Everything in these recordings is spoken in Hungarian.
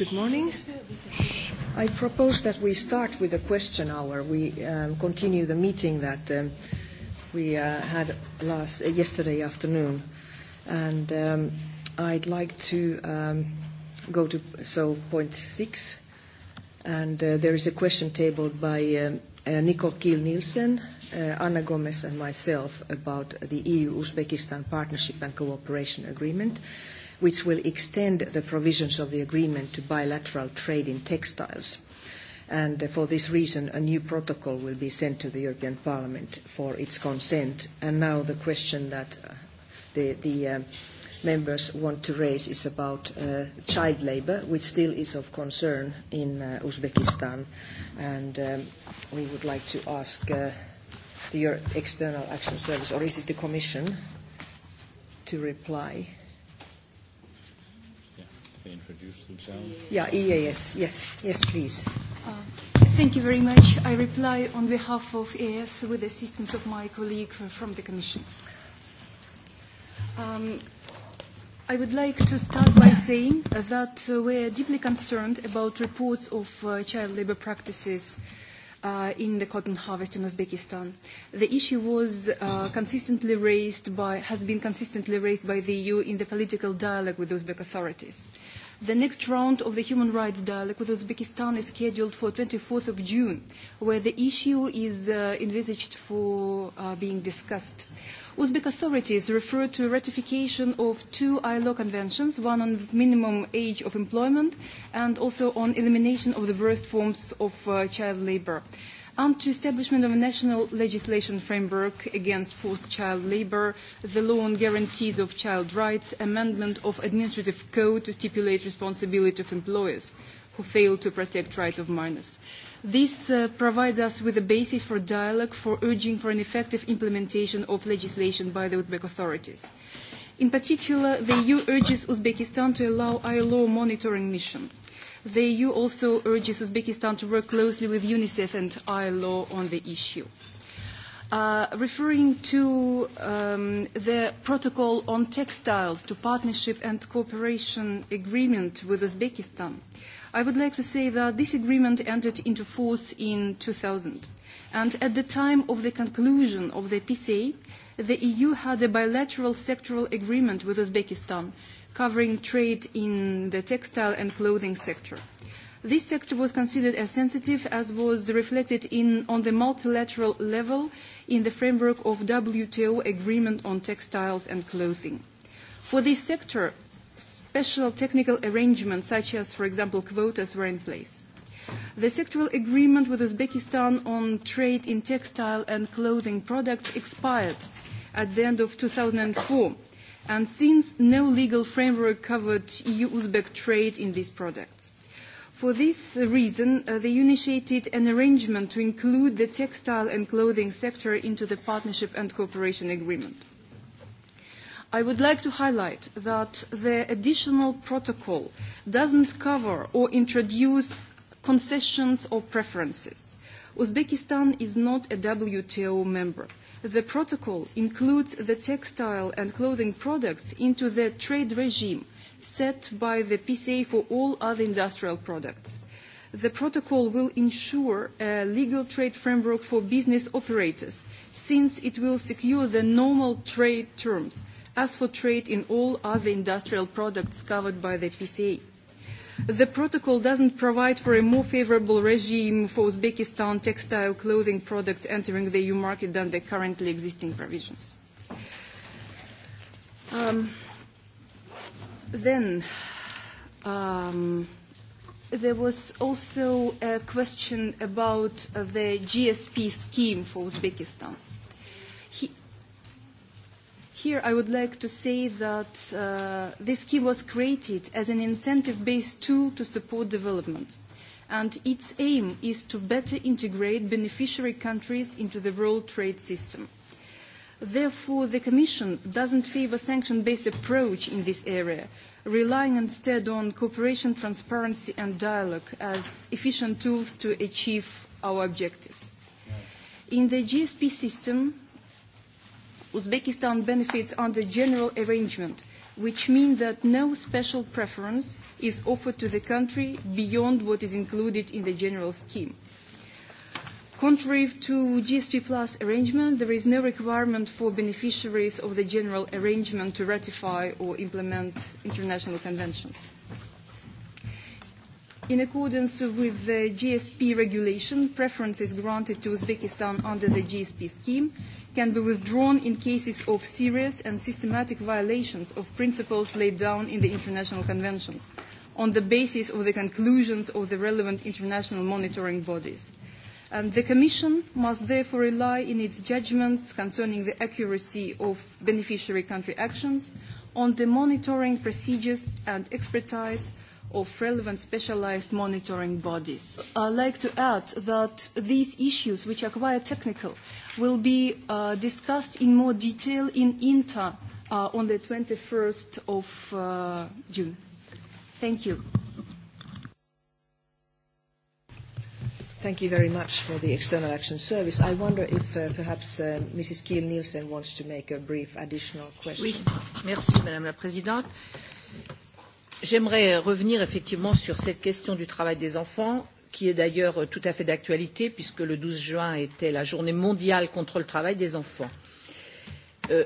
Good morning. I propose that we start with a question hour. We um, continue the meeting that um, we uh, had last uh, yesterday afternoon, and um, I'd like to um, go to so point six, and uh, there is a question tabled by um, uh, Nicole Kiel Nielsen, uh, Anna Gomez, and myself about the EU-Uzbekistan partnership and cooperation agreement which will extend the provisions of the agreement to bilateral trade in textiles. And uh, for this reason, a new protocol will be sent to the European Parliament for its consent. And now the question that uh, the, the uh, members want to raise is about uh, child labour, which still is of concern in uh, Uzbekistan. And um, we would like to ask uh, the Euro External Action Service, or is it the Commission, to reply they introduce themselves? Yeah, EAS. Yes, yes, please. Uh, thank you very much. I reply on behalf of EAS with the assistance of my colleague from the Commission. Um, I would like to start by saying that uh, we are deeply concerned about reports of uh, child labor practices uh, uh, in the cotton harvest in Uzbekistan. The issue was uh, consistently raised by, has been consistently raised by the EU in the political dialogue with the Uzbek authorities. Uh, The next round of the human rights dialogue with Uzbekistan is scheduled for 24th of June, where the issue is uh, envisaged for uh, being discussed. Uzbek authorities refer to ratification of two ILO conventions, one on minimum age of employment and also on elimination of the worst forms of uh, child labor on to establishment of a national legislation framework against forced child labour, the law on guarantees of child rights, amendment of administrative code to stipulate responsibility of employers who fail to protect rights of minors. This uh, provides us with a basis for dialogue for urging for an effective implementation of legislation by the Uzbek authorities. In particular, the EU urges Uzbekistan to allow ILO monitoring mission The EU also urges Uzbekistan to work closely with UNICEF and ILO on the issue. Uh, referring to um, the protocol on textiles to partnership and cooperation agreement with Uzbekistan, I would like to say that this agreement entered into force in 2000. And at the time of the conclusion of the PCA, the EU had a bilateral sectoral agreement with Uzbekistan covering trade in the textile and clothing sector. This sector was considered as sensitive as was reflected in, on the multilateral level in the framework of WTO agreement on textiles and clothing. For this sector, special technical arrangements such as, for example, quotas were in place. The sectoral agreement with Uzbekistan on trade in textile and clothing products expired at the end of 2004 and since no legal framework covered EU-Uzbek trade in these products. For this reason, uh, they initiated an arrangement to include the textile and clothing sector into the partnership and cooperation agreement. I would like to highlight that the additional protocol doesn't cover or introduce concessions or preferences. Uzbekistan is not a WTO member the protocol includes the textile and clothing products into the trade regime set by the PCA for all other industrial products. The protocol will ensure a legal trade framework for business operators, since it will secure the normal trade terms as for trade in all other industrial products covered by the PCA. The protocol doesn't provide for a more favorable regime for Uzbekistan textile clothing products entering the EU market than the currently existing provisions. Um, then, um, there was also a question about the GSP scheme for Uzbekistan. Here I would like to say that uh, this scheme was created as an incentive-based tool to support development, and its aim is to better integrate beneficiary countries into the world trade system. Therefore, the Commission doesn't favour sanction-based approach in this area, relying instead on cooperation, transparency and dialogue as efficient tools to achieve our objectives. In the GSP system, Uzbekistan benefits under general arrangement, which means that no special preference is offered to the country beyond what is included in the general scheme. Contrary to GSP Plus arrangement, there is no requirement for beneficiaries of the general arrangement to ratify or implement international conventions. In accordance with the GSP regulation, preference is granted to Uzbekistan under the GSP scheme can be withdrawn in cases of serious and systematic violations of principles laid down in the international conventions on the basis of the conclusions of the relevant international monitoring bodies. And the Commission must therefore rely in its judgments concerning the accuracy of beneficiary country actions on the monitoring procedures and expertise of relevant specialized monitoring bodies. I'd like to add that these issues, which are quite technical, will be uh, discussed in more detail in INTA uh, on the 21st of uh, June. Thank you. Thank you very much for the External Action Service. I wonder if uh, perhaps uh, Mrs. Kiel-Nielsen wants to make a brief additional question. Oui, merci Madame la Présidente. J'aimerais revenir effectivement sur cette question du travail des enfants, qui est d'ailleurs tout à fait d'actualité, puisque le 12 juin était la journée mondiale contre le travail des enfants. Euh,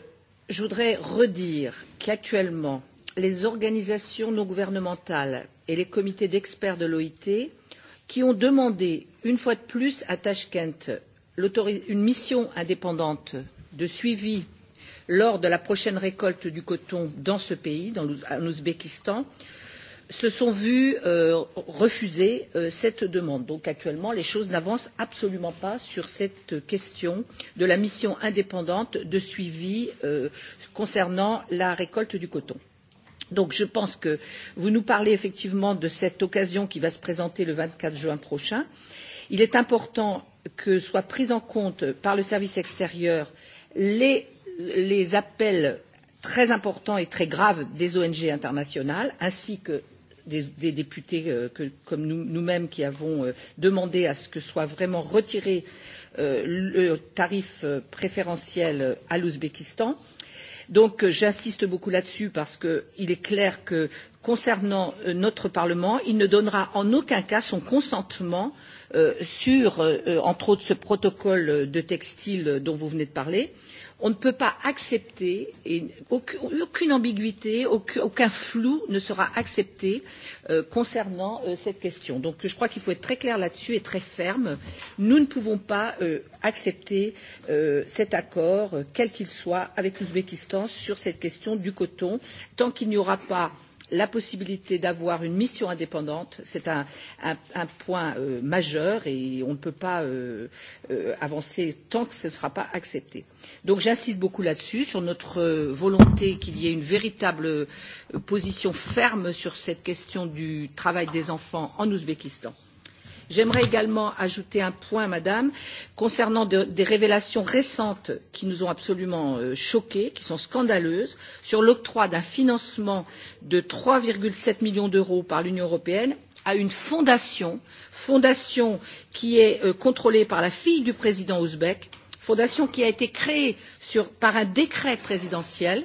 je voudrais redire qu'actuellement, les organisations non gouvernementales et les comités d'experts de l'OIT qui ont demandé, une fois de plus, à Tashkent une mission indépendante de suivi lors de la prochaine récolte du coton dans ce pays, dans l'Ouzbékistan, se sont vus euh, refuser euh, cette demande. Donc actuellement, les choses n'avancent absolument pas sur cette question de la mission indépendante de suivi euh, concernant la récolte du coton. Donc je pense que vous nous parlez effectivement de cette occasion qui va se présenter le 24 juin prochain. Il est important que soient prises en compte par le service extérieur les les appels très importants et très graves des ONG internationales ainsi que des, des députés euh, que, comme nous, nous-mêmes qui avons euh, demandé à ce que soit vraiment retiré euh, le tarif euh, préférentiel euh, à l'Ouzbékistan. Donc euh, j'insiste beaucoup là-dessus parce qu'il est clair que concernant notre Parlement, il ne donnera en aucun cas son consentement euh, Euh, sur, euh, entre autres, ce protocole de textile dont vous venez de parler, on ne peut pas accepter et aucune ambiguïté, aucun flou ne sera accepté euh, concernant euh, cette question. Donc je crois qu'il faut être très clair là-dessus et très ferme. Nous ne pouvons pas euh, accepter euh, cet accord, euh, quel qu'il soit, avec l'Ouzbékistan sur cette question du coton tant qu'il n'y aura pas la possibilité d'avoir une mission indépendante, c'est un, un, un point euh, majeur et on ne peut pas euh, euh, avancer tant que ce ne sera pas accepté. Donc j'insiste beaucoup là-dessus, sur notre euh, volonté qu'il y ait une véritable euh, position ferme sur cette question du travail des enfants en Ouzbékistan. J'aimerais également ajouter un point, Madame, concernant de, des révélations récentes qui nous ont absolument euh, choqués, qui sont scandaleuses, sur l'octroi d'un financement de 3,7 millions d'euros par l'Union européenne à une fondation, fondation qui est euh, contrôlée par la fille du président ouzbek, fondation qui a été créée sur, par un décret présidentiel.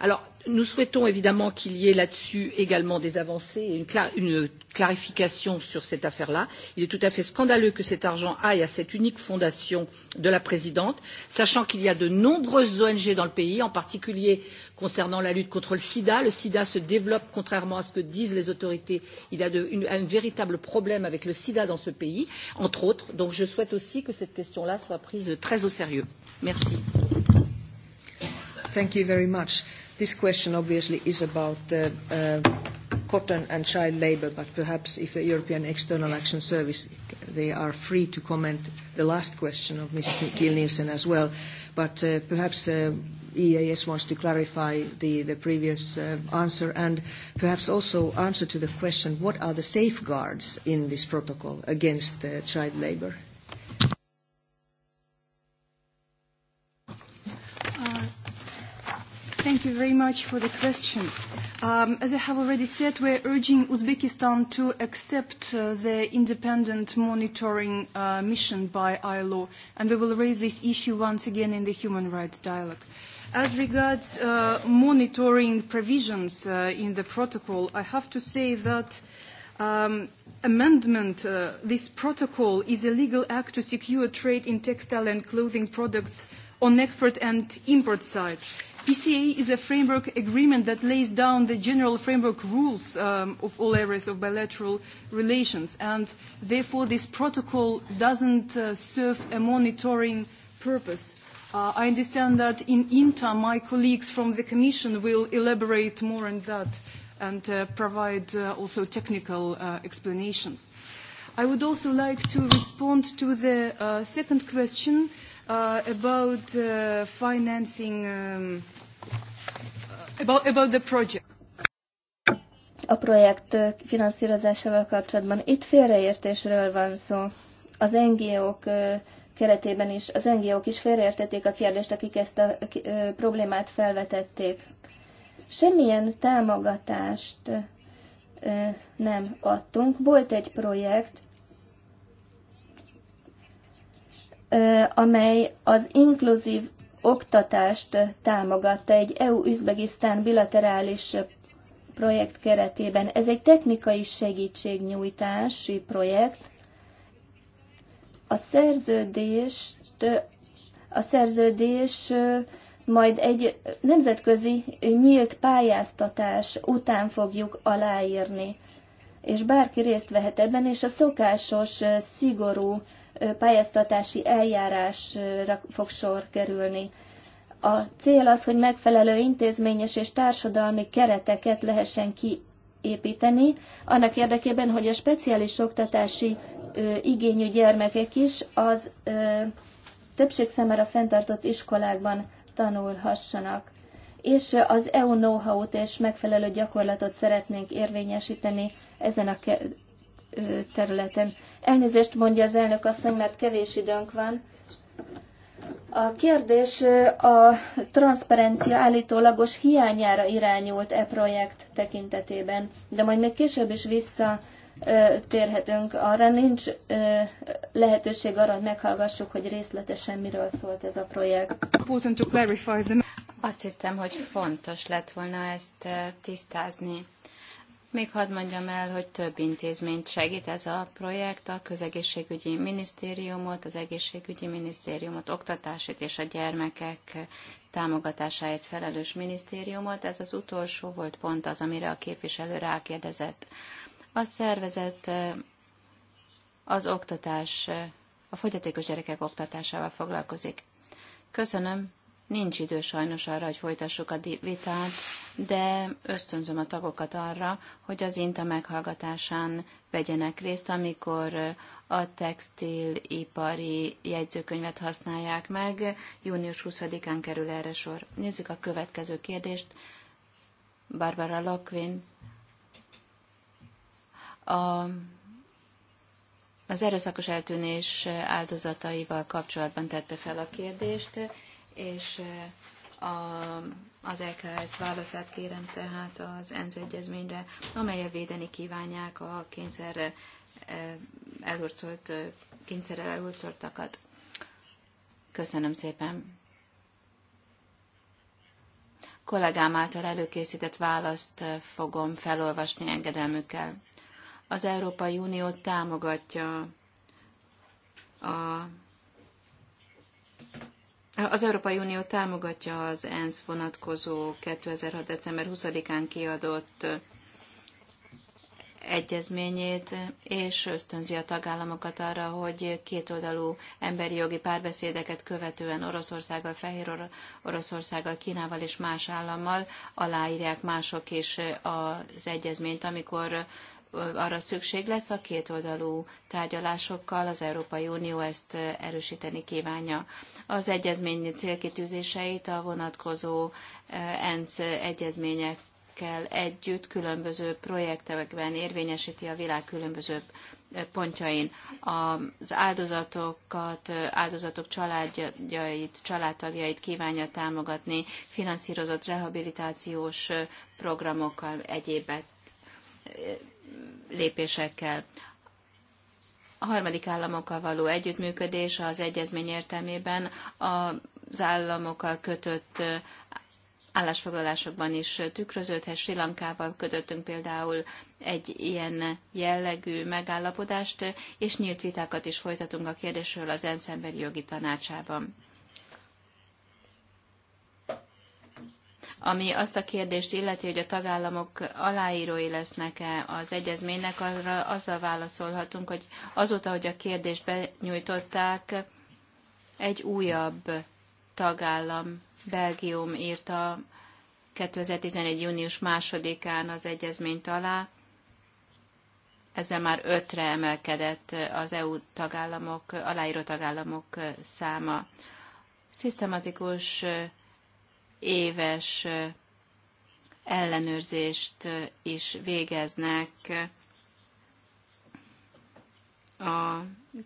Alors, Nous souhaitons évidemment qu'il y ait là-dessus également des avancées et une, clar une clarification sur cette affaire-là. Il est tout à fait scandaleux que cet argent aille à cette unique fondation de la présidente, sachant qu'il y a de nombreuses ONG dans le pays, en particulier concernant la lutte contre le sida. Le sida se développe, contrairement à ce que disent les autorités. Il y a de, une, un véritable problème avec le sida dans ce pays, entre autres. Donc je souhaite aussi que cette question-là soit prise très au sérieux. Merci. Thank you very much. This question obviously is about uh, uh, cotton and child labour, but perhaps if the European External Action Service, they are free to comment the last question of Mrs. Kiel Nielsen as well. But uh, perhaps uh, EAS wants to clarify the, the previous uh, answer and perhaps also answer to the question, what are the safeguards in this protocol against uh, child labour? Thank you very much for the question. Um, as I have already said, we're urging Uzbekistan to accept uh, the independent monitoring uh, mission by ILO, and we will raise this issue once again in the human rights dialogue. As regards uh, monitoring provisions uh, in the protocol, I have to say that um, amendment, uh, this protocol is a legal act to secure trade in textile and clothing products on export and import sides PCA is a framework agreement that lays down the general framework rules um, of all areas of bilateral relations, and therefore this protocol doesn't uh, serve a monitoring purpose. Uh, I understand that in INTA, my colleagues from the Commission will elaborate more on that and uh, provide uh, also technical uh, explanations. I would also like to respond to the uh, second question about financing um, about, about the project. A projekt finanszírozásával kapcsolatban itt félreértésről van szó. Az NGO-k keretében is, az NGO-k is félreértették a kérdést, akik ezt a problémát felvetették. Semmilyen támogatást nem adtunk. Volt egy projekt, amely az inkluzív oktatást támogatta egy EU-Üzbegisztán bilaterális projekt keretében. Ez egy technikai segítségnyújtási projekt. A szerződést, a szerződés majd egy nemzetközi nyílt pályáztatás után fogjuk aláírni. És bárki részt vehet ebben, és a szokásos, szigorú pályáztatási eljárásra fog sor kerülni. A cél az, hogy megfelelő intézményes és társadalmi kereteket lehessen kiépíteni, annak érdekében, hogy a speciális oktatási igényű gyermekek is az többség számára fenntartott iskolákban tanulhassanak. És az EU know-how-t és megfelelő gyakorlatot szeretnénk érvényesíteni ezen a területen. Elnézést mondja az elnök asszony, mert kevés időnk van. A kérdés a transzparencia állítólagos hiányára irányult e projekt tekintetében, de majd még később is vissza térhetünk. Arra nincs lehetőség arra, hogy meghallgassuk, hogy részletesen miről szólt ez a projekt. Azt hittem, hogy fontos lett volna ezt tisztázni. Még hadd mondjam el, hogy több intézményt segít ez a projekt, a közegészségügyi minisztériumot, az egészségügyi minisztériumot, oktatásét és a gyermekek támogatásáért felelős minisztériumot. Ez az utolsó volt pont az, amire a képviselő rákérdezett. A szervezet az oktatás, a fogyatékos gyerekek oktatásával foglalkozik. Köszönöm. Nincs idő sajnos arra, hogy folytassuk a vitát, de ösztönzöm a tagokat arra, hogy az INTA meghallgatásán vegyenek részt, amikor a textilipari jegyzőkönyvet használják meg. Június 20-án kerül erre sor. Nézzük a következő kérdést. Barbara Lockvin. A az erőszakos eltűnés áldozataival kapcsolatban tette fel a kérdést és a, az EKS válaszát kérem tehát az ENSZ egyezményre, amelyet védeni kívánják a kényszerre elhurcolt, kényszerrel elhurcoltakat. Köszönöm szépen. Kollégám által előkészített választ fogom felolvasni engedelmükkel. Az Európai Unió támogatja a az Európai Unió támogatja az ENSZ vonatkozó 2006. december 20-án kiadott egyezményét, és ösztönzi a tagállamokat arra, hogy kétoldalú emberi jogi párbeszédeket követően Oroszországgal, Fehér Oroszországgal, Kínával és más állammal aláírják mások is az egyezményt, amikor arra szükség lesz a kétoldalú tárgyalásokkal, az Európai Unió ezt erősíteni kívánja. Az egyezmény célkitűzéseit a vonatkozó e, ENSZ egyezményekkel együtt különböző projektekben érvényesíti a világ különböző e, pontjain az áldozatokat, e, áldozatok családjait, családtagjait kívánja támogatni finanszírozott rehabilitációs programokkal, egyébek lépésekkel. A harmadik államokkal való együttműködés az egyezmény értelmében az államokkal kötött állásfoglalásokban is tükröződhet. Sri Lankával kötöttünk például egy ilyen jellegű megállapodást, és nyílt vitákat is folytatunk a kérdésről az ENSZ emberi jogi tanácsában. Ami azt a kérdést illeti, hogy a tagállamok aláírói lesznek-e az egyezménynek, arra azzal válaszolhatunk, hogy azóta, hogy a kérdést benyújtották, egy újabb tagállam, Belgium írta 2011. június másodikán az egyezményt alá, ezzel már ötre emelkedett az EU tagállamok, aláíró tagállamok száma. Szisztematikus éves ellenőrzést is végeznek a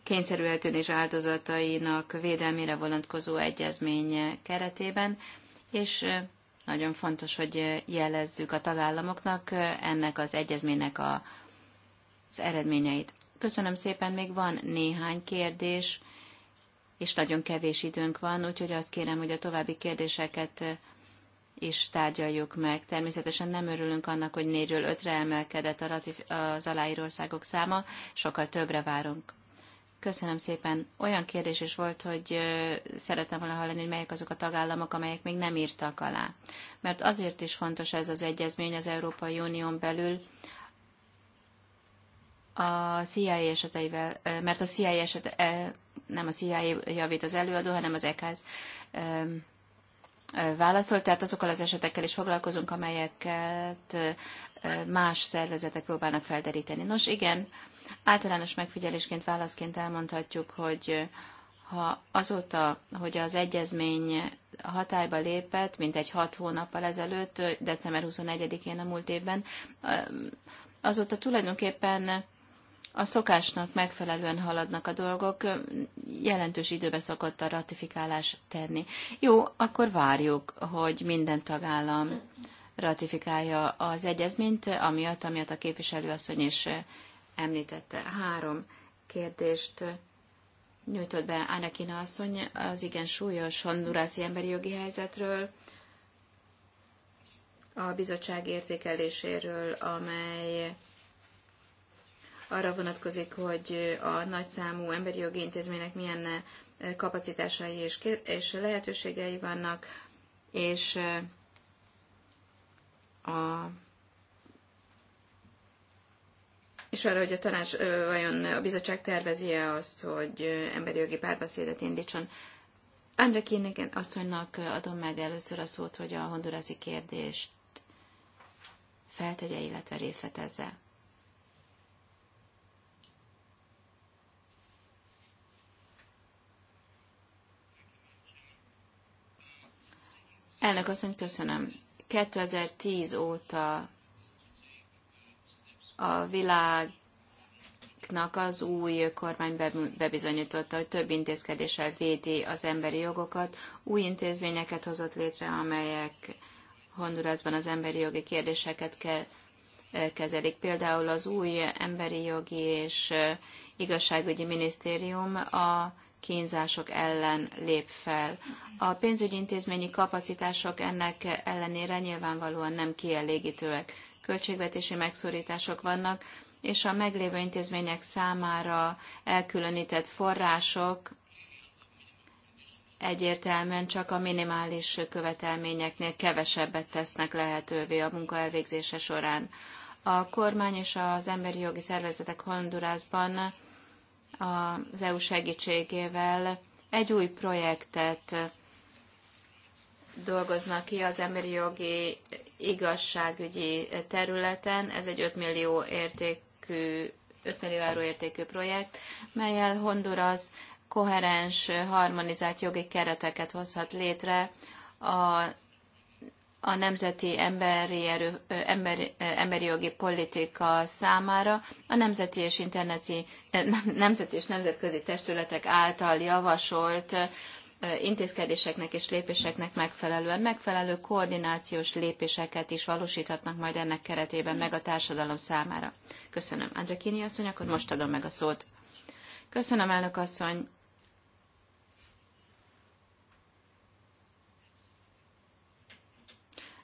kényszerülhetőnés áldozatainak védelmére vonatkozó egyezmény keretében, és nagyon fontos, hogy jelezzük a tagállamoknak ennek az egyezménynek a, az eredményeit. Köszönöm szépen, még van néhány kérdés, és nagyon kevés időnk van, úgyhogy azt kérem, hogy a további kérdéseket is tárgyaljuk meg. Természetesen nem örülünk annak, hogy négyről ötre emelkedett a ratif- az aláírországok száma, sokkal többre várunk. Köszönöm szépen. Olyan kérdés is volt, hogy szeretem volna hallani, hogy melyek azok a tagállamok, amelyek még nem írtak alá. Mert azért is fontos ez az egyezmény az Európai Unión belül, a CIA eseteivel, mert a CIA eset, nem a CIA javít az előadó, hanem az EKZ válaszol. tehát azokkal az esetekkel is foglalkozunk, amelyeket más szervezetek próbálnak felderíteni. Nos, igen, általános megfigyelésként, válaszként elmondhatjuk, hogy ha azóta, hogy az egyezmény hatályba lépett, mint egy hat hónappal ezelőtt, december 21-én a múlt évben, azóta tulajdonképpen a szokásnak megfelelően haladnak a dolgok, jelentős időbe szokott a ratifikálás tenni. Jó, akkor várjuk, hogy minden tagállam ratifikálja az egyezményt, amiatt, amiatt a képviselőasszony is említette. Három kérdést nyújtott be Anakina asszony az igen súlyos hondurászi emberi jogi helyzetről, a bizottság értékeléséről, amely arra vonatkozik, hogy a nagyszámú emberi jogi intézménynek milyen eh, kapacitásai és, és lehetőségei vannak, és eh, a és arra, hogy a tanács vajon a bizottság tervezi-e azt, hogy emberi jogi párbeszédet indítson. Andra Kinnigen asszonynak adom meg először a szót, hogy a hondurászi kérdést feltegye, illetve részletezze. Elnök asszony, köszönöm. 2010 óta a világnak az új kormány bebizonyította, hogy több intézkedéssel védi az emberi jogokat, új intézményeket hozott létre, amelyek Hondurasban az emberi jogi kérdéseket kell kezelik. Például az új emberi jogi és eh, igazságügyi minisztérium a kínzások ellen lép fel. A pénzügyi intézményi kapacitások ennek ellenére nyilvánvalóan nem kielégítőek. Költségvetési megszorítások vannak, és a meglévő intézmények számára elkülönített források egyértelműen csak a minimális követelményeknél kevesebbet tesznek lehetővé a munka elvégzése során. A kormány és az emberi jogi szervezetek Hondurasban az EU segítségével egy új projektet dolgoznak ki az emberi jogi igazságügyi területen. Ez egy 5 millió értékű 5 millió euró értékű projekt, melyel Honduras koherens, harmonizált jogi kereteket hozhat létre a a nemzeti emberi, erő, emberi, emberi jogi politika számára a nemzeti és, interneti, nemzeti és nemzetközi testületek által javasolt intézkedéseknek és lépéseknek megfelelően megfelelő koordinációs lépéseket is valósíthatnak majd ennek keretében meg a társadalom számára. Köszönöm. Andrekini asszony, akkor most adom meg a szót. Köszönöm, elnök asszony.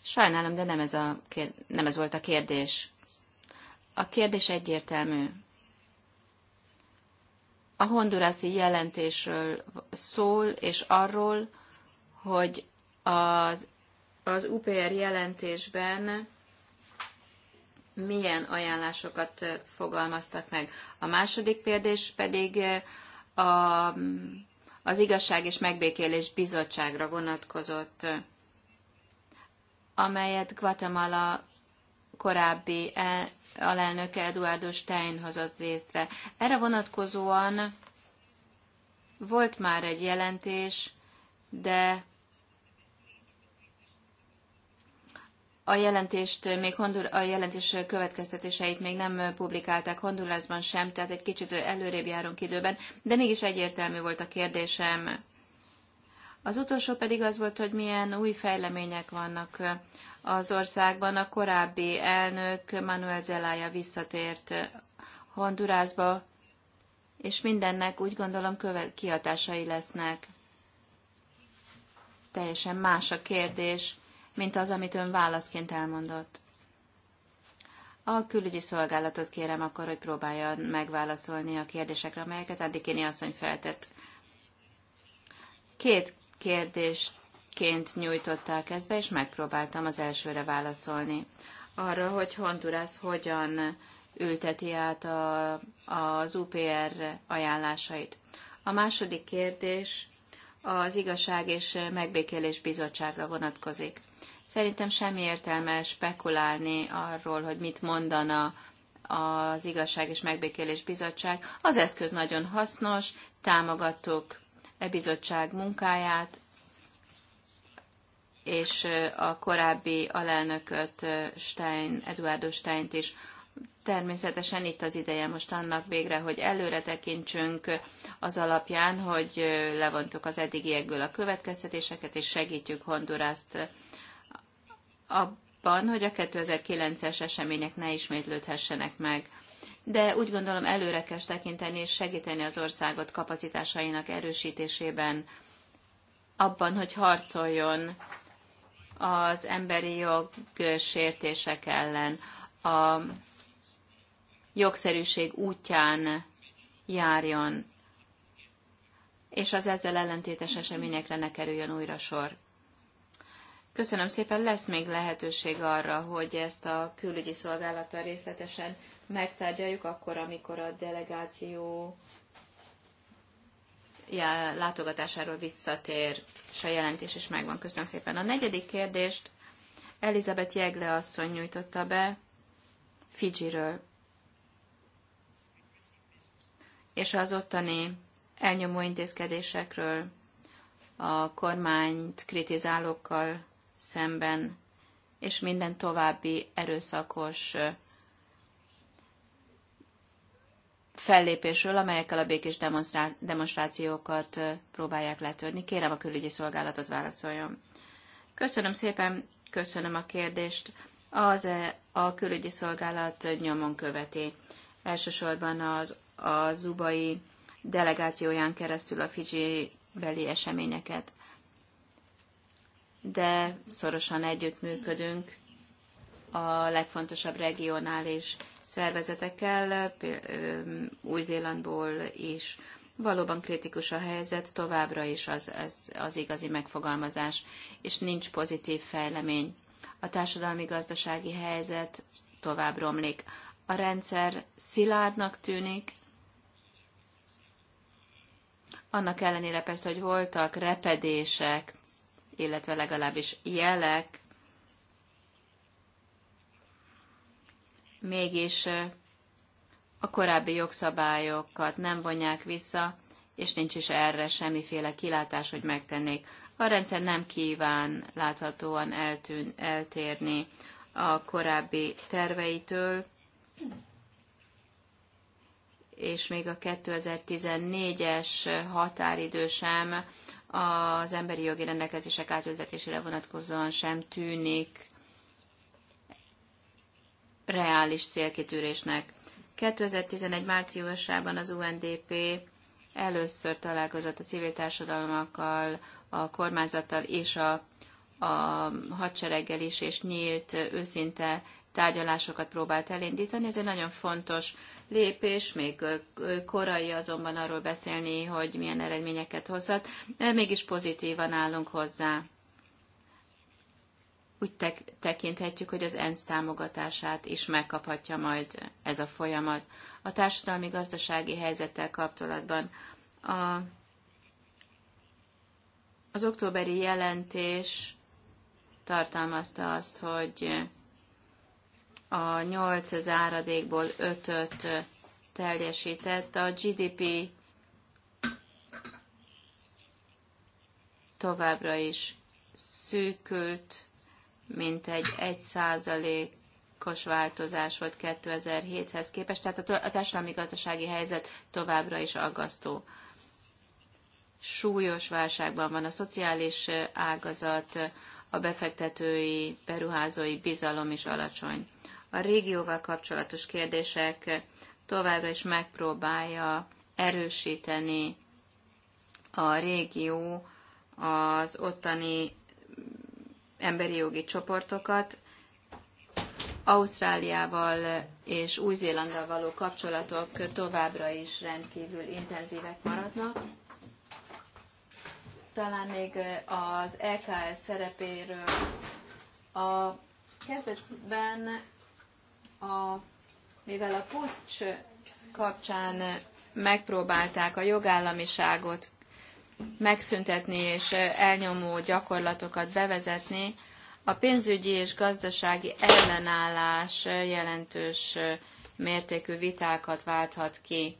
Sajnálom, de nem ez, a kér... nem ez volt a kérdés. A kérdés egyértelmű. A hondurászi jelentésről szól, és arról, hogy az, az UPR jelentésben milyen ajánlásokat fogalmaztak meg. A második kérdés pedig a, az Igazság és Megbékélés Bizottságra vonatkozott amelyet Guatemala korábbi e, alelnöke Eduardo Stein hozott részre. Erre vonatkozóan volt már egy jelentés, de a jelentést még Hondur, a jelentés következtetéseit még nem publikálták Hondurasban sem, tehát egy kicsit előrébb járunk időben, de mégis egyértelmű volt a kérdésem az utolsó pedig az volt, hogy milyen új fejlemények vannak az országban. A korábbi elnök Manuel Zelaya visszatért Hondurasba, és mindennek úgy gondolom követ, kihatásai lesznek. Teljesen más a kérdés, mint az, amit ön válaszként elmondott. A külügyi szolgálatot kérem akkor, hogy próbálja megválaszolni a kérdésekre, amelyeket Andikini asszony feltett. Két kérdésként nyújtották ezt be, és megpróbáltam az elsőre válaszolni. Arra, hogy Honduras hogyan ülteti át a, az UPR ajánlásait. A második kérdés az Igazság és Megbékélés Bizottságra vonatkozik. Szerintem semmi értelme spekulálni arról, hogy mit mondana az Igazság és Megbékélés Bizottság. Az eszköz nagyon hasznos, támogattuk e bizottság munkáját, és a korábbi alelnököt, Stein, Eduardo Steint is. Természetesen itt az ideje most annak végre, hogy előre tekintsünk az alapján, hogy levontuk az eddigiekből a következtetéseket, és segítjük Hondurászt abban, hogy a 2009-es események ne ismétlődhessenek meg de úgy gondolom előre kell tekinteni és segíteni az országot kapacitásainak erősítésében, abban, hogy harcoljon az emberi jog sértések ellen, a jogszerűség útján járjon, és az ezzel ellentétes eseményekre ne kerüljön újra sor. Köszönöm szépen, lesz még lehetőség arra, hogy ezt a külügyi szolgálattal részletesen megtárgyaljuk akkor, amikor a delegáció látogatásáról visszatér, és a jelentés is megvan. Köszönöm szépen. A negyedik kérdést Elizabeth Jegle asszony nyújtotta be Fidzsiről, és az ottani elnyomó intézkedésekről a kormányt kritizálókkal szemben, és minden további erőszakos fellépésről, amelyekkel a békés demonstrációkat próbálják letörni. Kérem a külügyi szolgálatot válaszoljon. Köszönöm szépen, köszönöm a kérdést. Az a külügyi szolgálat nyomon követi. Elsősorban az, a zubai delegációján keresztül a Fidzsi beli eseményeket. De szorosan együttműködünk a legfontosabb regionális szervezetekkel, Új-Zélandból is. Valóban kritikus a helyzet, továbbra is az, az, az igazi megfogalmazás, és nincs pozitív fejlemény. A társadalmi-gazdasági helyzet tovább romlik. A rendszer szilárdnak tűnik, annak ellenére persze, hogy voltak repedések, illetve legalábbis jelek, mégis a korábbi jogszabályokat nem vonják vissza, és nincs is erre semmiféle kilátás, hogy megtennék. A rendszer nem kíván láthatóan eltűn, eltérni a korábbi terveitől, és még a 2014-es határidő sem az emberi jogi rendelkezések átültetésére vonatkozóan sem tűnik reális célkitűrésnek. 2011 márciusában az UNDP először találkozott a civil társadalmakkal, a kormányzattal és a, a hadsereggel is, és nyílt, őszinte tárgyalásokat próbált elindítani. Ez egy nagyon fontos lépés, még korai azonban arról beszélni, hogy milyen eredményeket hozhat, de mégis pozitívan állunk hozzá úgy tek- tekinthetjük, hogy az ENSZ támogatását is megkaphatja majd ez a folyamat. A társadalmi-gazdasági helyzettel kapcsolatban a, az októberi jelentés tartalmazta azt, hogy a 8 záradékból ötöt 5-öt teljesített, a GDP továbbra is szűkült, mint egy 1%-os változás volt 2007-hez képest, tehát a társadalmi-gazdasági helyzet továbbra is aggasztó. Súlyos válságban van a szociális ágazat, a befektetői, beruházói bizalom is alacsony. A régióval kapcsolatos kérdések továbbra is megpróbálja erősíteni a régió az ottani emberi jogi csoportokat, Ausztráliával és Új-Zélanddal való kapcsolatok továbbra is rendkívül intenzívek maradnak. Talán még az EKS szerepéről a kezdetben, a, mivel a pucs kapcsán megpróbálták a jogállamiságot megszüntetni és elnyomó gyakorlatokat bevezetni, a pénzügyi és gazdasági ellenállás jelentős mértékű vitákat válthat ki.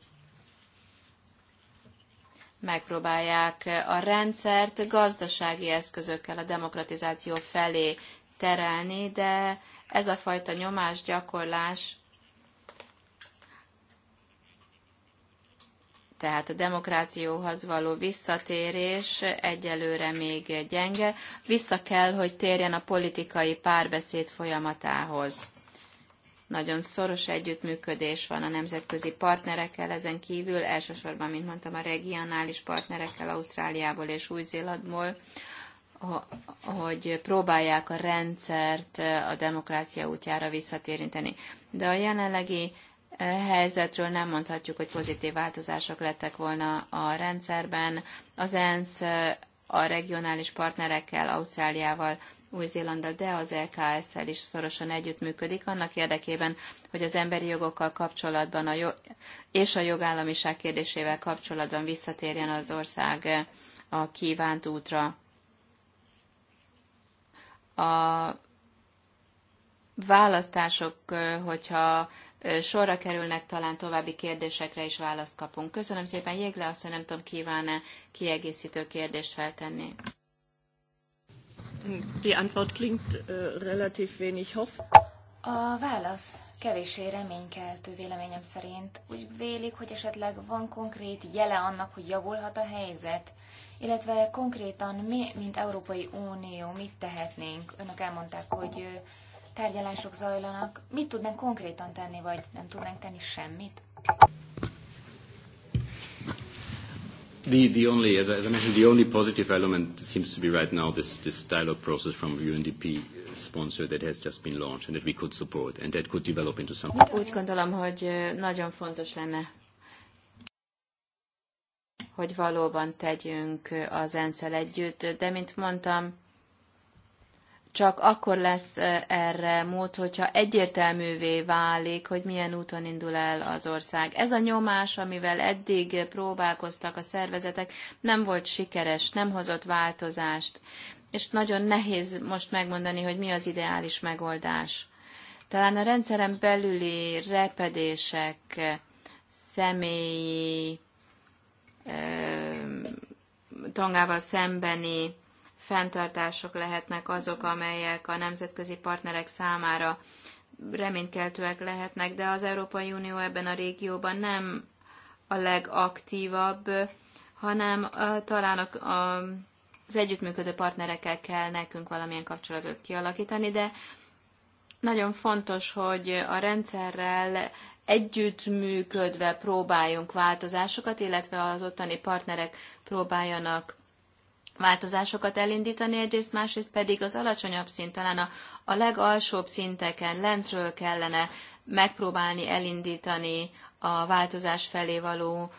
Megpróbálják a rendszert gazdasági eszközökkel a demokratizáció felé terelni, de ez a fajta nyomásgyakorlás Tehát a demokrációhoz való visszatérés egyelőre még gyenge. Vissza kell, hogy térjen a politikai párbeszéd folyamatához. Nagyon szoros együttműködés van a nemzetközi partnerekkel, ezen kívül elsősorban, mint mondtam, a regionális partnerekkel Ausztráliából és Új-Zélandból, hogy próbálják a rendszert a demokrácia útjára visszatérinteni. De a jelenlegi E helyzetről nem mondhatjuk, hogy pozitív változások lettek volna a rendszerben. Az ENSZ e, a regionális partnerekkel, Ausztráliával, új-Zélanda, de az LKS-szel e is szorosan együttműködik annak érdekében, hogy az emberi jogokkal kapcsolatban a jo- és a jogállamiság kérdésével kapcsolatban visszatérjen az ország a kívánt útra. A választások, hogyha sorra kerülnek, talán további kérdésekre is választ kapunk. Köszönöm szépen, Jégle azt nem tudom, kíván-e kiegészítő kérdést feltenni. Die Antwort klingt uh, relativ wenig hoff. A válasz kevéssé reménykeltő véleményem szerint. Úgy vélik, hogy esetleg van konkrét jele annak, hogy javulhat a helyzet, illetve konkrétan mi, mint Európai Unió, mit tehetnénk? Önök elmondták, hogy tárgyalások zajlanak. Mit tudnánk konkrétan tenni, vagy nem tudnánk tenni semmit? The, the only, as I, as I mentioned, the only positive element seems to be right now this, this dialogue process from UNDP sponsor that has just been launched and that we could support and that could develop into something. Úgy gondolom, hogy nagyon fontos lenne hogy valóban tegyünk az ensz együtt, de mint mondtam, csak akkor lesz erre mód, hogyha egyértelművé válik, hogy milyen úton indul el az ország. Ez a nyomás, amivel eddig próbálkoztak a szervezetek, nem volt sikeres, nem hozott változást, és nagyon nehéz most megmondani, hogy mi az ideális megoldás. Talán a rendszeren belüli repedések, személyi, tongával szembeni fenntartások lehetnek azok, amelyek a nemzetközi partnerek számára reménykeltőek lehetnek, de az Európai Unió ebben a régióban nem a legaktívabb, hanem talán a, a, az együttműködő partnerekkel kell nekünk valamilyen kapcsolatot kialakítani, de nagyon fontos, hogy a rendszerrel együttműködve próbáljunk változásokat, illetve az ottani partnerek próbáljanak változásokat elindítani, egyrészt másrészt pedig az alacsonyabb szint, talán a, a legalsóbb szinteken lentről kellene megpróbálni elindítani a változás felé való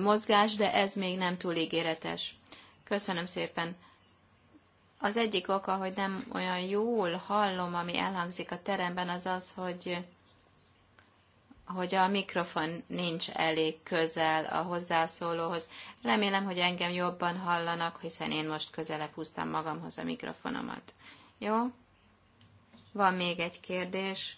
mozgás, de ez még nem túl ígéretes. Köszönöm szépen. Az egyik oka, hogy nem olyan jól hallom, ami elhangzik a teremben, az az, hogy hogy a mikrofon nincs elég közel a hozzászólóhoz. Remélem, hogy engem jobban hallanak, hiszen én most közelebb húztam magamhoz a mikrofonomat. Jó? Van még egy kérdés.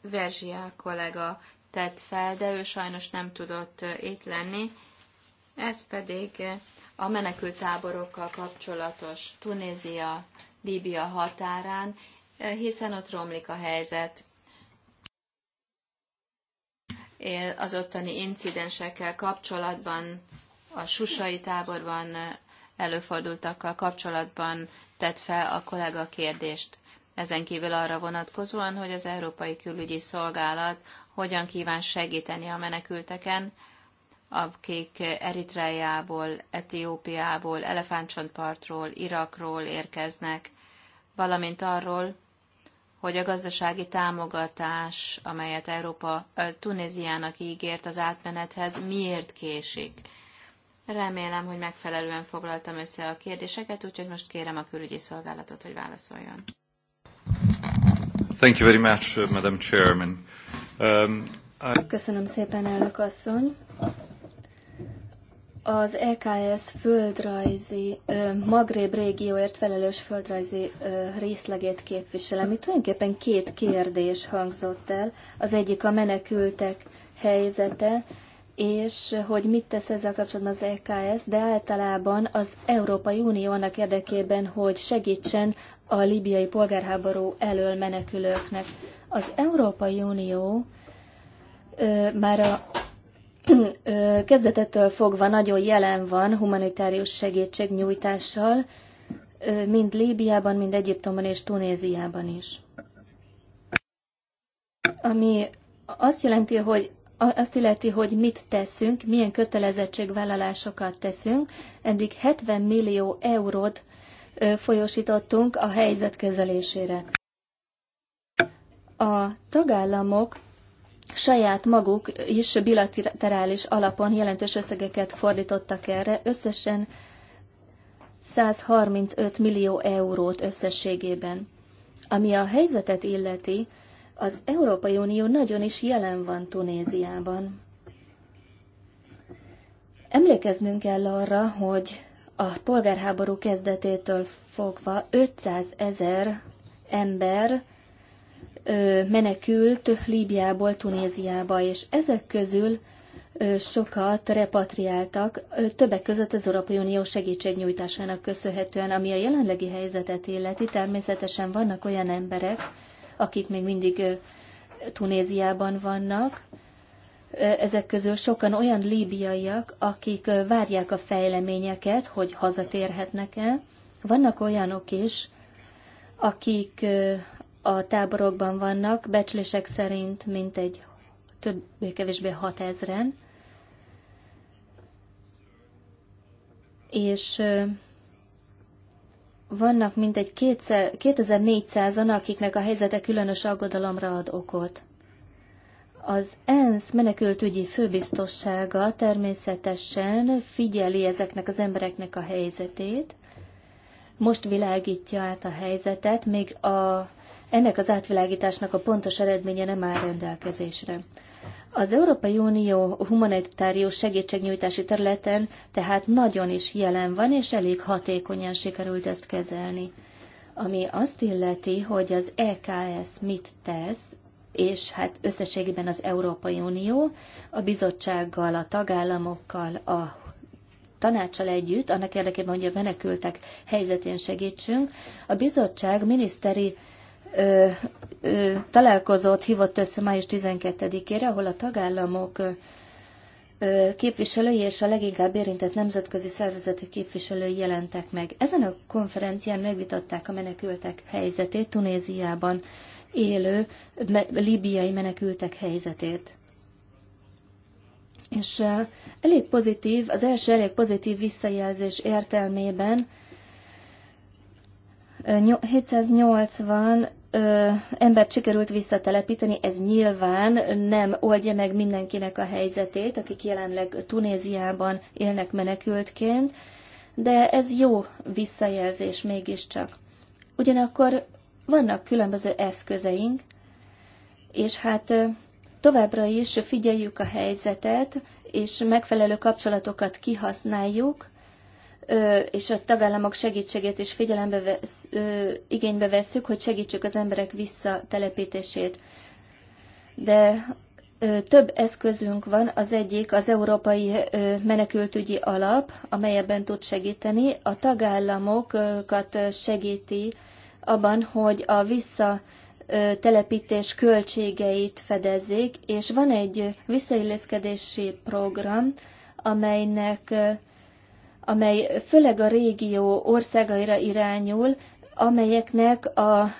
Verzsia kollega tett fel, de ő sajnos nem tudott itt lenni. Ez pedig a menekültáborokkal kapcsolatos Tunézia, Líbia határán hiszen ott romlik a helyzet az ottani incidensekkel kapcsolatban, a susai táborban előfordultakkal kapcsolatban tett fel a kollega kérdést. Ezen kívül arra vonatkozóan, hogy az Európai Külügyi Szolgálat hogyan kíván segíteni a menekülteken, akik Eritreából, Etiópiából, Elefántcsontpartról, Irakról érkeznek, valamint arról, hogy a gazdasági támogatás, amelyet Európa Tunéziának ígért az átmenethez, miért késik. Remélem, hogy megfelelően foglaltam össze a kérdéseket, úgyhogy most kérem a külügyi szolgálatot, hogy válaszoljon. Thank you very much, uh, Madam Chairman. Um, I... Köszönöm szépen, elnök asszony az EKS földrajzi, Magreb régióért felelős földrajzi részlegét képviselem. Itt tulajdonképpen két kérdés hangzott el. Az egyik a menekültek helyzete, és hogy mit tesz ezzel kapcsolatban az EKS, de általában az Európai Unió annak érdekében, hogy segítsen a libiai polgárháború elől menekülőknek. Az Európai Unió már a kezdetettől fogva nagyon jelen van humanitárius nyújtással mind Líbiában, mind Egyiptomban és Tunéziában is. Ami azt jelenti, hogy azt illeti, hogy mit teszünk, milyen kötelezettségvállalásokat teszünk. Eddig 70 millió eurót folyosítottunk a helyzet kezelésére. A tagállamok saját maguk is bilaterális alapon jelentős összegeket fordítottak erre, összesen 135 millió eurót összességében. Ami a helyzetet illeti, az Európai Unió nagyon is jelen van Tunéziában. Emlékeznünk kell arra, hogy a polgárháború kezdetétől fogva 500 ezer ember menekült Líbiából, Tunéziába, és ezek közül sokat repatriáltak, többek között az Európai Unió segítségnyújtásának köszönhetően, ami a jelenlegi helyzetet illeti. Természetesen vannak olyan emberek, akik még mindig Tunéziában vannak, ezek közül sokan olyan líbiaiak, akik várják a fejleményeket, hogy hazatérhetnek-e. Vannak olyanok is, akik a táborokban vannak, becslések szerint mintegy többé-kevésbé 6000-en, és vannak mintegy 2400-an, akiknek a helyzete különös aggodalomra ad okot. Az ENSZ menekültügyi főbiztossága természetesen figyeli ezeknek az embereknek a helyzetét, most világítja át a helyzetet, még a, ennek az átvilágításnak a pontos eredménye nem áll rendelkezésre. Az Európai Unió humanitárius segítségnyújtási területen tehát nagyon is jelen van, és elég hatékonyan sikerült ezt kezelni. Ami azt illeti, hogy az EKS mit tesz, és hát összességében az Európai Unió a bizottsággal, a tagállamokkal, a tanácsal együtt, annak érdekében, hogy a menekültek helyzetén segítsünk. A bizottság miniszteri ö, ö, találkozót hívott össze május 12-ére, ahol a tagállamok ö, képviselői és a leginkább érintett nemzetközi szervezetek képviselői jelentek meg. Ezen a konferencián megvitatták a menekültek helyzetét, Tunéziában élő libiai menekültek helyzetét. És elég pozitív, az első elég pozitív visszajelzés értelmében 780 ö, embert sikerült visszatelepíteni, ez nyilván nem oldja meg mindenkinek a helyzetét, akik jelenleg Tunéziában élnek menekültként, de ez jó visszajelzés mégiscsak. Ugyanakkor vannak különböző eszközeink, és hát Továbbra is figyeljük a helyzetet, és megfelelő kapcsolatokat kihasználjuk, és a tagállamok segítségét is figyelembe vesz, igénybe veszük, hogy segítsük az emberek visszatelepítését. De több eszközünk van, az egyik az Európai Menekültügyi Alap, amely ebben tud segíteni. A tagállamokat segíti abban, hogy a vissza telepítés költségeit fedezzék, és van egy visszailleszkedési program, amelynek amely főleg a régió országaira irányul, amelyeknek a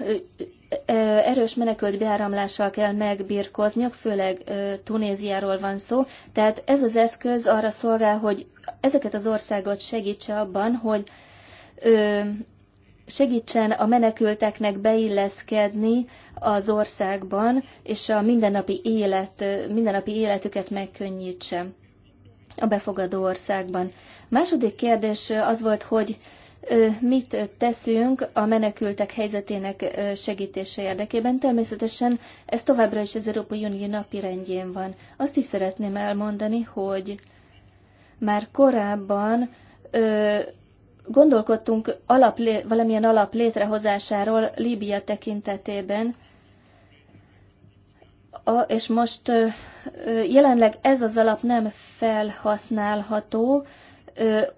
erős menekült beáramlással kell megbirkozniuk, főleg Tunéziáról van szó. Tehát ez az eszköz arra szolgál, hogy ezeket az országot segítse abban, hogy segítsen a menekülteknek beilleszkedni az országban, és a mindennapi, élet, mindennapi életüket megkönnyítse a befogadó országban. Második kérdés az volt, hogy mit teszünk a menekültek helyzetének segítése érdekében. Természetesen ez továbbra is az Európai Unió napi rendjén van. Azt is szeretném elmondani, hogy már korábban gondolkodtunk alap, valamilyen alap létrehozásáról Líbia tekintetében, a, és most ö, jelenleg ez az alap nem felhasználható,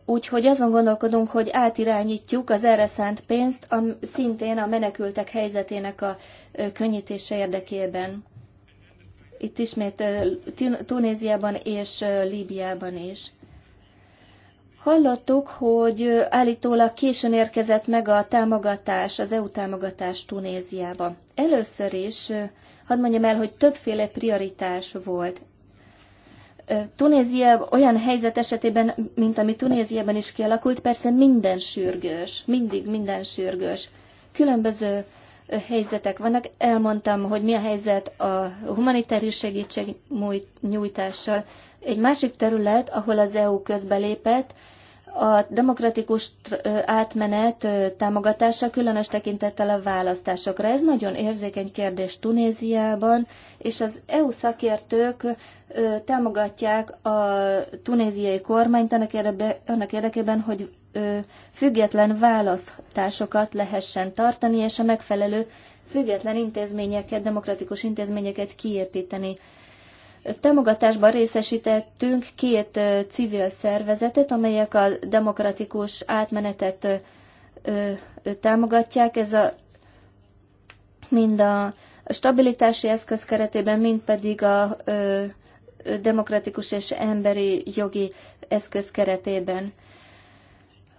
úgyhogy azon gondolkodunk, hogy átirányítjuk az erre szánt pénzt a, szintén a menekültek helyzetének a ö, könnyítése érdekében. Itt ismét ö, Tunéziában és ö, Líbiában is. Hallottuk, hogy állítólag későn érkezett meg a támogatás, az EU támogatás Tunéziába. Először is, hadd mondjam el, hogy többféle prioritás volt. Tunézia olyan helyzet esetében, mint ami Tunéziában is kialakult, persze minden sürgős, mindig minden sürgős. Különböző helyzetek vannak. Elmondtam, hogy mi a helyzet a humanitárius nyújtással. Egy másik terület, ahol az EU közbelépett, a demokratikus átmenet támogatása különös tekintettel a választásokra. Ez nagyon érzékeny kérdés Tunéziában, és az EU szakértők támogatják a tunéziai kormányt annak érdekében, hogy független választásokat lehessen tartani, és a megfelelő független intézményeket, demokratikus intézményeket kiépíteni. Támogatásban részesítettünk két civil szervezetet, amelyek a demokratikus átmenetet támogatják. Ez a, mind a stabilitási eszköz keretében, mind pedig a demokratikus és emberi jogi eszköz keretében.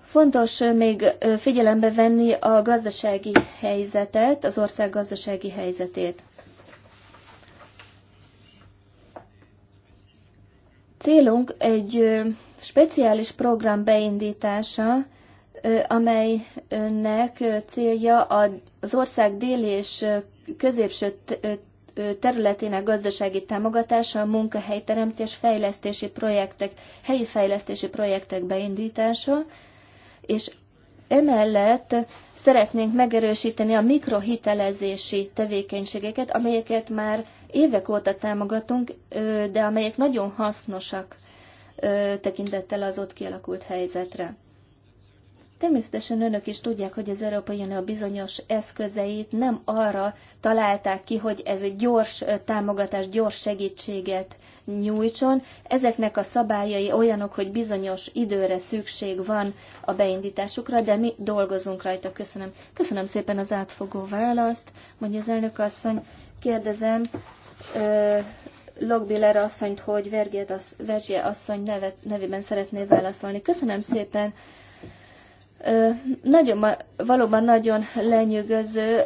Fontos még figyelembe venni a gazdasági helyzetet, az ország gazdasági helyzetét. Célunk egy speciális program beindítása, amelynek célja az ország déli és középső területének gazdasági támogatása, a munkahelyteremtés fejlesztési projektek, helyi fejlesztési projektek beindítása, és Emellett szeretnénk megerősíteni a mikrohitelezési tevékenységeket, amelyeket már évek óta támogatunk, de amelyek nagyon hasznosak tekintettel az ott kialakult helyzetre. Természetesen önök is tudják, hogy az Európai Unió bizonyos eszközeit nem arra találták ki, hogy ez egy gyors támogatás, gyors segítséget nyújtson. Ezeknek a szabályai olyanok, hogy bizonyos időre szükség van a beindításukra, de mi dolgozunk rajta. Köszönöm. Köszönöm szépen az átfogó választ, mondja az elnök asszony. Kérdezem, euh, Logbiller asszonyt, hogy Vergie asszony nevet, nevében szeretné válaszolni. Köszönöm szépen. nagyon, valóban nagyon lenyűgöző,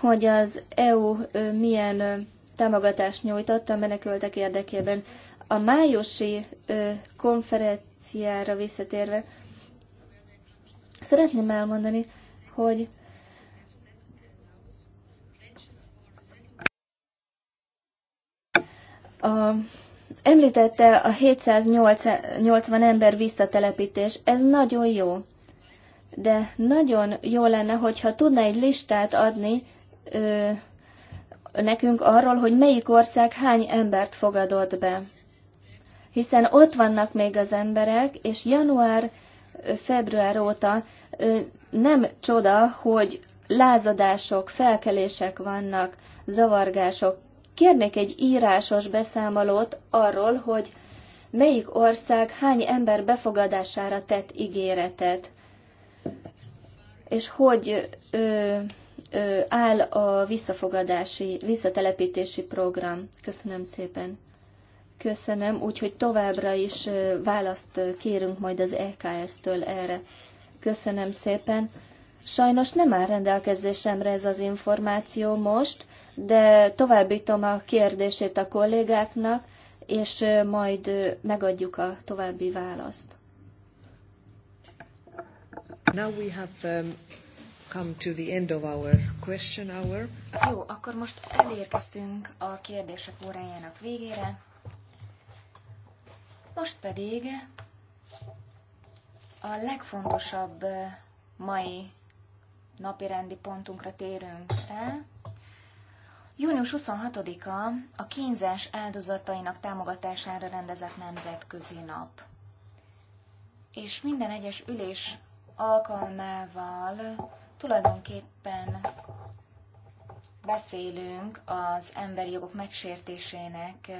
hogy az EU milyen támogatást nyújtott a menekültek érdekében. A májusi konferenciára visszatérve, szeretném elmondani, hogy a, említette a 780 ember visszatelepítés, ez nagyon jó, de nagyon jó lenne, hogyha tudna egy listát adni, ö, nekünk arról, hogy melyik ország hány embert fogadott be. Hiszen ott vannak még az emberek, és január-február óta nem csoda, hogy lázadások, felkelések vannak, zavargások. Kérnék egy írásos beszámolót arról, hogy melyik ország hány ember befogadására tett ígéretet, és hogy ö, áll a visszafogadási, visszatelepítési program. Köszönöm szépen. Köszönöm, úgyhogy továbbra is választ kérünk majd az EKS-től erre. Köszönöm szépen. Sajnos nem áll rendelkezésemre ez az információ most, de továbbítom a kérdését a kollégáknak, és majd megadjuk a további választ. Now we have, um come to the end of our question hour. Jó, akkor most elérkeztünk a kérdések órájának végére. Most pedig a legfontosabb eh, mai napi rendi pontunkra térünk rá. Június 26-a a kínzás áldozatainak támogatására rendezett nemzetközi nap. És minden egyes ülés alkalmával Tulajdonképpen beszélünk az emberi jogok megsértésének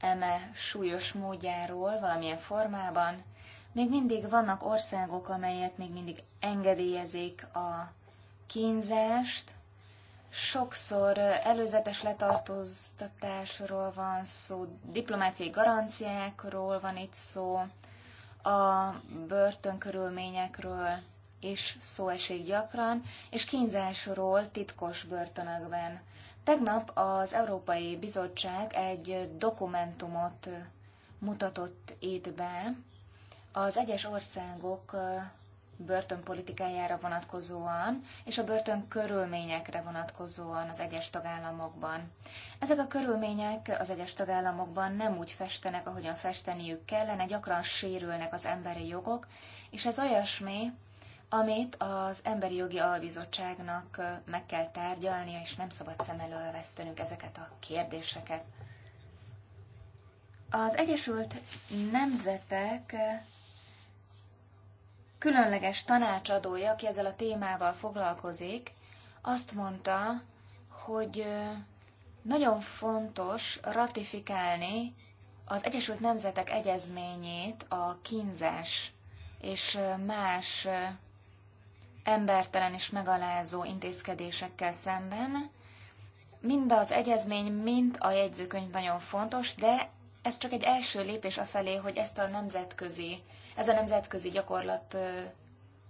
eme súlyos módjáról valamilyen formában. Még mindig vannak országok, amelyek még mindig engedélyezik a kínzást. Sokszor előzetes letartóztatásról van szó, diplomáciai garanciákról van itt szó, a börtönkörülményekről, és szó esik gyakran, és kínzásról titkos börtönökben. Tegnap az Európai Bizottság egy dokumentumot mutatott itt be az egyes országok börtönpolitikájára vonatkozóan, és a börtön körülményekre vonatkozóan az egyes tagállamokban. Ezek a körülmények az egyes tagállamokban nem úgy festenek, ahogyan festeniük kellene, gyakran sérülnek az emberi jogok, és ez olyasmi, amit az Emberi Jogi Albizottságnak meg kell tárgyalnia, és nem szabad szem elől vesztenünk ezeket a kérdéseket. Az Egyesült Nemzetek különleges tanácsadója, aki ezzel a témával foglalkozik, azt mondta, hogy nagyon fontos ratifikálni az Egyesült Nemzetek egyezményét a kínzás és más embertelen és megalázó intézkedésekkel szemben. Mind az egyezmény, mind a jegyzőkönyv nagyon fontos, de ez csak egy első lépés afelé, hogy ezt a nemzetközi, ez a nemzetközi gyakorlat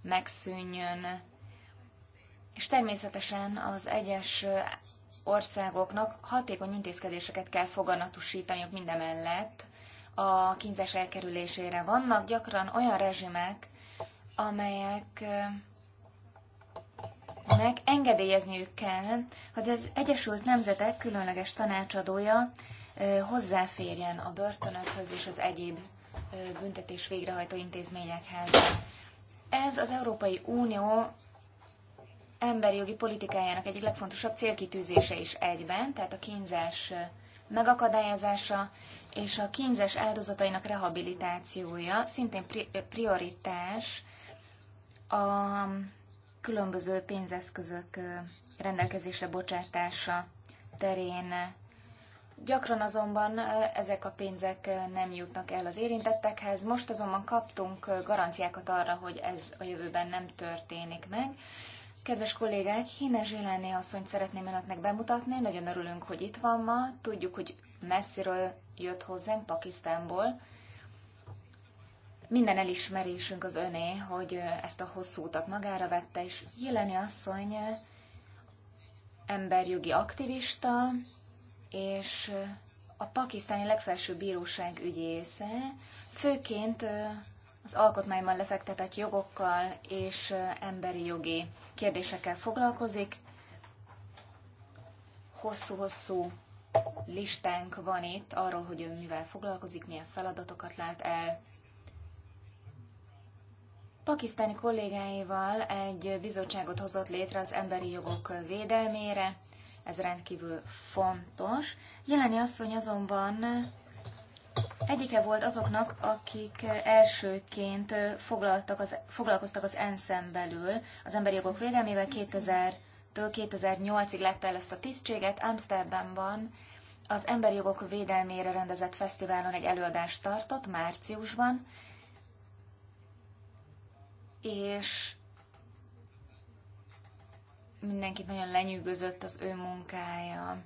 megszűnjön. És természetesen az egyes országoknak hatékony intézkedéseket kell foganatosítaniuk mindemellett a kínzás elkerülésére. Vannak gyakran olyan rezsimek, amelyek Parlamentnek engedélyezniük kell, hogy az Egyesült Nemzetek különleges tanácsadója hozzáférjen a börtönökhöz és az egyéb büntetés végrehajtó intézményekhez. Ez az Európai Unió emberi jogi politikájának egyik legfontosabb célkitűzése is egyben, tehát a kínzás megakadályozása és a kínzás áldozatainak rehabilitációja szintén prioritás a különböző pénzeszközök rendelkezésre bocsátása terén. Gyakran azonban ezek a pénzek nem jutnak el az érintettekhez, most azonban kaptunk garanciákat arra, hogy ez a jövőben nem történik meg. Kedves kollégák, Híne Zsiláné asszonyt szeretném önöknek bemutatni, nagyon örülünk, hogy itt van ma, tudjuk, hogy messziről jött hozzánk, Pakisztánból, minden elismerésünk az öné, hogy ezt a hosszú utat magára vette, és Jeleni asszony emberjogi aktivista, és a pakisztáni legfelsőbb bíróság ügyésze, főként az alkotmányban lefektetett jogokkal és emberi jogi kérdésekkel foglalkozik. Hosszú-hosszú listánk van itt arról, hogy ő mivel foglalkozik, milyen feladatokat lát el pakisztáni kollégáival egy bizottságot hozott létre az emberi jogok védelmére, ez rendkívül fontos. Jeleni asszony azonban egyike volt azoknak, akik elsőként foglaltak az, foglalkoztak az ENSZ-en belül az emberi jogok védelmével 2000-től 2008-ig lett el ezt a tisztséget. Amsterdamban az emberi jogok védelmére rendezett fesztiválon egy előadást tartott márciusban, és mindenkit nagyon lenyűgözött az ő munkája.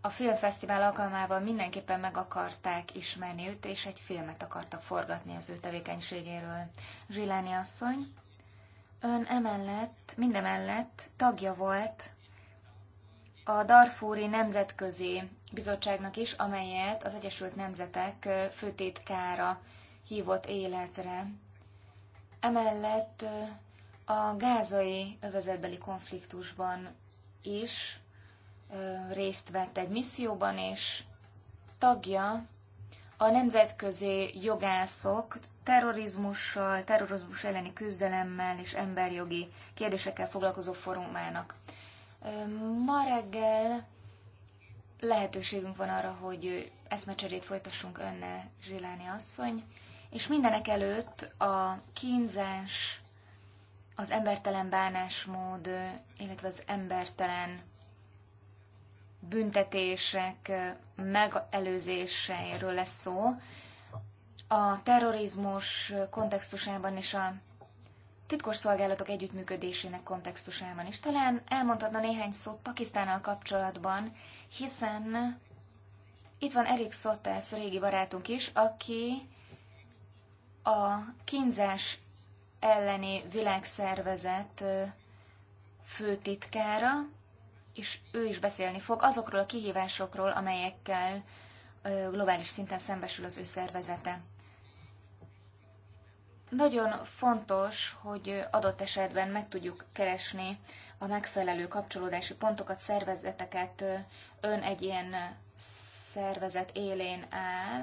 A filmfesztivál alkalmával mindenképpen meg akarták ismerni őt, és egy filmet akartak forgatni az ő tevékenységéről. Zsiláni asszony, ön emellett, mindemellett tagja volt a Darfúri Nemzetközi Bizottságnak is, amelyet az Egyesült Nemzetek főtétkára hívott életre. Emellett a gázai övezetbeli konfliktusban is részt vett egy misszióban, és tagja a nemzetközi jogászok terrorizmussal, terrorizmus elleni küzdelemmel és emberjogi kérdésekkel foglalkozó fórumának. Ma reggel lehetőségünk van arra, hogy eszmecserét folytassunk önnel, Zsiláni asszony és mindenek előtt a kínzás, az embertelen bánásmód, illetve az embertelen büntetések megelőzéseiről lesz szó. A terrorizmus kontextusában és a titkos szolgálatok együttműködésének kontextusában is. Talán elmondhatna néhány szót Pakisztánnal kapcsolatban, hiszen itt van Erik Sotters, régi barátunk is, aki a kínzás elleni világszervezet főtitkára, és ő is beszélni fog azokról a kihívásokról, amelyekkel globális szinten szembesül az ő szervezete. Nagyon fontos, hogy adott esetben meg tudjuk keresni a megfelelő kapcsolódási pontokat, szervezeteket. Ön egy ilyen szervezet élén áll,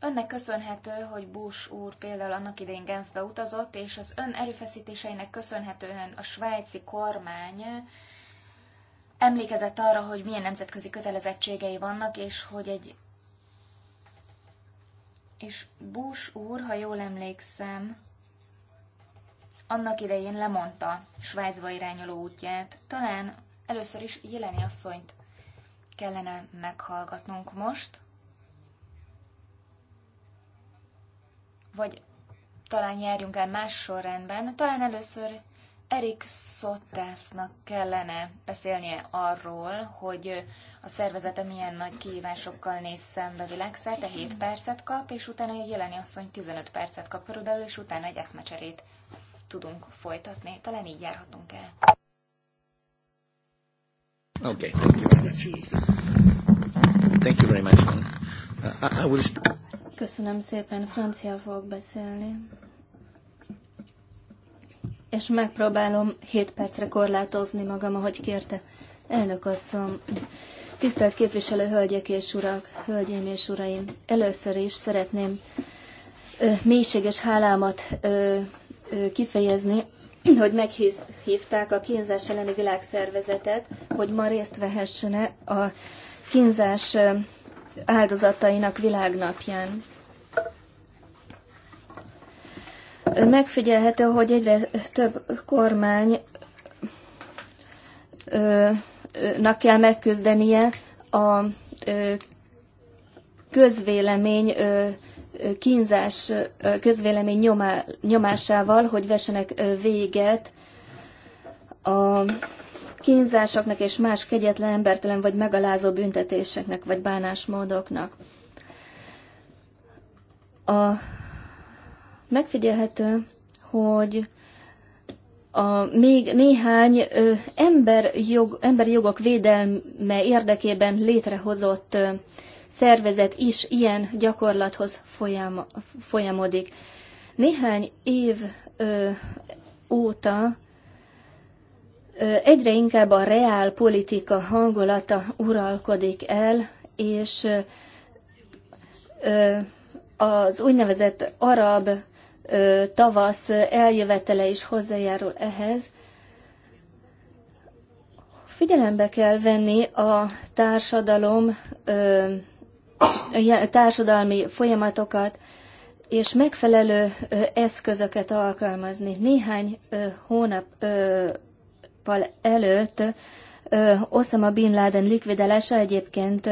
Önnek köszönhető, hogy Bush úr például annak idején Genfbe utazott, és az ön erőfeszítéseinek köszönhetően a svájci kormány emlékezett arra, hogy milyen nemzetközi kötelezettségei vannak, és hogy egy és Bush úr, ha jól emlékszem, annak idején lemondta Svájcba irányuló útját. Talán először is Jeleni asszonyt kellene meghallgatnunk most. vagy talán járjunk el más sorrendben. Talán először Erik Szottásznak kellene beszélnie arról, hogy a szervezete milyen nagy kihívásokkal néz szembe világszerte, 7 percet kap, és utána egy jeleni asszony 15 percet kap körülbelül, és utána egy eszmecserét tudunk folytatni. Talán így járhatunk el. Okay, thank you very much. Thank you very much. Uh, I, I will... Köszönöm szépen, franciál fogok beszélni. És megpróbálom 7 percre korlátozni magam, ahogy kérte. Elnök asszony, tisztelt képviselő hölgyek és urak, hölgyeim és uraim, először is szeretném ö, mélységes hálámat ö, ö, kifejezni, hogy meghívták a kínzás elleni világszervezetet, hogy ma részt vehessene a kínzás áldozatainak világnapján. Megfigyelhető, hogy egyre több kormány nak kell megküzdenie a közvélemény kínzás, közvélemény nyomásával, hogy vessenek véget a kínzásoknak és más kegyetlen, embertelen vagy megalázó büntetéseknek vagy bánásmódoknak. A megfigyelhető, hogy a még néhány ö, emberjog, emberi jogok védelme érdekében létrehozott ö, szervezet is ilyen gyakorlathoz folyam, folyamodik. Néhány év ö, óta egyre inkább a reál politika hangulata uralkodik el, és az úgynevezett arab tavasz eljövetele is hozzájárul ehhez. Figyelembe kell venni a társadalom társadalmi folyamatokat, és megfelelő eszközöket alkalmazni. Néhány hónap nappal előtt Osama Bin Laden likvidálása egyébként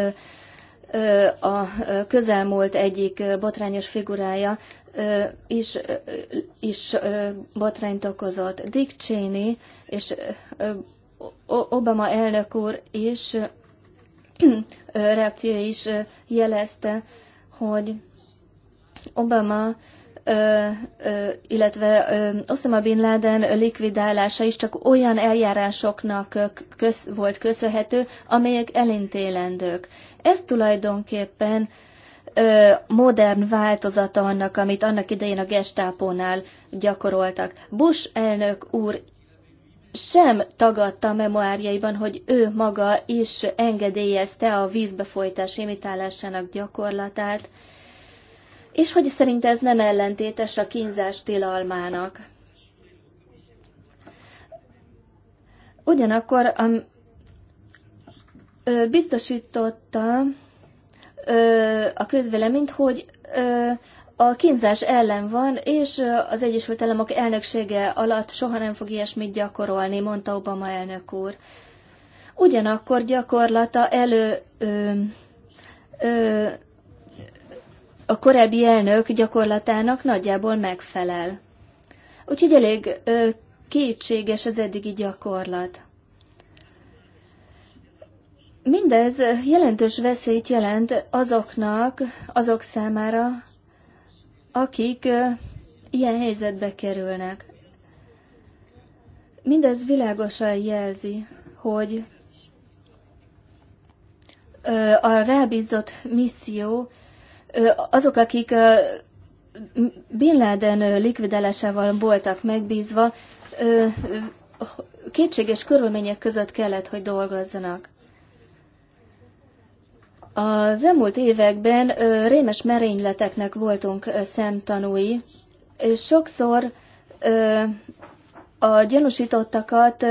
a közelmúlt egyik botrányos figurája is, is botrányt okozott. Dick Cheney és Obama elnök úr is reakciója is jelezte, hogy Obama illetve Osama Bin Laden likvidálása is csak olyan eljárásoknak köz, volt köszönhető, amelyek elintélendők. Ez tulajdonképpen modern változata annak, amit annak idején a gestápónál gyakoroltak. Bush elnök úr sem tagadta a memoárjaiban, hogy ő maga is engedélyezte a vízbefolytás imitálásának gyakorlatát, és hogy szerint ez nem ellentétes a kínzás tilalmának. Ugyanakkor a, ö, biztosította ö, a közvéleményt, hogy ö, a kínzás ellen van, és az Egyesült Államok elnöksége alatt soha nem fog ilyesmit gyakorolni, mondta Obama elnök úr. Ugyanakkor gyakorlata elő ö, ö, a korábbi elnök gyakorlatának nagyjából megfelel. Úgyhogy elég ö, kétséges az eddigi gyakorlat. Mindez jelentős veszélyt jelent azoknak, azok számára, akik ö, ilyen helyzetbe kerülnek. Mindez világosan jelzi, hogy ö, a rábízott misszió azok, akik Bin Laden likvidálásával voltak megbízva, kétséges körülmények között kellett, hogy dolgozzanak. Az elmúlt években rémes merényleteknek voltunk szemtanúi, és sokszor a gyanúsítottakat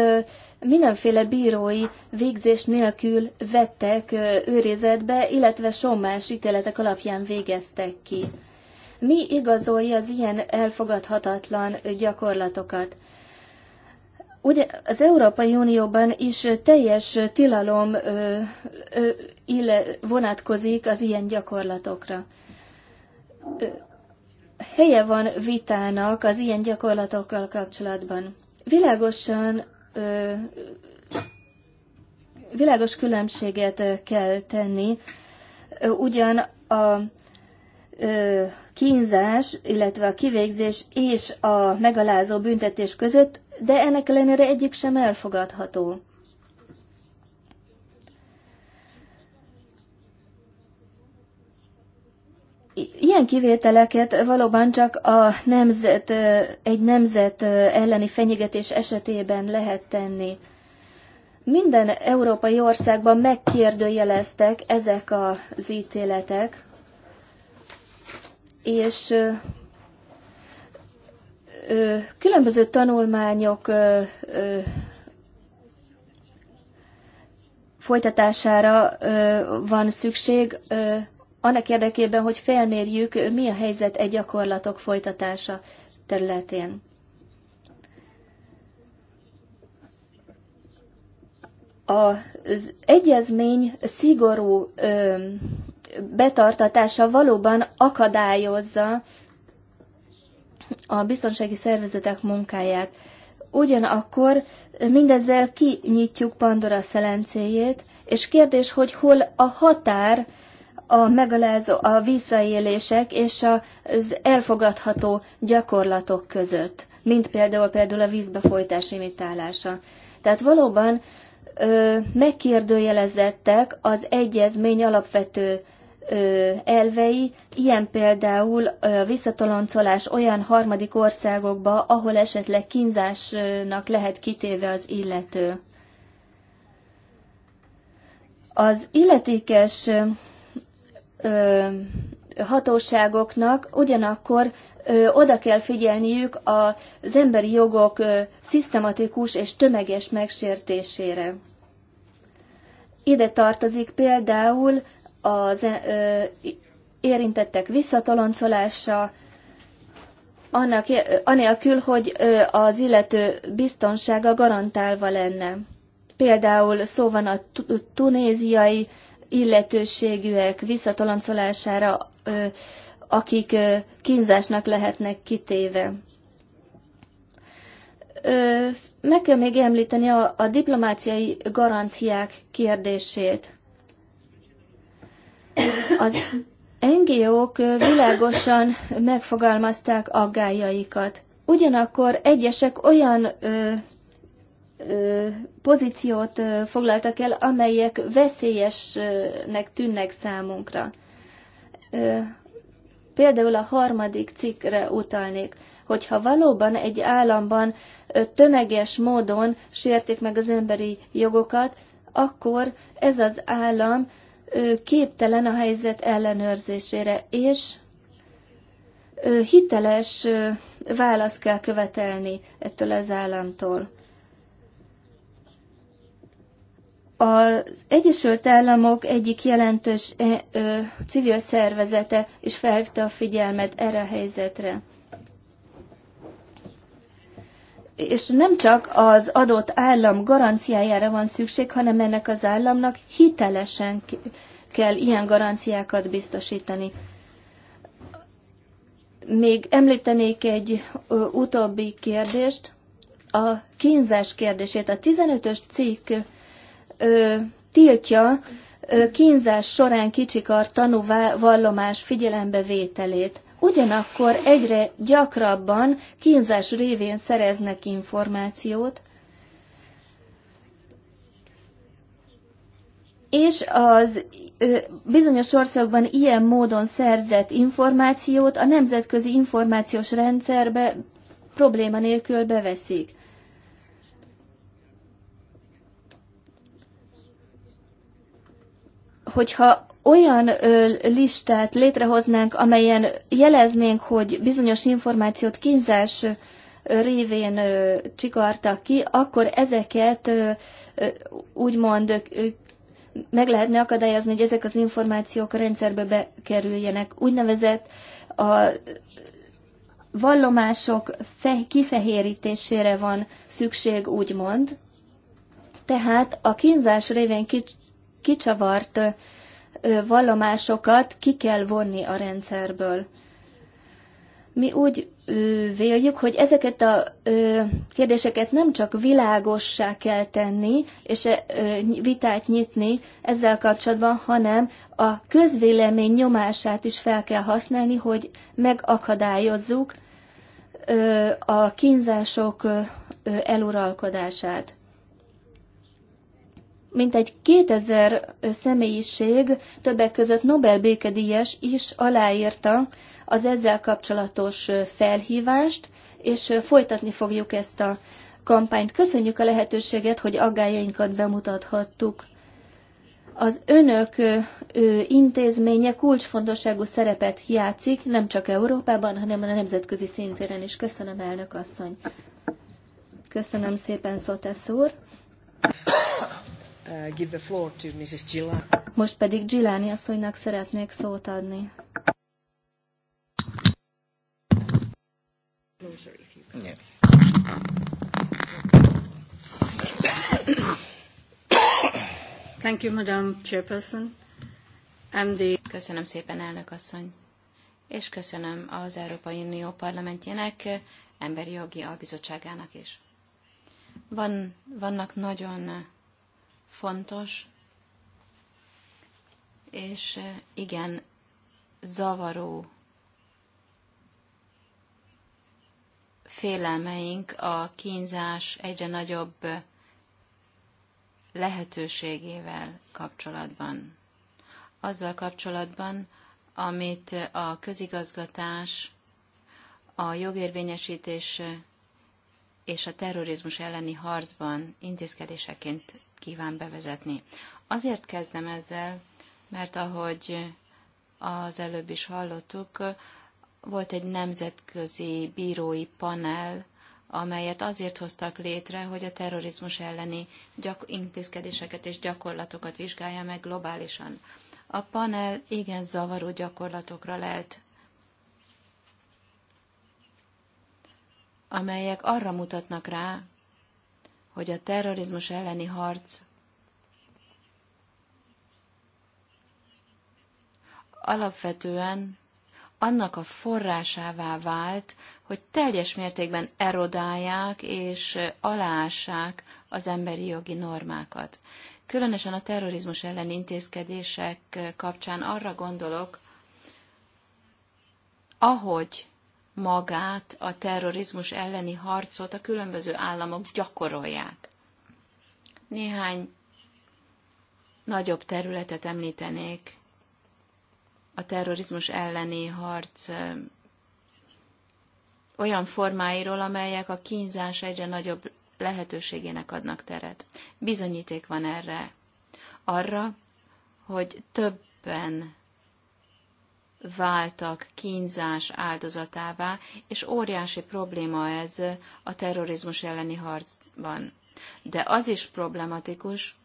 mindenféle bírói végzés nélkül vettek őrizetbe, illetve sommás ítéletek alapján végeztek ki. Mi igazolja az ilyen elfogadhatatlan gyakorlatokat? Ugye az Európai Unióban is teljes tilalom ö, ö, ille, vonatkozik az ilyen gyakorlatokra. Ö, helye van vitának az ilyen gyakorlatokkal kapcsolatban. Világosan világos különbséget kell tenni, ugyan a kínzás, illetve a kivégzés és a megalázó büntetés között, de ennek ellenére egyik sem elfogadható. Ilyen kivételeket valóban csak a nemzet, egy nemzet elleni fenyegetés esetében lehet tenni. Minden európai országban megkérdőjeleztek ezek az ítéletek, és különböző tanulmányok folytatására van szükség annak érdekében, hogy felmérjük, mi a helyzet egy gyakorlatok folytatása területén. Az egyezmény szigorú ö, betartatása valóban akadályozza a biztonsági szervezetek munkáját. Ugyanakkor mindezzel kinyitjuk Pandora szelencéjét, és kérdés, hogy hol a határ a megalázó, a visszaélések és az elfogadható gyakorlatok között, mint például, például a vízbefolytás imitálása. Tehát valóban ö, megkérdőjelezettek az egyezmény alapvető ö, elvei, ilyen például ö, visszatoloncolás olyan harmadik országokba, ahol esetleg kínzásnak lehet kitéve az illető. Az illetékes hatóságoknak ugyanakkor oda kell figyelniük az emberi jogok ö, szisztematikus és tömeges megsértésére. Ide tartozik például az érintettek visszatoloncolása, annak, anélkül, hogy az illető biztonsága garantálva lenne. Például szó van a tunéziai illetőségűek visszatoloncolására, akik kínzásnak lehetnek kitéve. Meg kell még említeni a, a diplomáciai garanciák kérdését. Az NGO-k világosan megfogalmazták aggájaikat. Ugyanakkor egyesek olyan ö, pozíciót foglaltak el, amelyek veszélyesnek tűnnek számunkra. Például a harmadik cikkre utalnék, hogyha valóban egy államban tömeges módon sértik meg az emberi jogokat, akkor ez az állam képtelen a helyzet ellenőrzésére, és hiteles választ kell követelni ettől az államtól. Az Egyesült Államok egyik jelentős e, civil szervezete is felhívta a figyelmet erre a helyzetre. És nem csak az adott állam garanciájára van szükség, hanem ennek az államnak hitelesen kell ilyen garanciákat biztosítani. Még említenék egy utóbbi kérdést, a kínzás kérdését. A 15-ös cikk ö, tiltja ö, kínzás során kicsikar tanúvallomás figyelembevételét. Ugyanakkor egyre gyakrabban kínzás révén szereznek információt, és az bizonyos országokban ilyen módon szerzett információt a nemzetközi információs rendszerbe probléma nélkül beveszik. hogyha olyan ö, listát létrehoznánk, amelyen jeleznénk, hogy bizonyos információt kínzás révén ö, csikartak ki, akkor ezeket ö, ö, úgymond ö, meg lehetne akadályozni, hogy ezek az információk a rendszerbe bekerüljenek. Úgynevezett a vallomások fe, kifehérítésére van szükség, úgymond. Tehát a kínzás révén kicsavart vallomásokat ki kell vonni a rendszerből. Mi úgy véljük, hogy ezeket a kérdéseket nem csak világossá kell tenni, és vitát nyitni ezzel kapcsolatban, hanem a közvélemény nyomását is fel kell használni, hogy megakadályozzuk a kínzások eluralkodását mintegy 2000 személyiség, többek között Nobel békedíjas is aláírta az ezzel kapcsolatos felhívást, és folytatni fogjuk ezt a kampányt. Köszönjük a lehetőséget, hogy aggájainkat bemutathattuk. Az önök ő, intézménye kulcsfontosságú szerepet játszik, nem csak Európában, hanem a nemzetközi szintéren is. Köszönöm, elnök asszony. Köszönöm szépen, Szotesz úr. Uh, give the floor to Mrs. Most pedig Gillani asszonynak szeretnék szót adni. Thank you, Madam Chairperson. And the... Köszönöm szépen, elnök asszony. És köszönöm az Európai Unió parlamentjének, emberi jogi albizottságának is. Van, vannak nagyon fontos, és eh, igen, zavaró félelmeink a kínzás egyre nagyobb eh, lehetőségével kapcsolatban. Azzal kapcsolatban, amit eh, a közigazgatás, a jogérvényesítés és a terrorizmus elleni harcban intézkedéseként kíván bevezetni. Azért kezdem ezzel, mert ahogy az előbb is hallottuk, volt egy nemzetközi bírói panel, amelyet azért hoztak létre, hogy a terrorizmus elleni gyak- intézkedéseket és gyakorlatokat vizsgálja meg globálisan. A panel igen zavaró gyakorlatokra lelt, amelyek arra mutatnak rá, hogy a terrorizmus elleni harc alapvetően annak a forrásává vált, hogy teljes mértékben erodálják és alássák az emberi jogi normákat. Különösen a terrorizmus elleni intézkedések kapcsán arra gondolok, ahogy magát, a terrorizmus elleni harcot a különböző államok gyakorolják. Néhány nagyobb területet említenék a terrorizmus elleni harc olyan formáiról, amelyek a kínzás egyre nagyobb lehetőségének adnak teret. Bizonyíték van erre, arra, hogy többen váltak kínzás áldozatává, és óriási probléma ez a terrorizmus elleni harcban. De az is problematikus,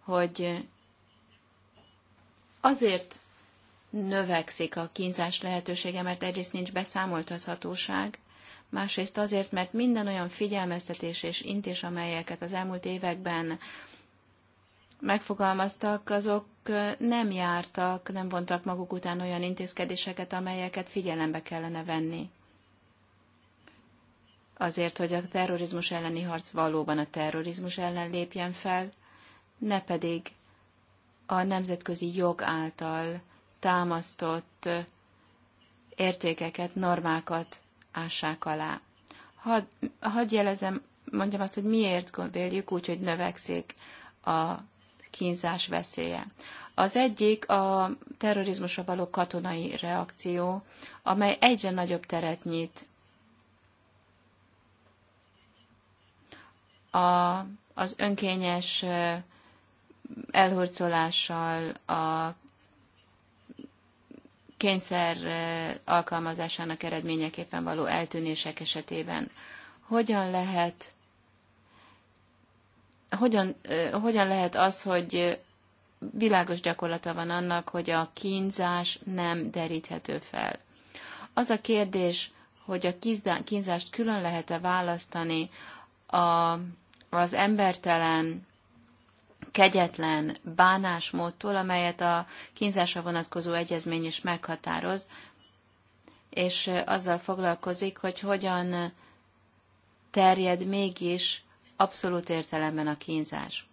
hogy azért növekszik a kínzás lehetősége, mert egyrészt nincs beszámoltathatóság, másrészt azért, mert minden olyan figyelmeztetés és intés, amelyeket az elmúlt években megfogalmaztak, azok nem jártak, nem vontak maguk után olyan intézkedéseket, amelyeket figyelembe kellene venni. Azért, hogy a terrorizmus elleni harc valóban a terrorizmus ellen lépjen fel, ne pedig a nemzetközi jog által támasztott értékeket, normákat ássák alá. Hadd had jelezem, mondjam azt, hogy miért véljük úgy, hogy növekszik a kínzás veszélye. Az egyik a terrorizmusra való katonai reakció, amely egyre nagyobb teret nyit a, az önkényes elhurcolással, a kényszer alkalmazásának eredményeképpen való eltűnések esetében. Hogyan lehet hogyan, hogyan lehet az, hogy világos gyakorlata van annak, hogy a kínzás nem deríthető fel. Az a kérdés, hogy a kínzást külön lehet-e választani a, az embertelen, kegyetlen bánásmódtól, amelyet a kínzásra vonatkozó egyezmény is meghatároz, és azzal foglalkozik, hogy hogyan terjed mégis abszolút értelemben a kínzás.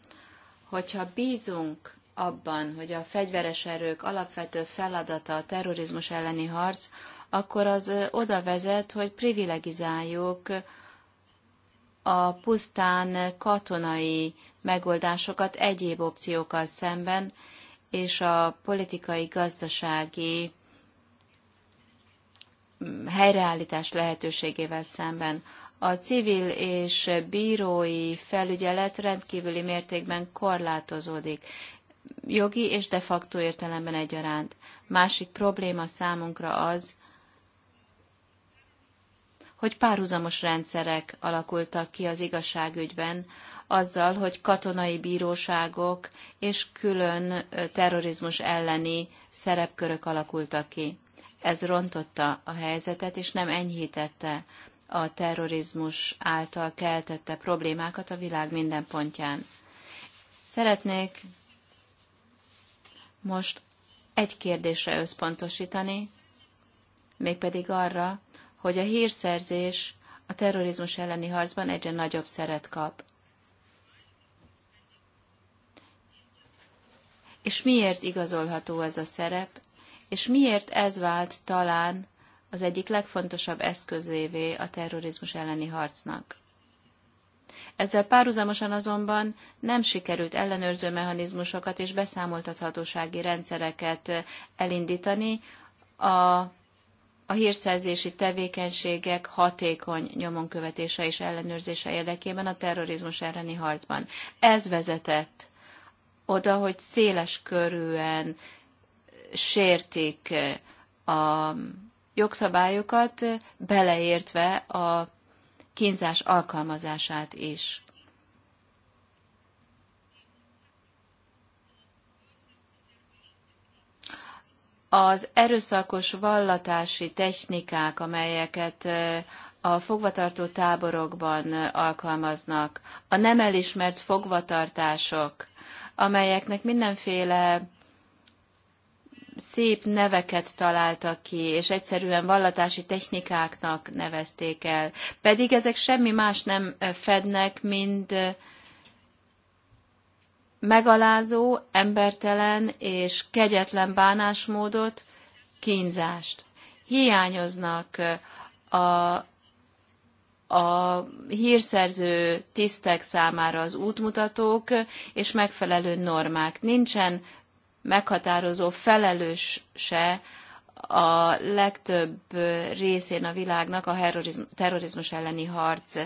Hogyha bízunk abban, hogy a fegyveres erők alapvető feladata a terrorizmus elleni harc, akkor az oda vezet, hogy privilegizáljuk a pusztán katonai megoldásokat egyéb opciókkal szemben, és a politikai-gazdasági mm, helyreállítás lehetőségével szemben a civil és bírói felügyelet rendkívüli mértékben korlátozódik, jogi és de facto értelemben egyaránt. Másik probléma számunkra az, hogy párhuzamos rendszerek alakultak ki az igazságügyben, azzal, hogy katonai bíróságok és külön terrorizmus elleni szerepkörök alakultak ki. Ez rontotta a helyzetet, és nem enyhítette a terrorizmus által keltette problémákat a világ minden pontján. Szeretnék most egy kérdésre összpontosítani, mégpedig arra, hogy a hírszerzés a terrorizmus elleni harcban egyre nagyobb szeret kap. És miért igazolható ez a szerep, és miért ez vált talán az egyik legfontosabb eszközévé a terrorizmus elleni harcnak. Ezzel párhuzamosan azonban nem sikerült ellenőrző mechanizmusokat és beszámoltathatósági rendszereket elindítani a, a hírszerzési tevékenységek hatékony nyomon követése és ellenőrzése érdekében a terrorizmus elleni harcban. Ez vezetett oda, hogy széles körűen sértik a jogszabályokat, beleértve a kínzás alkalmazását is. Az erőszakos vallatási technikák, amelyeket a fogvatartó táborokban alkalmaznak, a nem elismert fogvatartások, amelyeknek mindenféle szép neveket találtak ki, és egyszerűen vallatási technikáknak nevezték el. Pedig ezek semmi más nem fednek, mint megalázó, embertelen és kegyetlen bánásmódot, kínzást. Hiányoznak a, a hírszerző tisztek számára az útmutatók és megfelelő normák. Nincsen meghatározó felelőse a legtöbb részén a világnak a terrorizmus elleni harc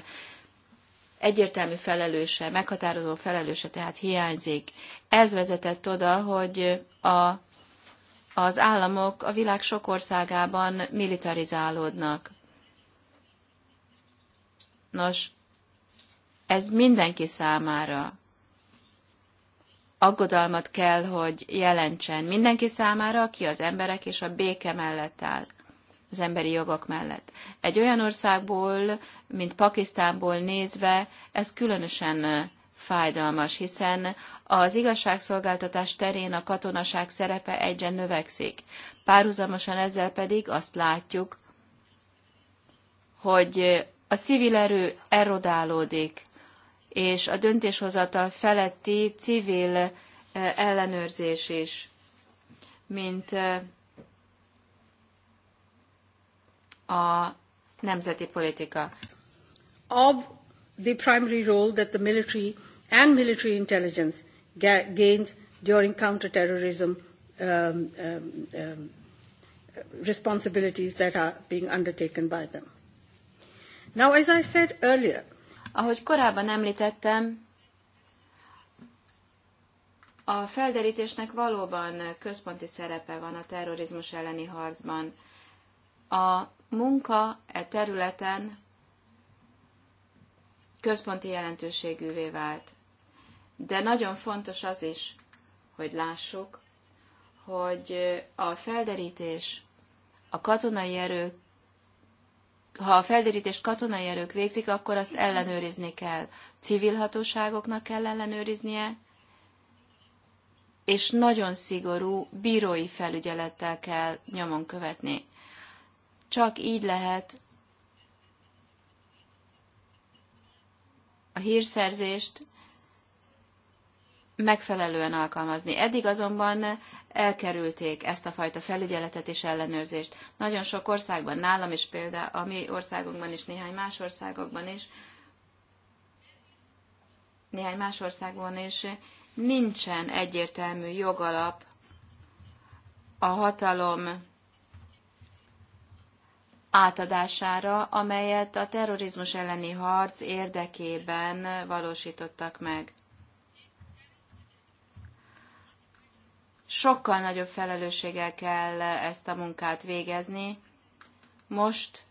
egyértelmű felelőse, meghatározó felelőse tehát hiányzik. Ez vezetett oda, hogy a, az államok a világ sok országában militarizálódnak. Nos, ez mindenki számára aggodalmat kell, hogy jelentsen mindenki számára, aki az emberek és a béke mellett áll, az emberi jogok mellett. Egy olyan országból, mint Pakisztánból nézve, ez különösen fájdalmas, hiszen az igazságszolgáltatás terén a katonaság szerepe egyre növekszik. Párhuzamosan ezzel pedig azt látjuk, hogy a civil erő erodálódik, és a döntéshozatal feletti civil eh, ellenőrzés is, mint eh, a nemzeti politika. Of the primary role that the military and military intelligence gains during counterterrorism um, um, um, responsibilities that are being undertaken by them. Now, as I said earlier, ahogy korábban említettem, a felderítésnek valóban központi szerepe van a terrorizmus elleni harcban. A munka e területen központi jelentőségűvé vált. De nagyon fontos az is, hogy lássuk, hogy a felderítés, a katonai erők ha a felderítést katonai erők végzik, akkor azt ellenőrizni kell. Civil hatóságoknak kell ellenőriznie, és nagyon szigorú bírói felügyelettel kell nyomon követni. Csak így lehet a hírszerzést megfelelően alkalmazni. Eddig azonban elkerülték ezt a fajta felügyeletet és ellenőrzést. Nagyon sok országban, nálam is például, a mi országunkban is, néhány más országokban is, néhány más országban is, nincsen egyértelmű jogalap a hatalom átadására, amelyet a terrorizmus elleni harc érdekében valósítottak meg. sokkal nagyobb felelősséggel kell ezt a munkát végezni. Most,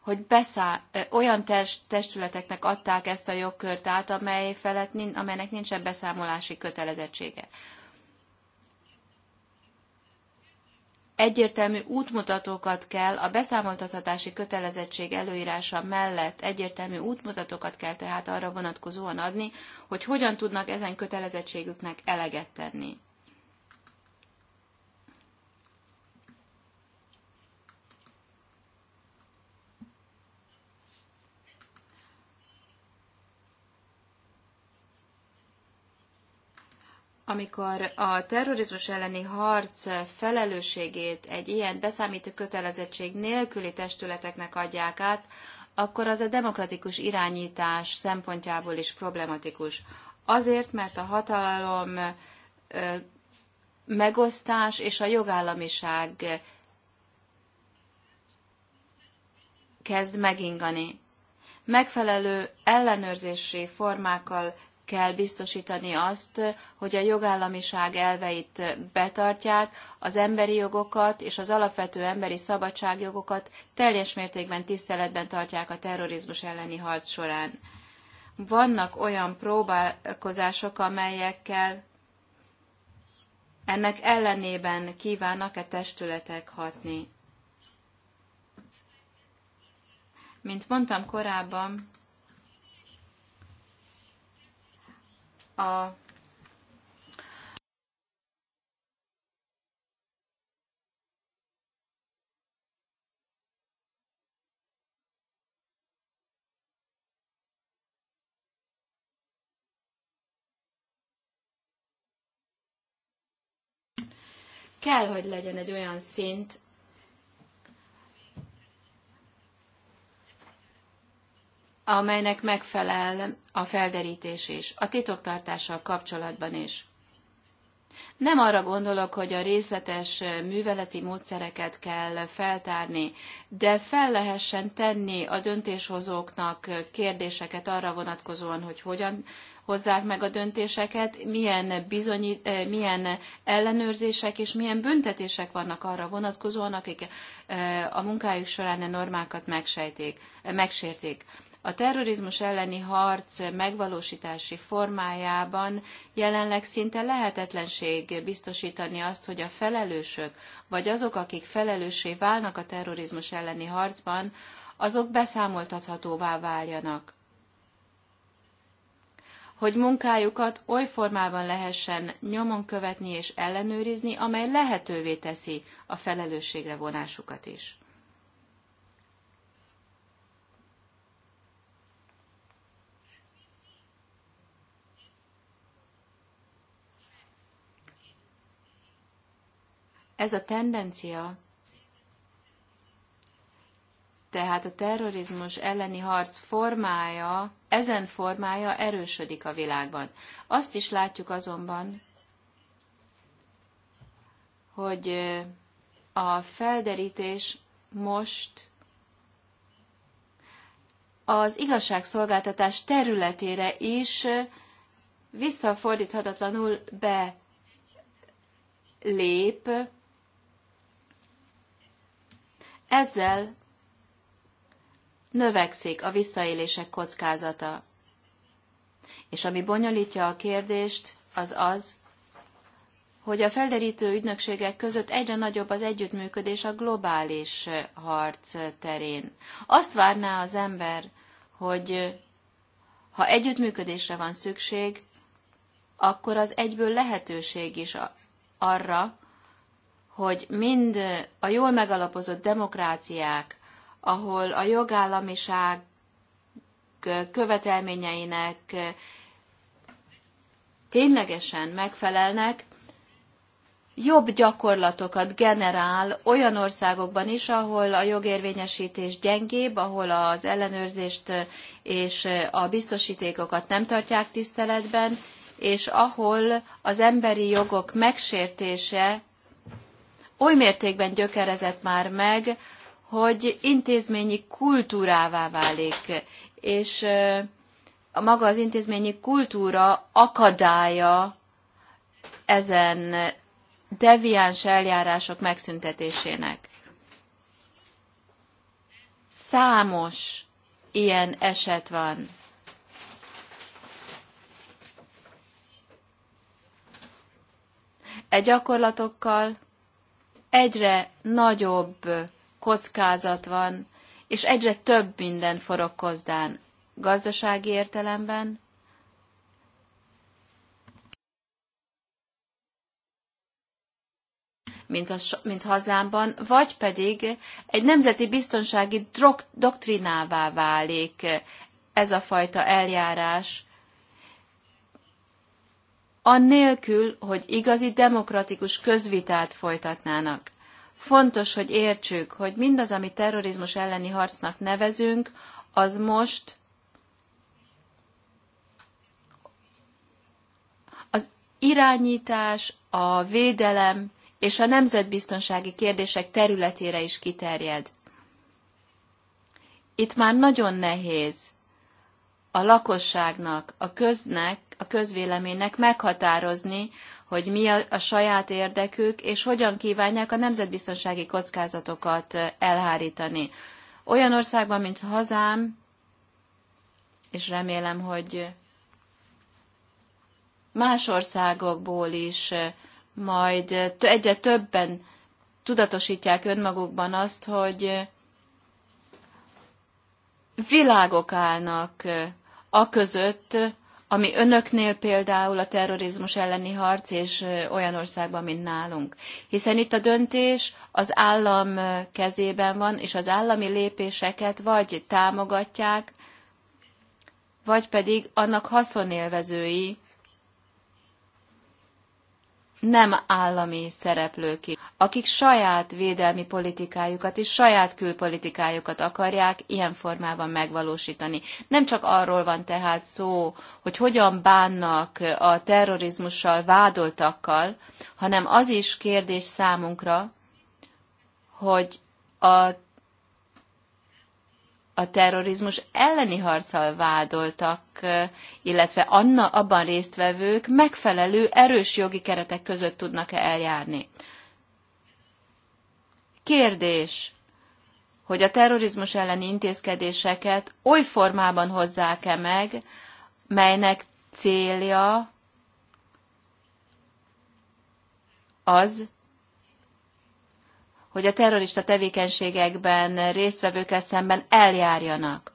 hogy beszáll, olyan testületeknek adták ezt a jogkört át, amely felett, amelynek nincsen beszámolási kötelezettsége. egyértelmű útmutatókat kell, a beszámoltathatási kötelezettség előírása mellett egyértelmű útmutatókat kell tehát arra vonatkozóan adni, hogy hogyan tudnak ezen kötelezettségüknek eleget tenni. amikor a terrorizmus elleni harc felelősségét egy ilyen beszámító kötelezettség nélküli testületeknek adják át, akkor az a demokratikus irányítás szempontjából is problematikus. Azért, mert a hatalom megosztás és a jogállamiság kezd megingani. Megfelelő ellenőrzési formákkal kell biztosítani azt, hogy a jogállamiság elveit betartják, az emberi jogokat és az alapvető emberi szabadságjogokat teljes mértékben tiszteletben tartják a terrorizmus elleni harc során. Vannak olyan próbálkozások, amelyekkel ennek ellenében kívánnak-e testületek hatni. Mint mondtam korábban, a kell, hogy legyen egy olyan szint, amelynek megfelel a felderítés is, a titoktartással kapcsolatban is. Nem arra gondolok, hogy a részletes műveleti módszereket kell feltárni, de fel lehessen tenni a döntéshozóknak kérdéseket arra vonatkozóan, hogy hogyan hozzák meg a döntéseket, milyen, bizonyi, eh, milyen ellenőrzések és milyen büntetések vannak arra vonatkozóan, akik eh, a munkájuk során a normákat megsejték, eh, megsértik. A terrorizmus elleni harc megvalósítási formájában jelenleg szinte lehetetlenség biztosítani azt, hogy a felelősök, vagy azok, akik felelőssé válnak a terrorizmus elleni harcban, azok beszámoltathatóvá váljanak hogy munkájukat oly formában lehessen nyomon követni és ellenőrizni, amely lehetővé teszi a felelősségre vonásukat is. Ez a tendencia, tehát a terrorizmus elleni harc formája, ezen formája erősödik a világban. Azt is látjuk azonban, hogy a felderítés most az igazságszolgáltatás területére is visszafordíthatatlanul belép, ezzel növekszik a visszaélések kockázata. És ami bonyolítja a kérdést, az az, hogy a felderítő ügynökségek között egyre nagyobb az együttműködés a globális harc terén. Azt várná az ember, hogy ha együttműködésre van szükség, akkor az egyből lehetőség is arra, hogy mind a jól megalapozott demokráciák, ahol a jogállamiság követelményeinek ténylegesen megfelelnek, jobb gyakorlatokat generál olyan országokban is, ahol a jogérvényesítés gyengébb, ahol az ellenőrzést és a biztosítékokat nem tartják tiszteletben, és ahol az emberi jogok megsértése oly mértékben gyökerezett már meg, hogy intézményi kultúrává válik, és a maga az intézményi kultúra akadálya ezen deviáns eljárások megszüntetésének. Számos ilyen eset van. E gyakorlatokkal egyre nagyobb kockázat van, és egyre több minden forog kozdán, gazdasági értelemben, mint, az, mint hazámban, vagy pedig egy nemzeti biztonsági drog, doktrinává válik ez a fajta eljárás, annélkül, hogy igazi demokratikus közvitát folytatnának. Fontos, hogy értsük, hogy mindaz, ami terrorizmus elleni harcnak nevezünk, az most az irányítás, a védelem és a nemzetbiztonsági kérdések területére is kiterjed. Itt már nagyon nehéz a lakosságnak, a köznek a közvéleménynek meghatározni, hogy mi a, a saját érdekük, és hogyan kívánják a nemzetbiztonsági kockázatokat eh, elhárítani. Olyan országban, mint hazám, és remélem, hogy más országokból is eh, majd eh, egyre többen tudatosítják önmagukban azt, hogy világok állnak a között, ami önöknél például a terrorizmus elleni harc és olyan országban, mint nálunk. Hiszen itt a döntés az állam kezében van, és az állami lépéseket vagy támogatják, vagy pedig annak haszonélvezői, nem állami szereplők, akik saját védelmi politikájukat és saját külpolitikájukat akarják ilyen formában megvalósítani. Nem csak arról van tehát szó, hogy hogyan bánnak a terrorizmussal vádoltakkal, hanem az is kérdés számunkra, hogy a a terrorizmus elleni harccal vádoltak, illetve anna, abban résztvevők megfelelő erős jogi keretek között tudnak-e eljárni. Kérdés, hogy a terrorizmus elleni intézkedéseket oly formában hozzák-e meg, melynek célja az, hogy a terrorista tevékenységekben résztvevőkkel szemben eljárjanak.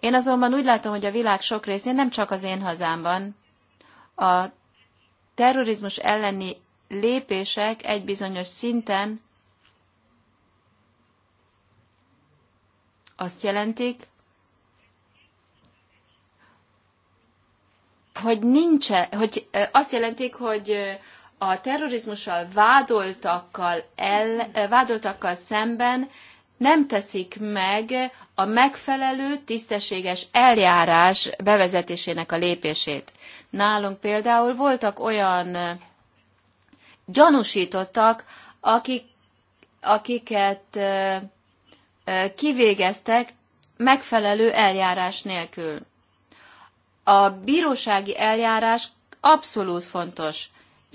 Én azonban úgy látom, hogy a világ sok részén, nem csak az én hazámban, a terrorizmus elleni lépések egy bizonyos szinten azt jelentik, hogy nincs, hogy azt jelentik, hogy a terrorizmussal vádoltakkal, el, vádoltakkal szemben nem teszik meg a megfelelő tisztességes eljárás bevezetésének a lépését. Nálunk például voltak olyan gyanúsítottak, akik, akiket kivégeztek megfelelő eljárás nélkül. A bírósági eljárás abszolút fontos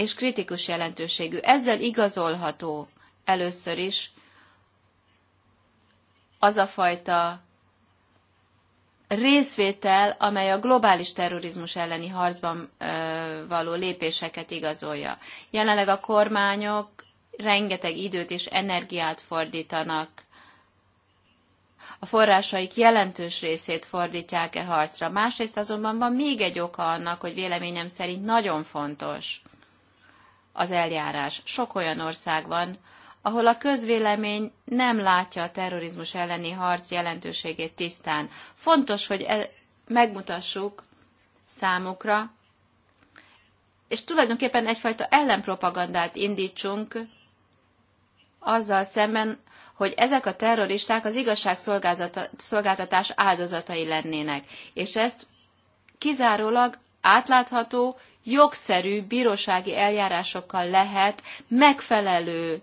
és kritikus jelentőségű. Ezzel igazolható először is az a fajta részvétel, amely a globális terrorizmus elleni harcban való lépéseket igazolja. Jelenleg a kormányok rengeteg időt és energiát fordítanak. A forrásaik jelentős részét fordítják e harcra. Másrészt azonban van még egy oka annak, hogy véleményem szerint nagyon fontos, az eljárás. Sok olyan ország van, ahol a közvélemény nem látja a terrorizmus elleni harc jelentőségét tisztán. Fontos, hogy e- megmutassuk számukra, és tulajdonképpen egyfajta ellenpropagandát indítsunk azzal szemben, hogy ezek a terroristák az igazságszolgáltatás áldozatai lennének, és ezt kizárólag átlátható jogszerű bírósági eljárásokkal lehet megfelelő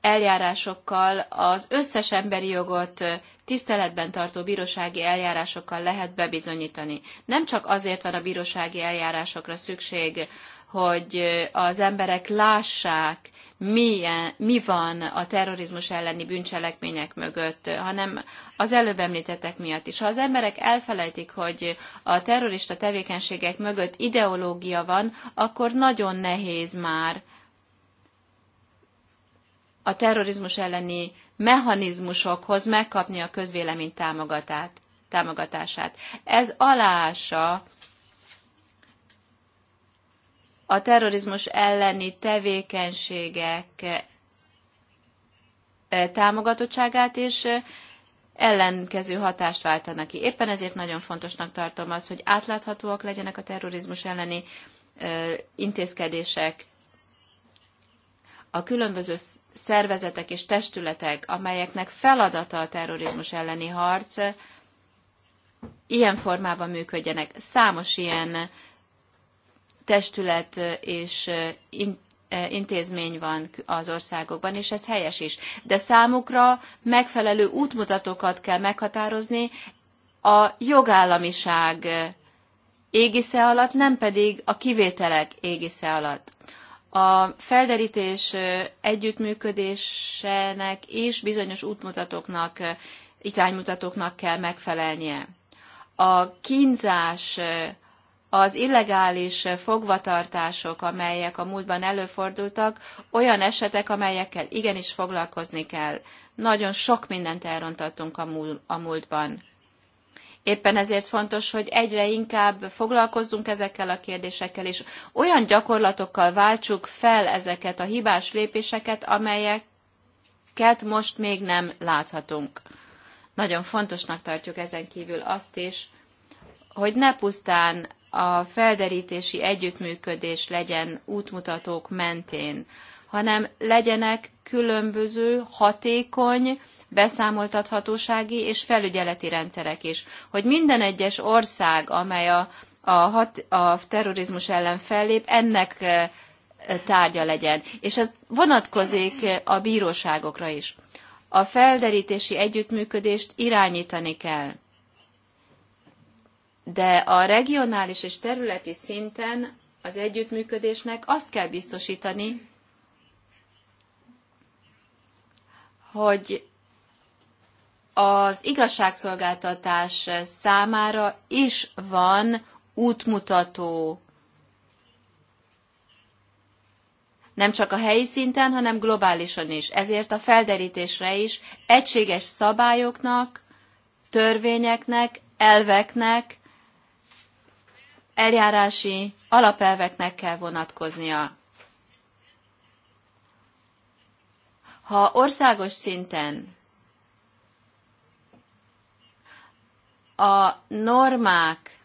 eljárásokkal, az összes emberi jogot tiszteletben tartó bírósági eljárásokkal lehet bebizonyítani. Nem csak azért van a bírósági eljárásokra szükség, hogy az emberek lássák, milyen, mi van a terrorizmus elleni bűncselekmények mögött, hanem az előbb említettek miatt is. Ha az emberek elfelejtik, hogy a terrorista tevékenységek mögött ideológia van, akkor nagyon nehéz már a terrorizmus elleni mechanizmusokhoz megkapni a közvélemény támogatát, támogatását. Ez aláása a terrorizmus elleni tevékenységek eh, támogatottságát és eh, ellenkező hatást váltanak ki. Éppen ezért nagyon fontosnak tartom az, hogy átláthatóak legyenek a terrorizmus elleni eh, intézkedések, a különböző szervezetek és testületek, amelyeknek feladata a terrorizmus elleni harc, ilyen formában működjenek. Számos ilyen testület és intézmény van az országokban, és ez helyes is. De számukra megfelelő útmutatókat kell meghatározni a jogállamiság égisze alatt, nem pedig a kivételek égisze alatt. A felderítés együttműködésének és bizonyos útmutatóknak, iránymutatóknak kell megfelelnie. A kínzás az illegális fogvatartások, amelyek a múltban előfordultak, olyan esetek, amelyekkel igenis foglalkozni kell. Nagyon sok mindent elrontottunk a, múltban. Éppen ezért fontos, hogy egyre inkább foglalkozzunk ezekkel a kérdésekkel, és olyan gyakorlatokkal váltsuk fel ezeket a hibás lépéseket, amelyeket most még nem láthatunk. Nagyon fontosnak tartjuk ezen kívül azt is, hogy ne pusztán a felderítési együttműködés legyen útmutatók mentén, hanem legyenek különböző hatékony beszámoltathatósági és felügyeleti rendszerek is. Hogy minden egyes ország, amely a, a, hat, a terrorizmus ellen fellép, ennek eh, tárgya legyen. És ez vonatkozik a bíróságokra is. A felderítési együttműködést irányítani kell de a regionális és területi szinten az együttműködésnek azt kell biztosítani, hogy az igazságszolgáltatás számára is van útmutató nem csak a helyi szinten, hanem globálisan is. Ezért a felderítésre is egységes szabályoknak, törvényeknek, elveknek eljárási alapelveknek kell vonatkoznia. Ha országos szinten a normák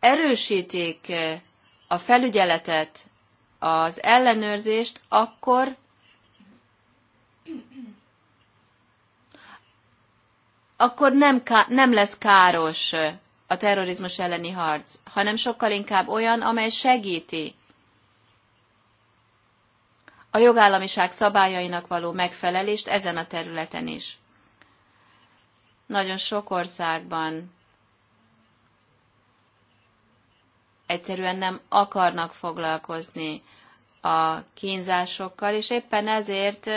erősítik a felügyeletet, az ellenőrzést, akkor akkor nem, ká- nem lesz káros a terrorizmus elleni harc, hanem sokkal inkább olyan, amely segíti a jogállamiság szabályainak való megfelelést ezen a területen is. Nagyon sok országban egyszerűen nem akarnak foglalkozni a kínzásokkal, és éppen ezért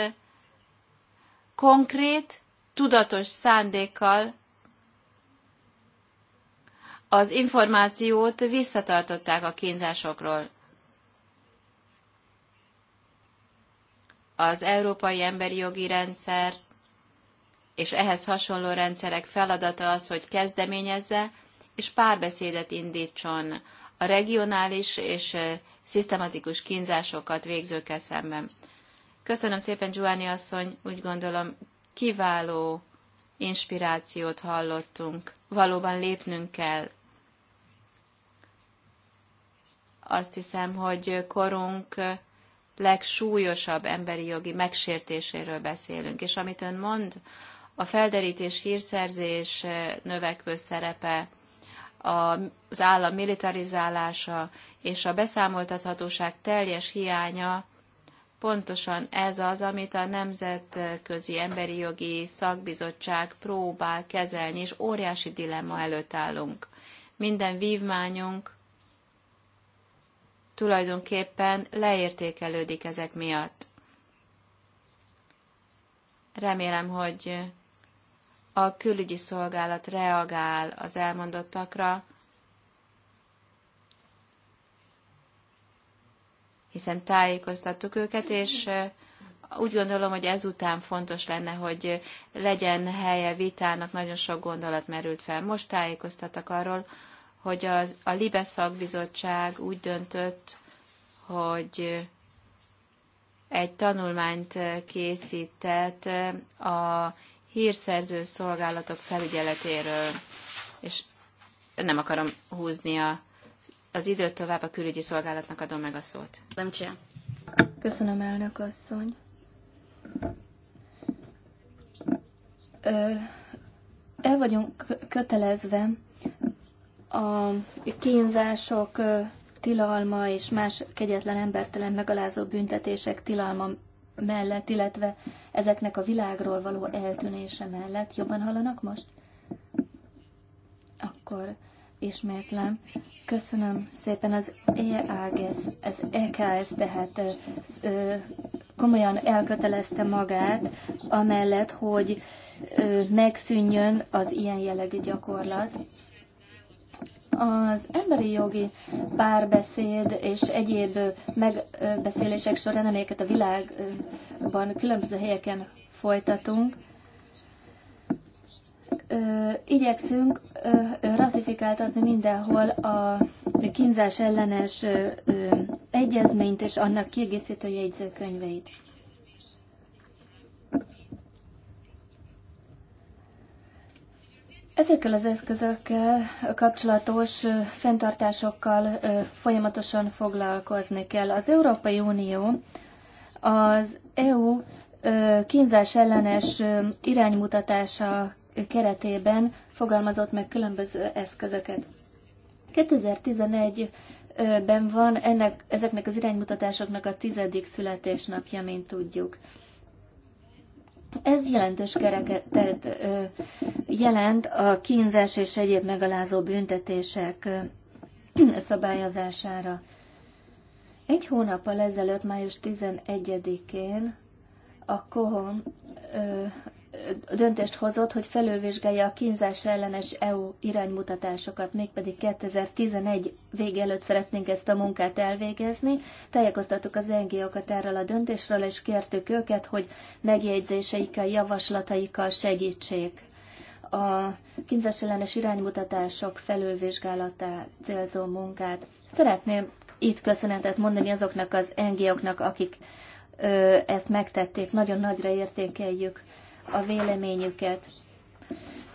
konkrét tudatos szándékkal az információt visszatartották a kínzásokról. Az európai emberi jogi rendszer és ehhez hasonló rendszerek feladata az, hogy kezdeményezze és párbeszédet indítson a regionális és eh, szisztematikus kínzásokat végzőkkel szemben. Köszönöm szépen, Giovanni asszony, úgy gondolom kiváló inspirációt hallottunk. Valóban lépnünk kell. Azt hiszem, hogy korunk legsúlyosabb emberi jogi megsértéséről beszélünk. És amit ön mond, a felderítés hírszerzés növekvő szerepe, az állam militarizálása és a beszámoltathatóság teljes hiánya Pontosan ez az, amit a Nemzetközi Emberi Jogi Szakbizottság próbál kezelni, és óriási dilemma előtt állunk. Minden vívmányunk tulajdonképpen leértékelődik ezek miatt. Remélem, hogy a külügyi szolgálat reagál az elmondottakra, hiszen tájékoztattuk őket, és úgy gondolom, hogy ezután fontos lenne, hogy legyen helye vitának, nagyon sok gondolat merült fel. Most tájékoztattak arról, hogy az, a Libe szakbizottság úgy döntött, hogy egy tanulmányt készített a hírszerző szolgálatok felügyeletéről, és nem akarom húzni a az időt tovább a külügyi szolgálatnak adom meg a szót. Nem csinál. Köszönöm, elnök asszony. El vagyunk kötelezve a kínzások tilalma és más kegyetlen embertelen megalázó büntetések tilalma mellett, illetve ezeknek a világról való eltűnése mellett. Jobban hallanak most? Akkor ismétlem. Köszönöm szépen az EAGS, e az EKS, tehát ö, komolyan elkötelezte magát, amellett, hogy ö, megszűnjön az ilyen jellegű gyakorlat. Az emberi jogi párbeszéd és egyéb megbeszélések során, amelyeket a világban különböző helyeken folytatunk, ö, igyekszünk ö, ratifikáltatni mindenhol a kínzás ellenes ö, ö, egyezményt és annak kiegészítő jegyzőkönyveit. Ezekkel az eszközökkel kapcsolatos fenntartásokkal folyamatosan foglalkozni kell. Az Európai Unió az EU kínzás ellenes iránymutatása keretében fogalmazott meg különböző eszközöket. 2011-ben van ennek, ezeknek az iránymutatásoknak a tizedik születésnapja, mint tudjuk. Ez jelentős kereketet jelent a kínzás és egyéb megalázó büntetések szabályozására. Egy hónappal ezelőtt, május 11-én a Kohon döntést hozott, hogy felülvizsgálja a kínzás ellenes EU iránymutatásokat, mégpedig 2011 vége előtt szeretnénk ezt a munkát elvégezni. Tájékoztattuk az NGO-kat erről a döntésről, és kértük őket, hogy megjegyzéseikkel, javaslataikkal segítsék a kínzás ellenes iránymutatások felülvizsgálatá célzó munkát. Szeretném itt köszönetet mondani azoknak az NGO-knak, akik ezt megtették, nagyon nagyra értékeljük a véleményüket.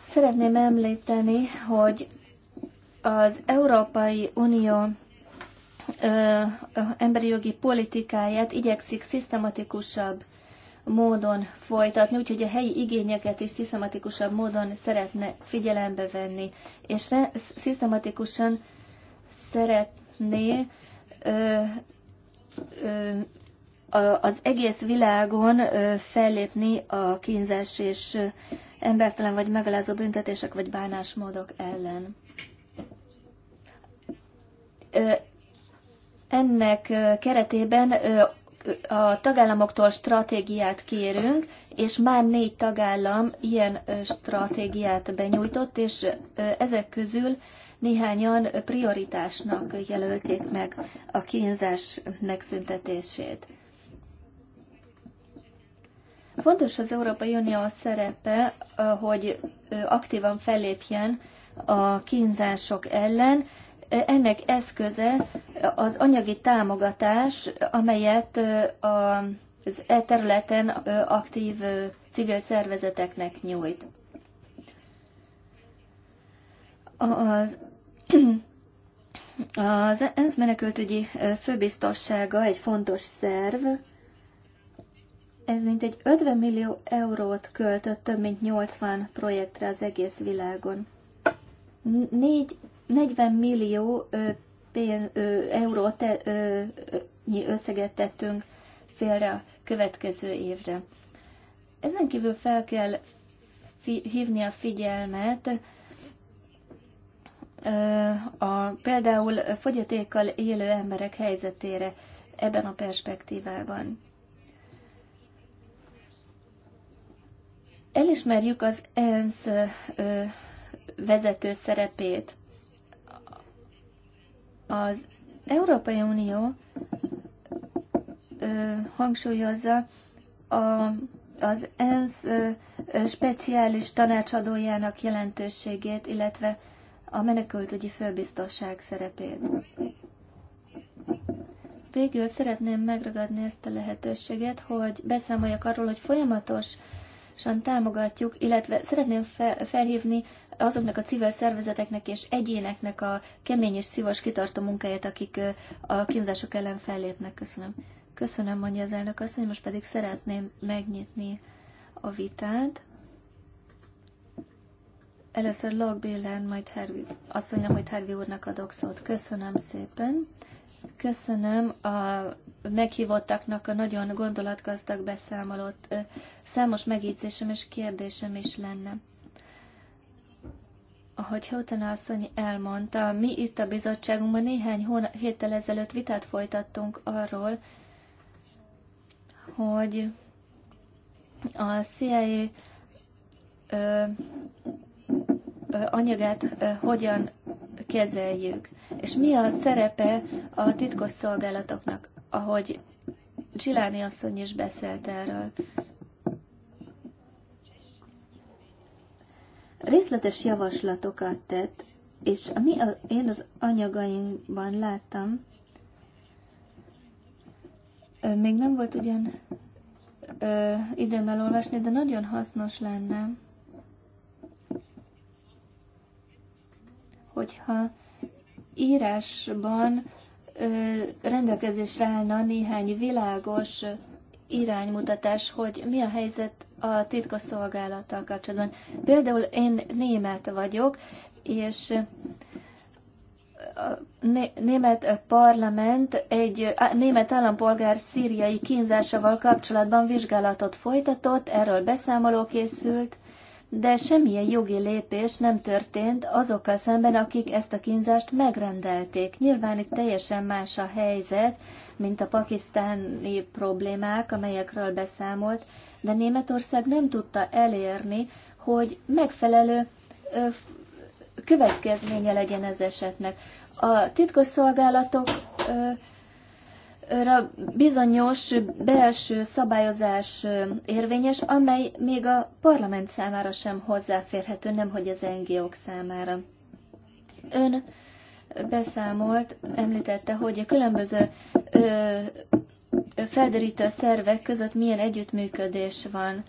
Szeretném említeni, hogy az Európai Unió ö, emberi jogi politikáját igyekszik szisztematikusabb módon folytatni, úgyhogy a helyi igényeket is szisztematikusabb módon szeretne figyelembe venni, és re- szisztematikusan szeretné ö, ö, az egész világon fellépni a kínzás és embertelen vagy megalázó büntetések vagy bánásmódok ellen. Ennek keretében a tagállamoktól stratégiát kérünk, és már négy tagállam ilyen stratégiát benyújtott, és ezek közül néhányan prioritásnak jelölték meg a kínzás megszüntetését. Fontos az Európai Unió szerepe, hogy aktívan fellépjen a kínzások ellen. Ennek eszköze az anyagi támogatás, amelyet az e területen aktív civil szervezeteknek nyújt. Az az ENSZ menekültügyi főbiztossága egy fontos szerv, ez mint egy 50 millió eurót költött több mint 80 projektre az egész világon. 4, 40 millió ö, pén, ö, eurót ö, ö, összeget tettünk félre a következő évre. Ezen kívül fel kell fi, hívni a figyelmet ö, a, például fogyatékkal élő emberek helyzetére ebben a perspektívában Elismerjük az ENSZ vezető szerepét. Az Európai Unió hangsúlyozza a, az ENSZ speciális tanácsadójának jelentőségét, illetve a menekültügyi főbiztosság szerepét. Végül szeretném megragadni ezt a lehetőséget, hogy beszámoljak arról, hogy folyamatos támogatjuk, illetve szeretném felhívni azoknak a civil szervezeteknek és egyéneknek a kemény és szívos kitartó munkáját, akik a kínzások ellen fellépnek. Köszönöm. Köszönöm, mondja az elnök asszony, most pedig szeretném megnyitni a vitát. Először Log Billen, majd Hervi, asszonynak, majd Hervi úrnak adok szót. Köszönöm szépen. Köszönöm a meghívottaknak a nagyon gondolatgazdag beszámolót. Számos megjegyzésem és kérdésem is lenne. Ahogy Houghton asszony elmondta, mi itt a bizottságunkban néhány hóna- héttel ezelőtt vitát folytattunk arról, hogy a CIA ö, ö, anyagát ö, hogyan kezeljük. És mi a szerepe a titkos szolgálatoknak, ahogy Csiláni asszony is beszélt erről. Részletes javaslatokat tett, és ami a, én az anyagainkban láttam, még nem volt ugyan ö, időm elolvasni, de nagyon hasznos lenne. hogyha írásban rendelkezésre állna néhány világos iránymutatás, hogy mi a helyzet a titkosszolgálattal kapcsolatban. Például én német vagyok, és a német parlament egy német állampolgár szíriai kínzásával kapcsolatban vizsgálatot folytatott, erről beszámoló készült, de semmilyen jogi lépés nem történt azokkal szemben, akik ezt a kínzást megrendelték. Nyilván itt teljesen más a helyzet, mint a pakisztáni problémák, amelyekről beszámolt, de Németország nem tudta elérni, hogy megfelelő következménye legyen ez esetnek. A titkos szolgálatok bizonyos belső szabályozás érvényes, amely még a parlament számára sem hozzáférhető, nemhogy az NGO-k számára. Ön beszámolt, említette, hogy a különböző ö, felderítő szervek között milyen együttműködés van,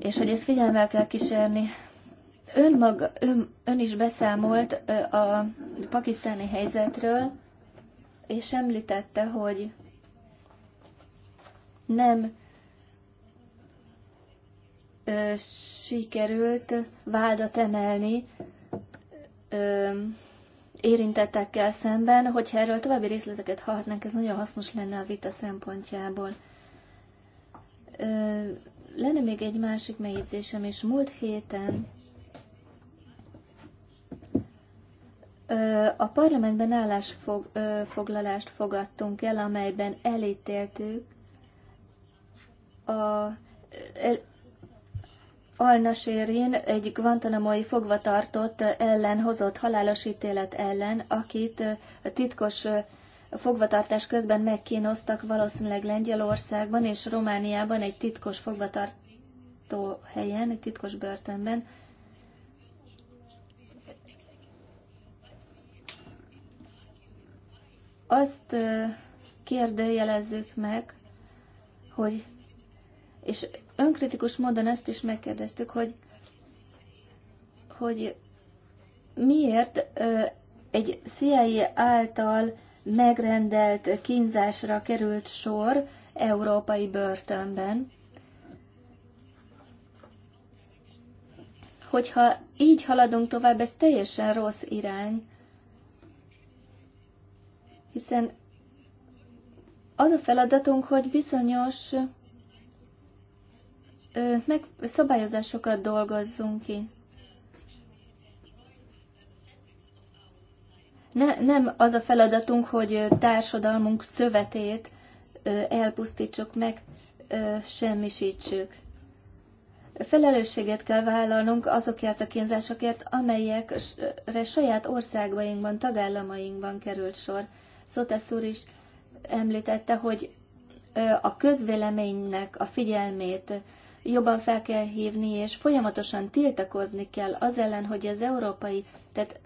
és hogy ezt figyelmel kell kísérni. Ön, maga, ön, ön is beszámolt a pakisztáni helyzetről, és említette, hogy nem ö, sikerült vádat emelni ö, érintettekkel szemben, hogyha erről további részleteket hallhatnánk, ez nagyon hasznos lenne a vita szempontjából. Ö, lenne még egy másik megjegyzésem, és múlt héten A parlamentben állásfoglalást fogadtunk el, amelyben elítéltük a el, al egy guantanamoi fogvatartott ellen hozott halálos ítélet ellen, akit titkos fogvatartás közben megkínoztak valószínűleg Lengyelországban és Romániában egy titkos fogvatartó helyen, egy titkos börtönben. azt kérdőjelezzük meg, hogy, és önkritikus módon ezt is megkérdeztük, hogy, hogy miért egy CIA által megrendelt kínzásra került sor európai börtönben, hogyha így haladunk tovább, ez teljesen rossz irány, hiszen az a feladatunk, hogy bizonyos ö, meg, szabályozásokat dolgozzunk ki. Ne, nem az a feladatunk, hogy társadalmunk szövetét ö, elpusztítsuk, meg ö, semmisítsük. Felelősséget kell vállalnunk azokért a kínzásokért, amelyekre saját országainkban, tagállamainkban került sor. Szotesz úr is említette, hogy a közvéleménynek a figyelmét jobban fel kell hívni, és folyamatosan tiltakozni kell az ellen, hogy az európai tehát,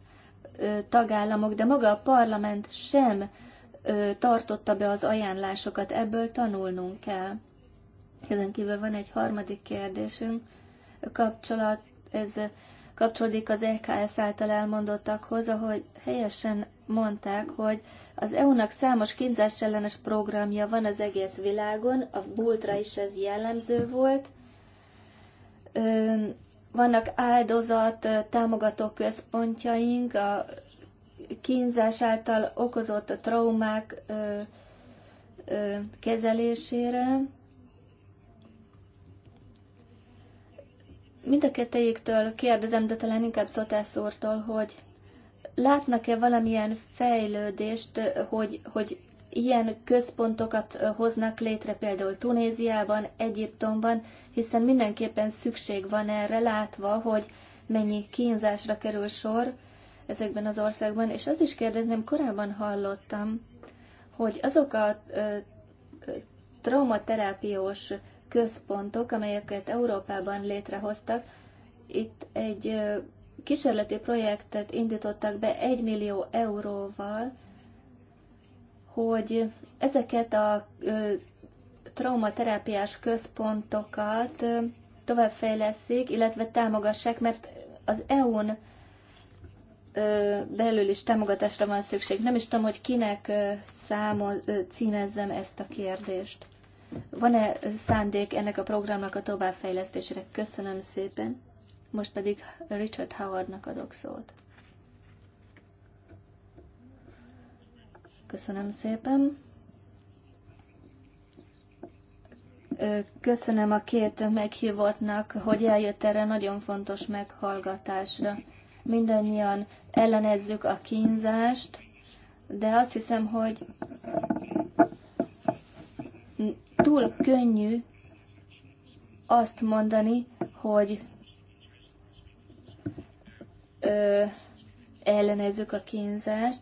tagállamok, de maga a parlament sem tartotta be az ajánlásokat, ebből tanulnunk kell. Ezen kívül van egy harmadik kérdésünk, kapcsolat, ez kapcsolódik az EKS által elmondottakhoz, ahogy helyesen mondták, hogy az EU-nak számos kínzás ellenes programja van az egész világon, a bultra is ez jellemző volt. Vannak áldozat támogató központjaink, a kínzás által okozott traumák kezelésére. Mind a kettejéktől kérdezem, de talán inkább Szotász úrtól, hogy látnak-e valamilyen fejlődést, hogy, hogy ilyen központokat hoznak létre például Tunéziában, Egyiptomban, hiszen mindenképpen szükség van erre látva, hogy mennyi kínzásra kerül sor ezekben az országban. És azt is kérdezném, korábban hallottam, hogy azok a traumaterápiós központok, amelyeket Európában létrehoztak, itt egy kísérleti projektet indítottak be 1 millió euróval, hogy ezeket a traumaterápiás központokat továbbfejleszik, illetve támogassák, mert az EU-n belül is támogatásra van szükség. Nem is tudom, hogy kinek számol, címezzem ezt a kérdést. Van-e szándék ennek a programnak a továbbfejlesztésére? Köszönöm szépen. Most pedig Richard Howardnak adok szót. Köszönöm szépen. Köszönöm a két meghívottnak, hogy eljött erre nagyon fontos meghallgatásra. Mindannyian ellenezzük a kínzást, de azt hiszem, hogy túl könnyű azt mondani, hogy ö, ellenezzük a kínzást.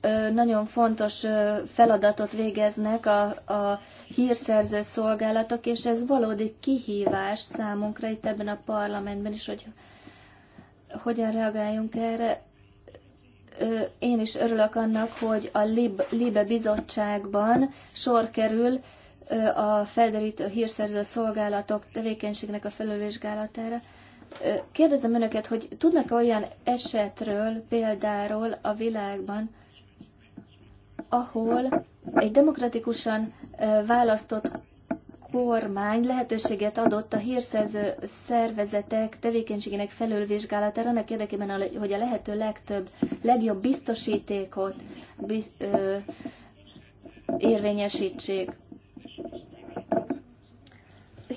Ö, nagyon fontos ö, feladatot végeznek a, a hírszerző szolgálatok, és ez valódi kihívás számunkra itt ebben a parlamentben is, hogy hogyan reagáljunk erre én is örülök annak, hogy a Lib Libe bizottságban sor kerül a felderítő hírszerző szolgálatok tevékenységnek a felülvizsgálatára. Kérdezem önöket, hogy tudnak -e olyan esetről, példáról a világban, ahol egy demokratikusan választott kormány lehetőséget adott a hírszerző szervezetek tevékenységének felülvizsgálatára, annak érdekében, hogy a lehető legtöbb, legjobb biztosítékot érvényesítsék.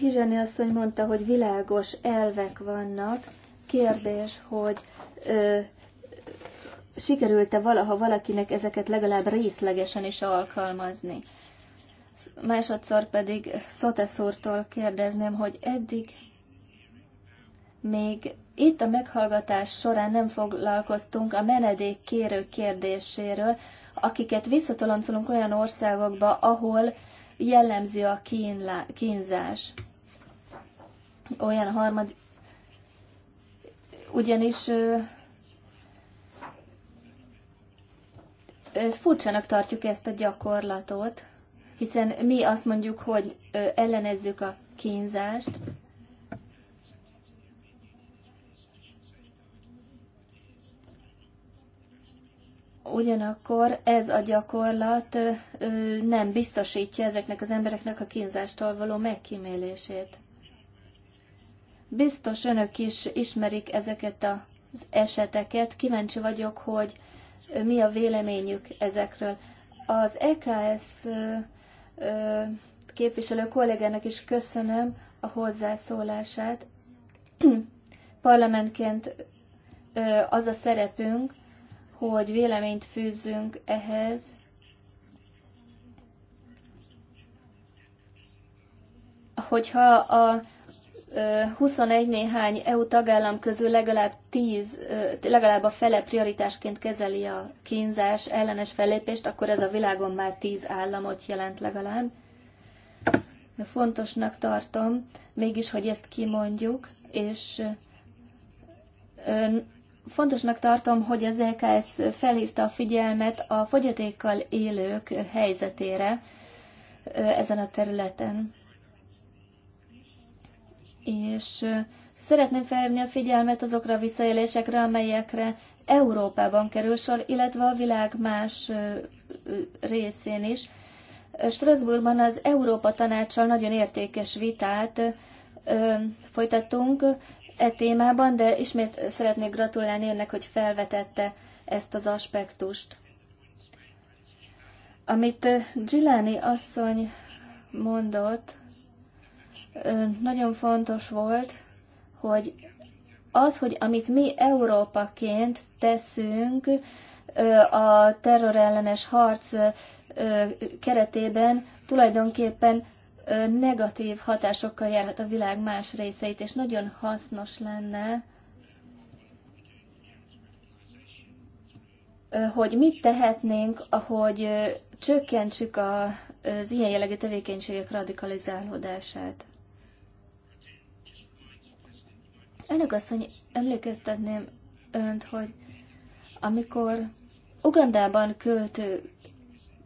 Hizseni asszony mondta, hogy világos elvek vannak. Kérdés, hogy ö, sikerült-e valaha valakinek ezeket legalább részlegesen is alkalmazni. Másodszor pedig Szoteszúrtól kérdezném, hogy eddig még itt a meghallgatás során nem foglalkoztunk a menedék kérő kérdéséről, akiket visszatoloncolunk olyan országokba, ahol jellemző a kínlá, kínzás olyan harmad, ugyanis ö, furcsának tartjuk ezt a gyakorlatot, hiszen mi azt mondjuk, hogy ellenezzük a kínzást, Ugyanakkor ez a gyakorlat nem biztosítja ezeknek az embereknek a kínzástól való megkímélését. Biztos önök is ismerik ezeket az eseteket. Kíváncsi vagyok, hogy mi a véleményük ezekről. Az EKS képviselő kollégának is köszönöm a hozzászólását. Parlamentként az a szerepünk, hogy véleményt fűzzünk ehhez, hogyha a 21 néhány EU tagállam közül legalább 10, legalább a fele prioritásként kezeli a kínzás ellenes fellépést, akkor ez a világon már 10 államot jelent legalább. Fontosnak tartom mégis, hogy ezt kimondjuk, és fontosnak tartom, hogy az EKS felhívta a figyelmet a fogyatékkal élők helyzetére ezen a területen és szeretném felhívni a figyelmet azokra a visszaélésekre, amelyekre Európában kerül sor, illetve a világ más részén is. Strasbourgban az Európa tanácsal nagyon értékes vitát folytattunk e témában, de ismét szeretnék gratulálni önnek, hogy felvetette ezt az aspektust. Amit Gilani asszony mondott, nagyon fontos volt, hogy az, hogy amit mi Európaként teszünk a terrorellenes harc keretében, tulajdonképpen negatív hatásokkal járhat a világ más részeit, és nagyon hasznos lenne, hogy mit tehetnénk, ahogy csökkentsük az ilyen jellegű tevékenységek radikalizálódását. Elnök asszony, emlékeztetném önt, hogy amikor Ugandában költő,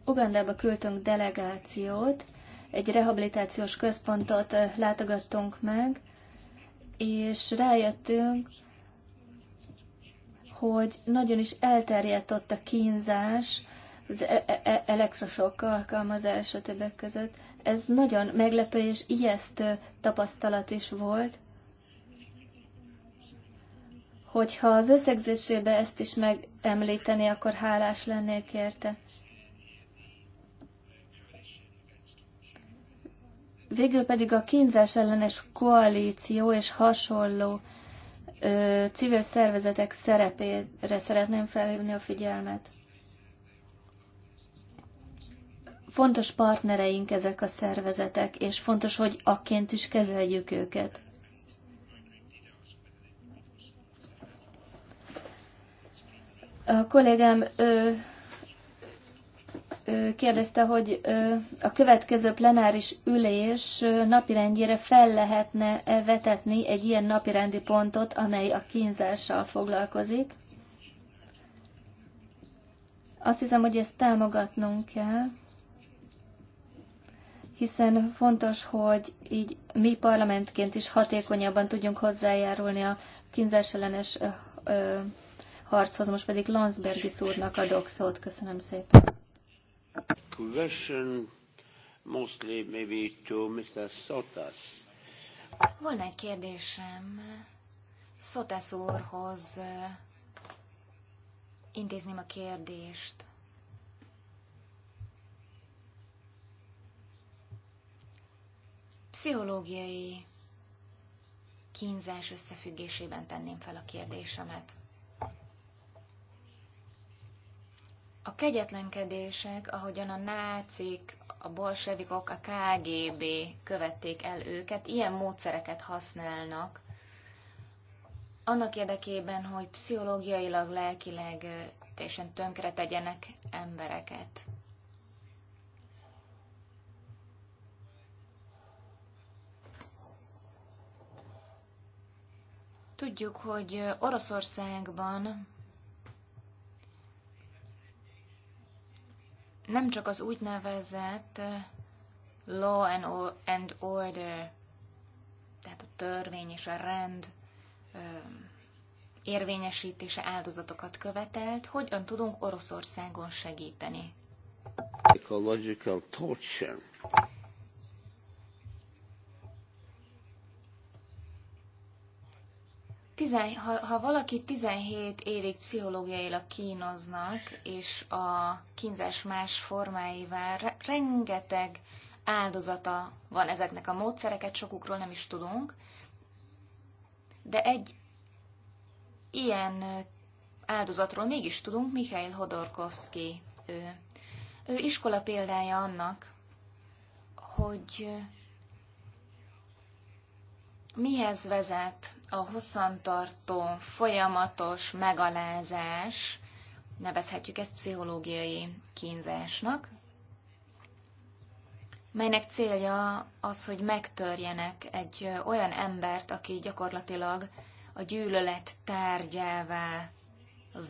Ugandába költünk delegációt, egy rehabilitációs központot eh, látogattunk meg, és rájöttünk, hogy nagyon is elterjedt ott a kínzás, az e-, e-, e-, elektrosok alkalmazása többek között. Ez nagyon meglepő és ijesztő tapasztalat is volt, Hogyha az összegzésébe ezt is megemlíteni, akkor hálás lennék érte. Végül pedig a kínzás ellenes koalíció és hasonló ö, civil szervezetek szerepére szeretném felhívni a figyelmet. Fontos partnereink ezek a szervezetek, és fontos, hogy akként is kezeljük őket. A kollégám ö, ö, kérdezte, hogy ö, a következő plenáris ülés napirendjére fel lehetne -e vetetni egy ilyen napirendi pontot, amely a kínzással foglalkozik. Azt hiszem, hogy ezt támogatnunk kell hiszen fontos, hogy így mi parlamentként is hatékonyabban tudjunk hozzájárulni a kínzás ellenes harchoz. Most pedig Lansbergi úrnak adok szót. Köszönöm szépen. Question mostly maybe to Mr. Sotas. Volna egy kérdésem. Sotas úrhoz intézném a kérdést. Pszichológiai kínzás összefüggésében tenném fel a kérdésemet. A kegyetlenkedések, ahogyan a nácik, a bolsevikok, a KGB követték el őket, ilyen módszereket használnak, annak érdekében, hogy pszichológiailag, lelkileg teljesen tönkre tegyenek embereket. Tudjuk, hogy Oroszországban nem csak az úgynevezett eh, law and order, tehát a törvény és a rend eh, érvényesítése áldozatokat követelt, hogyan tudunk Oroszországon segíteni. Psychological torture. Tizen, ha, ha valaki 17 évig pszichológiailag kínoznak, és a kínzás más formáival re, rengeteg áldozata van ezeknek a módszereket, sokukról nem is tudunk, de egy ilyen áldozatról mégis tudunk, Mikhail Hodorkovsky ő. Ő iskola példája annak, hogy mihez vezet a hosszantartó, folyamatos megalázás, nevezhetjük ezt pszichológiai kínzásnak, melynek célja az, hogy megtörjenek egy olyan embert, aki gyakorlatilag a gyűlölet tárgyává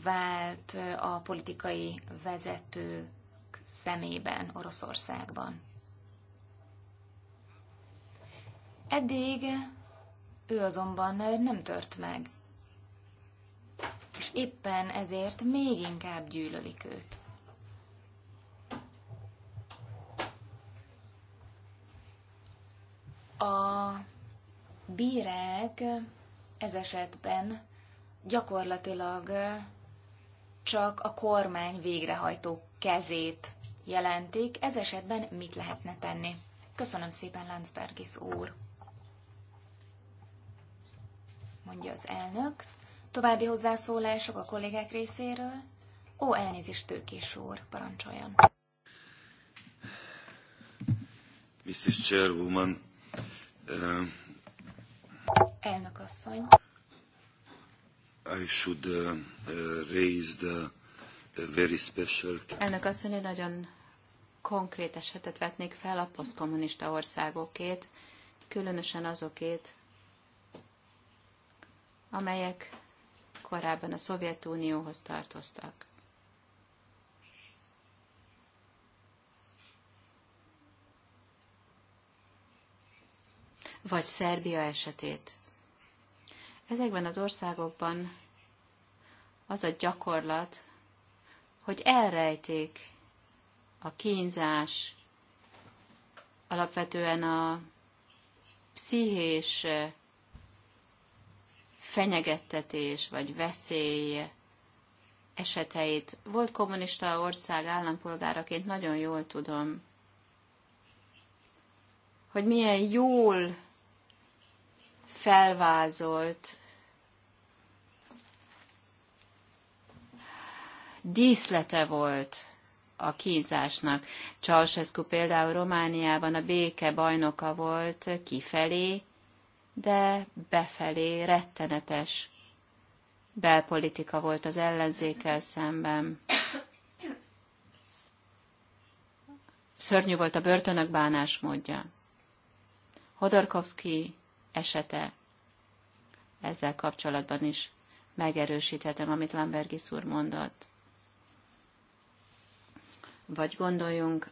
vált a politikai vezetők szemében Oroszországban. Eddig ő azonban nem tört meg. És éppen ezért még inkább gyűlölik őt. A bírák ez esetben gyakorlatilag csak a kormány végrehajtó kezét jelentik. Ez esetben mit lehetne tenni? Köszönöm szépen, Landsbergis úr! mondja az elnök. További hozzászólások a kollégák részéről. Ó, elnézést, tőkés úr, parancsoljon. Mrs. Chairwoman. Uh, elnök asszony. I should uh, uh, raise the very special... Elnök asszony, nagyon konkrét esetet vetnék fel a posztkommunista országokét, különösen azokét, amelyek korábban a Szovjetunióhoz tartoztak. Vagy Szerbia esetét. Ezekben az országokban az a gyakorlat, hogy elrejték a kínzás, alapvetően a pszichés fenyegettetés vagy veszély eseteit. Volt kommunista ország állampolgáraként, nagyon jól tudom, hogy milyen jól felvázolt díszlete volt a kínzásnak. Ceausescu például Romániában a béke bajnoka volt kifelé, de befelé rettenetes belpolitika volt az ellenzékkel szemben. Szörnyű volt a börtönök bánásmódja. Hodorkovsky esete ezzel kapcsolatban is megerősíthetem, amit Lambergis úr mondott. Vagy gondoljunk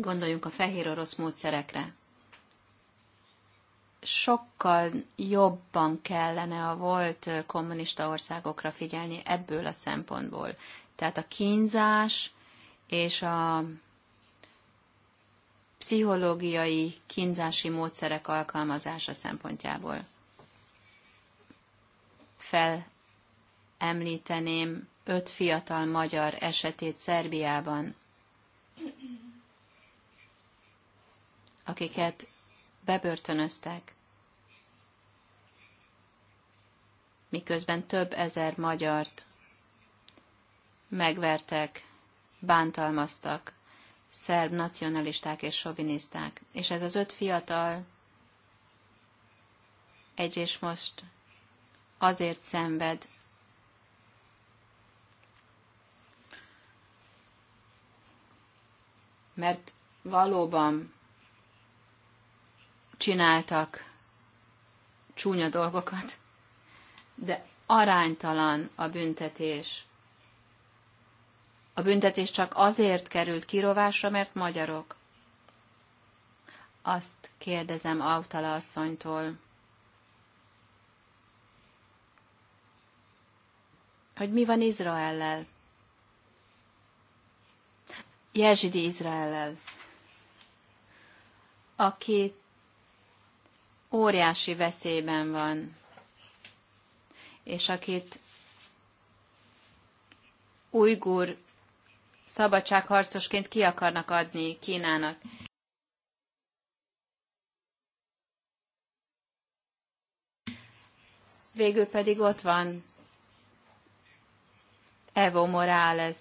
Gondoljunk a fehér orosz módszerekre. Sokkal jobban kellene a volt kommunista országokra figyelni ebből a szempontból. Tehát a kínzás és a pszichológiai kínzási módszerek alkalmazása szempontjából. Felemlíteném öt fiatal magyar esetét Szerbiában, akiket bebörtönöztek, miközben több ezer magyart megvertek, bántalmaztak, szerb nacionalisták és sovinisták. És ez az öt fiatal egy és most azért szenved, mert valóban csináltak csúnya dolgokat, de aránytalan a büntetés. A büntetés csak azért került kirovásra, mert magyarok. Azt kérdezem Autala asszonytól, hogy mi van Izraellel. Jezsidi Izraellel, akit óriási veszélyben van, és akit újgur szabadságharcosként ki akarnak adni Kínának. Végül pedig ott van Evo Morales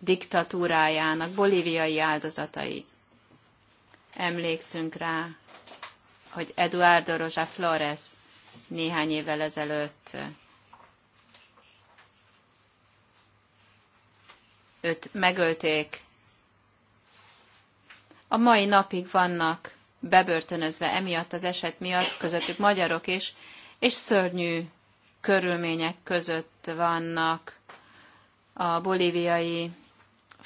diktatúrájának bolíviai áldozatai. Emlékszünk rá, hogy Eduardo Rosa Flores néhány évvel ezelőtt őt megölték. A mai napig vannak bebörtönözve emiatt az eset miatt, közöttük magyarok is, és szörnyű körülmények között vannak a bolíviai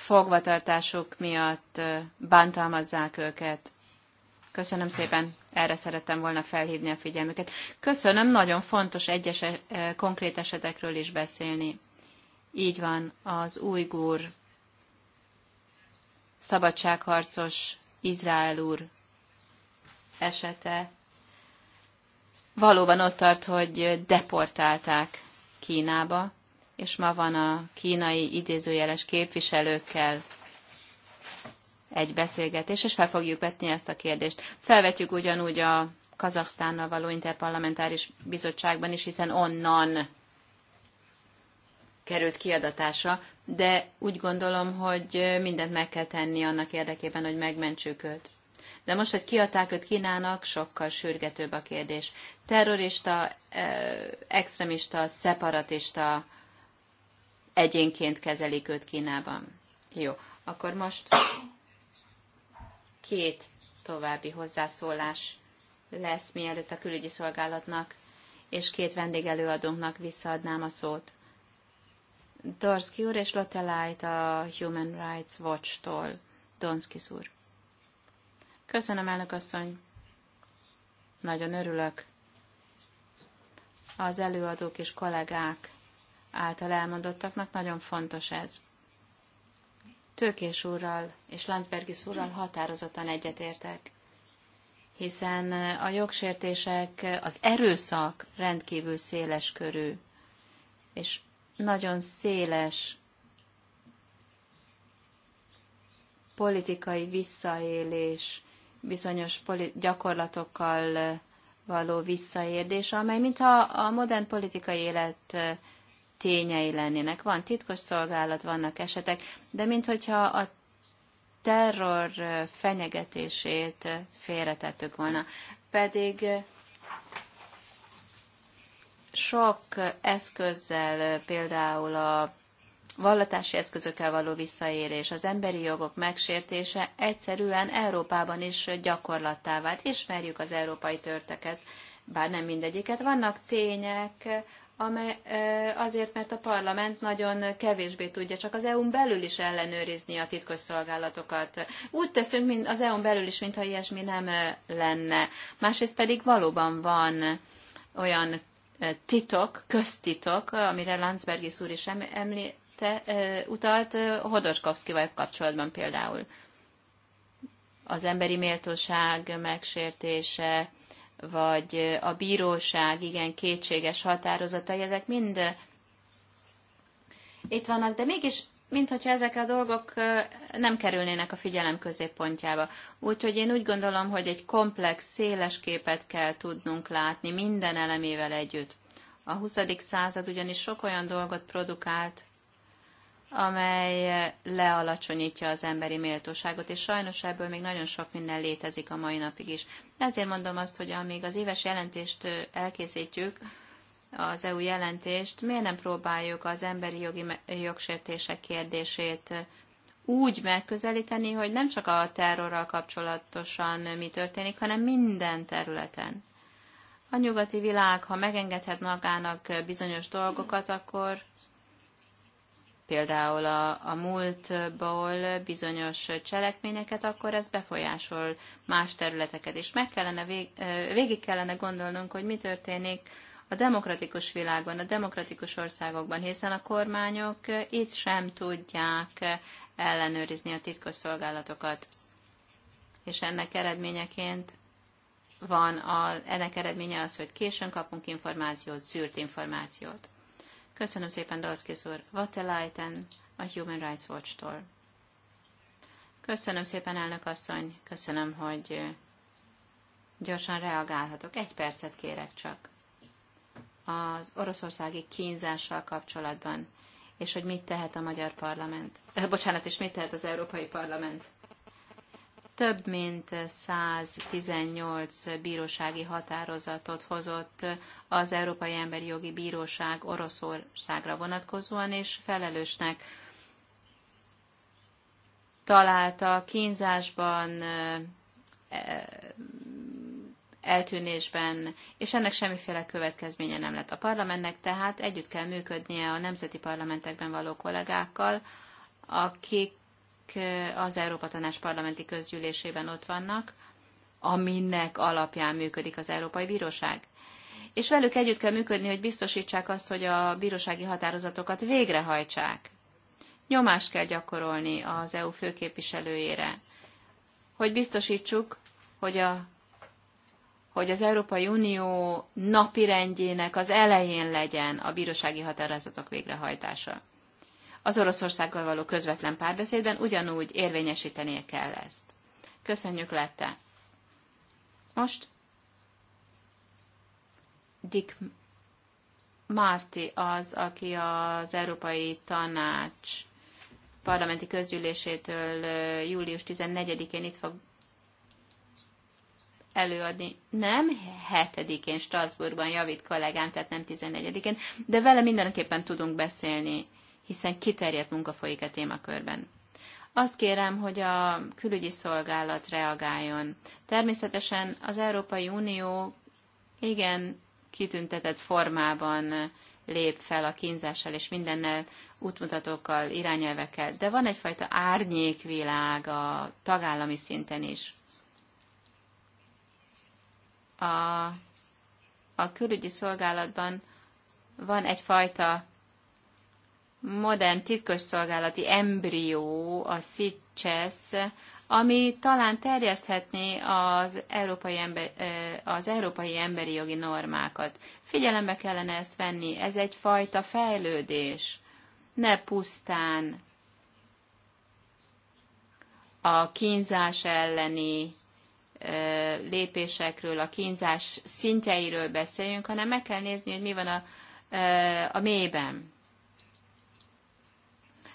fogvatartások miatt bántalmazzák őket. Köszönöm szépen, erre szerettem volna felhívni a figyelmüket. Köszönöm, nagyon fontos egyes konkrét esetekről is beszélni. Így van, az újgur szabadságharcos Izrael úr esete valóban ott tart, hogy deportálták Kínába, és ma van a kínai idézőjeles képviselőkkel egy beszélgetés, és fel fogjuk vetni ezt a kérdést. Felvetjük ugyanúgy a Kazaksztánnal való interparlamentáris bizottságban is, hiszen onnan került kiadatása, de úgy gondolom, hogy mindent meg kell tenni annak érdekében, hogy megmentsük őt. De most, hogy kiadták őt Kínának, sokkal sürgetőbb a kérdés. Terrorista, eh, extremista, szeparatista egyénként kezelik őt Kínában. Jó, akkor most két további hozzászólás lesz, mielőtt a külügyi szolgálatnak és két vendégelőadónknak visszaadnám a szót. Dorski úr és Lotelajt a Human Rights Watch-tól. Donskis úr. Köszönöm, elnök asszony. Nagyon örülök. Az előadók és kollégák által elmondottaknak nagyon fontos ez. Tőkés úrral és Landsbergis úrral határozottan egyetértek, hiszen a jogsértések, az erőszak rendkívül széles körű, és nagyon széles politikai visszaélés, bizonyos gyakorlatokkal való visszaérdés, amely mintha a modern politikai élet tényei lennének. Van titkos szolgálat, vannak esetek, de minthogyha a terror fenyegetését félretettük volna. Pedig sok eszközzel, például a vallatási eszközökkel való visszaérés, az emberi jogok megsértése egyszerűen Európában is gyakorlattá vált. Ismerjük az európai törteket, bár nem mindegyiket. Vannak tények, amely azért, mert a parlament nagyon kevésbé tudja csak az EU-n belül is ellenőrizni a titkos szolgálatokat. Úgy teszünk mint az EU-n belül is, mintha ilyesmi nem lenne. Másrészt pedig valóban van olyan titok, köztitok, amire Landsbergis úr is említe, utalt, Hodorkovszkival kapcsolatban például. Az emberi méltóság megsértése, vagy a bíróság igen kétséges határozatai, ezek mind itt vannak, de mégis mint ezek a dolgok nem kerülnének a figyelem középpontjába. Úgyhogy én úgy gondolom, hogy egy komplex, széles képet kell tudnunk látni minden elemével együtt. A 20. század ugyanis sok olyan dolgot produkált, amely eh, lealacsonyítja az emberi méltóságot, és sajnos ebből még nagyon sok minden létezik a mai napig is. Ezért mondom azt, hogy amíg az éves jelentést eh, elkészítjük, az EU jelentést, miért nem próbáljuk az emberi jogi jogsértések kérdését eh, úgy megközelíteni, hogy nem csak a terrorral kapcsolatosan mi történik, hanem minden területen. A nyugati világ, ha megengedhet magának bizonyos dolgokat, akkor például a, a múltból bizonyos cselekményeket, akkor ez befolyásol más területeket. És meg kellene vég, végig kellene gondolnunk, hogy mi történik a demokratikus világban, a demokratikus országokban, hiszen a kormányok itt sem tudják ellenőrizni a titkos szolgálatokat. És ennek eredményeként van a, ennek eredménye az, hogy későn kapunk információt, szűrt információt. Köszönöm szépen, Dalszkész úr. Vatelaiten a Human Rights Watch-tól. Köszönöm szépen, elnök asszony. Köszönöm, hogy gyorsan reagálhatok. Egy percet kérek csak. Az oroszországi kínzással kapcsolatban, és hogy mit tehet a magyar parlament. bocsánat, és mit tehet az Európai Parlament több mint 118 bírósági határozatot hozott az Európai Emberi Jogi Bíróság Oroszországra vonatkozóan, és felelősnek találta kínzásban, e, eltűnésben, és ennek semmiféle következménye nem lett a parlamentnek, tehát együtt kell működnie a nemzeti parlamentekben való kollégákkal, akik akik az Európa Tanács parlamenti közgyűlésében ott vannak, aminek alapján működik az Európai Bíróság. És velük együtt kell működni, hogy biztosítsák azt, hogy a bírósági határozatokat végrehajtsák. Nyomást kell gyakorolni az EU főképviselőjére, hogy biztosítsuk, hogy, a, hogy az Európai Unió napi rendjének az elején legyen a bírósági határozatok végrehajtása az Oroszországgal való közvetlen párbeszédben ugyanúgy érvényesítenie kell ezt. Köszönjük, Lette. Most Dick Márti az, aki az Európai Tanács parlamenti közgyűlésétől július 14-én itt fog előadni. Nem 7-én Strasbourgban javít kollégám, tehát nem 14-én, de vele mindenképpen tudunk beszélni hiszen kiterjedt munka folyik a témakörben. Azt kérem, hogy a külügyi szolgálat reagáljon. Természetesen az Európai Unió igen kitüntetett formában lép fel a kínzással és mindennel, útmutatókkal, irányelvekkel, de van egyfajta árnyékvilág a tagállami szinten is. A, a külügyi szolgálatban van egyfajta modern titkosszolgálati embrió, a SITCHESS, ami talán terjeszthetné az európai, ember, az európai emberi jogi normákat. Figyelembe kellene ezt venni, ez egyfajta fejlődés, ne pusztán a kínzás elleni lépésekről, a kínzás szintjeiről beszéljünk, hanem meg kell nézni, hogy mi van a, a mélyben.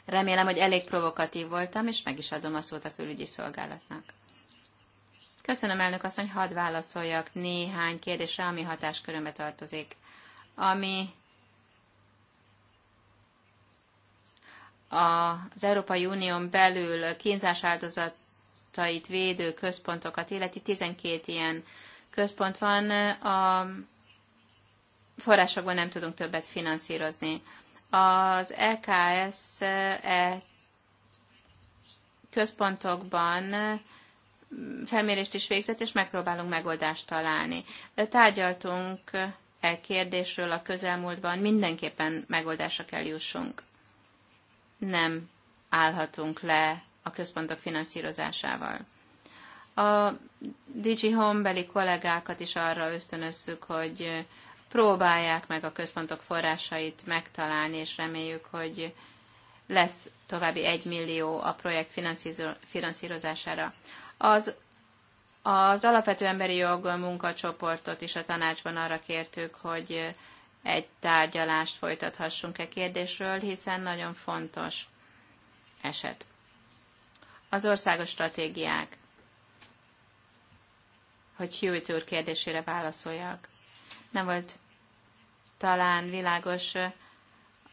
Remélem, hogy elég provokatív voltam, és meg is adom a szót a külügyi szolgálatnak. Köszönöm, elnök asszony, hadd válaszoljak néhány kérdésre, ami hatáskörömbe tartozik. Ami az Európai Unión belül kínzás áldozatait védő központokat illeti 12 ilyen központ van, a forrásokban nem tudunk többet finanszírozni. Az EKS -e központokban felmérést is végzett, és megpróbálunk megoldást találni. Tárgyaltunk e kérdésről a közelmúltban, mindenképpen megoldásra kell jussunk. Nem állhatunk le a központok finanszírozásával. A Digi beli kollégákat is arra ösztönözzük, hogy próbálják meg a központok forrásait megtalálni, és reméljük, hogy lesz további 1 millió a projekt finanszírozására. Az, az alapvető emberi jog munkacsoportot is a tanácsban arra kértük, hogy egy tárgyalást folytathassunk-e kérdésről, hiszen nagyon fontos eset. Az országos stratégiák. Hogy Hewitt úr kérdésére válaszoljak. Nem volt talán világos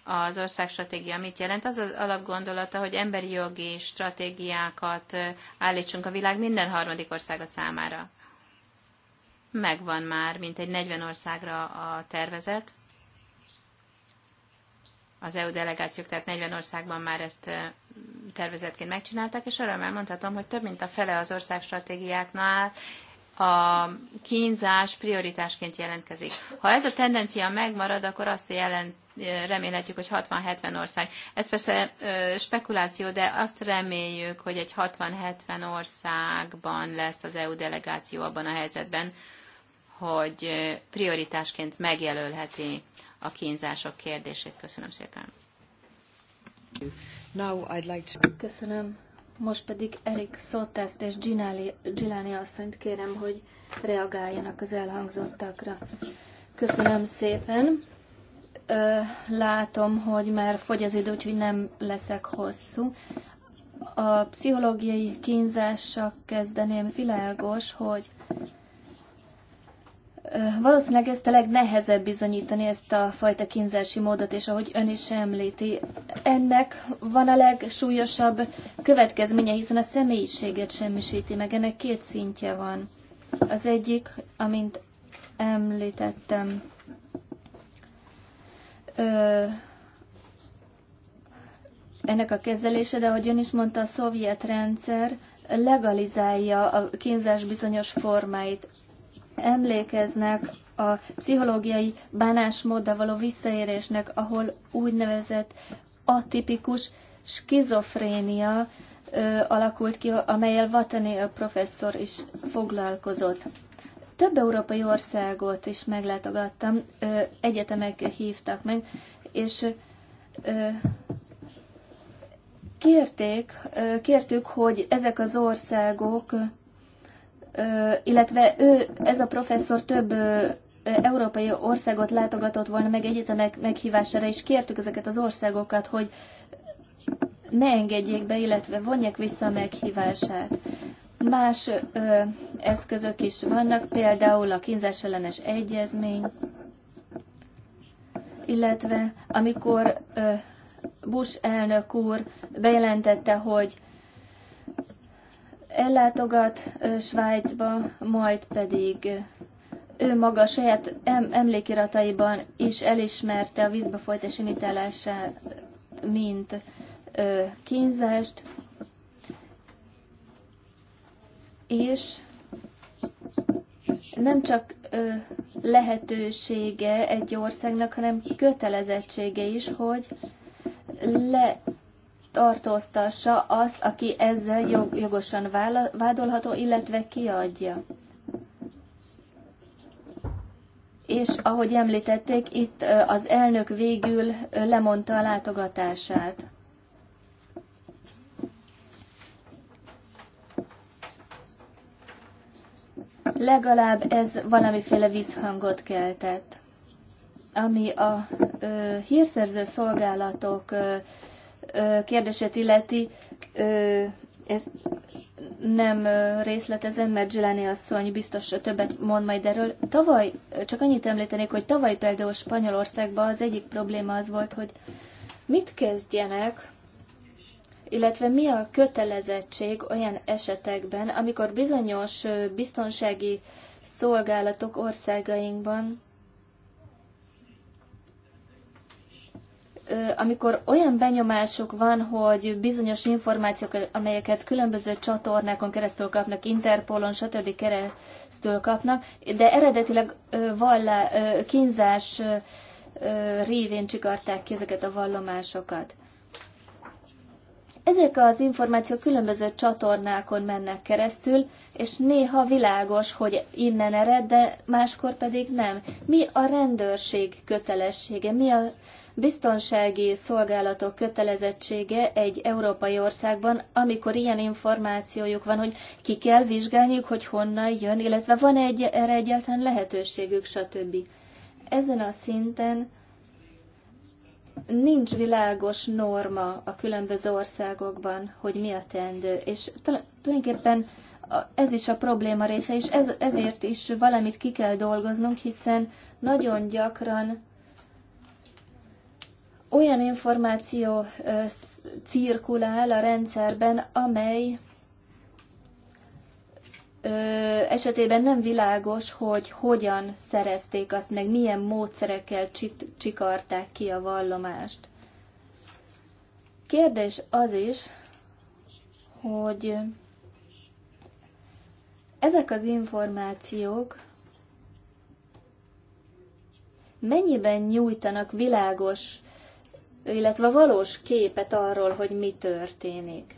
az országstratégia mit jelent. Az az alapgondolata, hogy emberi jogi stratégiákat állítsunk a világ minden harmadik országa számára. Megvan már mintegy 40 országra a tervezet. Az EU delegációk, tehát 40 országban már ezt tervezetként megcsinálták, és örömmel mondhatom, hogy több mint a fele az országstratégiáknál a kínzás prioritásként jelentkezik. Ha ez a tendencia megmarad, akkor azt jelent, remélhetjük, hogy 60-70 ország. Ez persze spekuláció, de azt reméljük, hogy egy 60-70 országban lesz az EU delegáció abban a helyzetben, hogy prioritásként megjelölheti a kínzások kérdését. Köszönöm szépen. Now I'd like to... Köszönöm. Most pedig Erik Szotászt és Gilani asszonyt kérem, hogy reagáljanak az elhangzottakra. Köszönöm szépen. Látom, hogy már fogy az idő, úgyhogy nem leszek hosszú. A pszichológiai kínzással kezdeném világos, hogy Valószínűleg ezt a legnehezebb bizonyítani, ezt a fajta kínzási módot, és ahogy ön is említi, ennek van a legsúlyosabb következménye, hiszen a személyiséget semmisíti meg. Ennek két szintje van. Az egyik, amint említettem, ö, ennek a kezelése, de ahogy ön is mondta, a szovjet rendszer legalizálja a kínzás bizonyos formáit emlékeznek a pszichológiai bánásmóddal való visszaérésnek, ahol úgynevezett atipikus skizofrénia ö, alakult ki, amelyel Vatani professzor is foglalkozott. Több európai országot is meglátogattam, ö, egyetemek hívtak meg, és ö, kérték, ö, kértük, hogy ezek az országok illetve ő, ez a professzor több európai országot látogatott volna meg egyetemek meghívására, és kértük ezeket az országokat, hogy ne engedjék be, illetve vonják vissza a meghívását. Más ö, eszközök is vannak, például a kínzás ellenes egyezmény, illetve amikor ö, Bush elnök úr bejelentette, hogy ellátogat Svájcba, majd pedig ő maga saját emlékirataiban is elismerte a vízbe folyt imitálását, mint kínzást, és nem csak lehetősége egy országnak, hanem kötelezettsége is, hogy le tartóztassa azt, aki ezzel jog, jogosan vádolható, illetve kiadja. És ahogy említették, itt az elnök végül lemondta a látogatását. Legalább ez valamiféle visszhangot keltett, ami a ö, hírszerző szolgálatok ö, kérdését illeti, ezt nem részletezem, mert Zsiláni asszony biztos többet mond majd erről. Tavaly, csak annyit említenék, hogy tavaly például Spanyolországban az egyik probléma az volt, hogy mit kezdjenek, illetve mi a kötelezettség olyan esetekben, amikor bizonyos biztonsági szolgálatok országainkban amikor olyan benyomásuk van, hogy bizonyos információk, amelyeket különböző csatornákon keresztül kapnak, Interpolon, stb. keresztül kapnak, de eredetileg vallá, kínzás révén csikarták ki ezeket a vallomásokat. Ezek az információk különböző csatornákon mennek keresztül, és néha világos, hogy innen ered, de máskor pedig nem. Mi a rendőrség kötelessége, mi a biztonsági szolgálatok kötelezettsége egy európai országban, amikor ilyen információjuk van, hogy ki kell vizsgálniuk, hogy honnan jön, illetve van -e egy, erre egyáltalán lehetőségük, stb. Ezen a szinten nincs világos norma a különböző országokban, hogy mi a teendő, és tulajdonképpen ez is a probléma része, és ez, ezért is valamit ki kell dolgoznunk, hiszen nagyon gyakran olyan információ cirkulál a rendszerben, amely esetében nem világos, hogy hogyan szerezték azt, meg milyen módszerekkel csikarták ki a vallomást. Kérdés az is, hogy ezek az információk mennyiben nyújtanak világos illetve valós képet arról, hogy mi történik.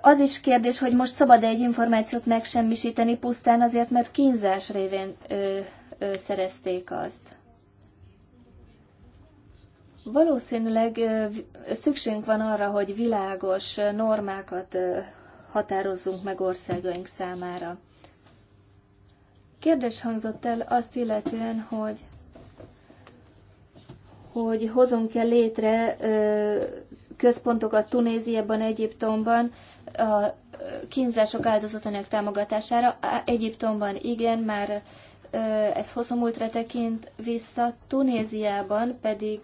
Az is kérdés, hogy most szabad-e egy információt megsemmisíteni pusztán azért, mert kínzás révén ö, ö, szerezték azt. Valószínűleg ö, szükségünk van arra, hogy világos normákat ö, határozzunk meg országaink számára. Kérdés hangzott el azt illetően, hogy hogy hozunk-e létre központokat Tunéziában, Egyiptomban a kínzások áldozatának támogatására. Egyiptomban igen, már ez hosszú múltra tekint vissza, Tunéziában pedig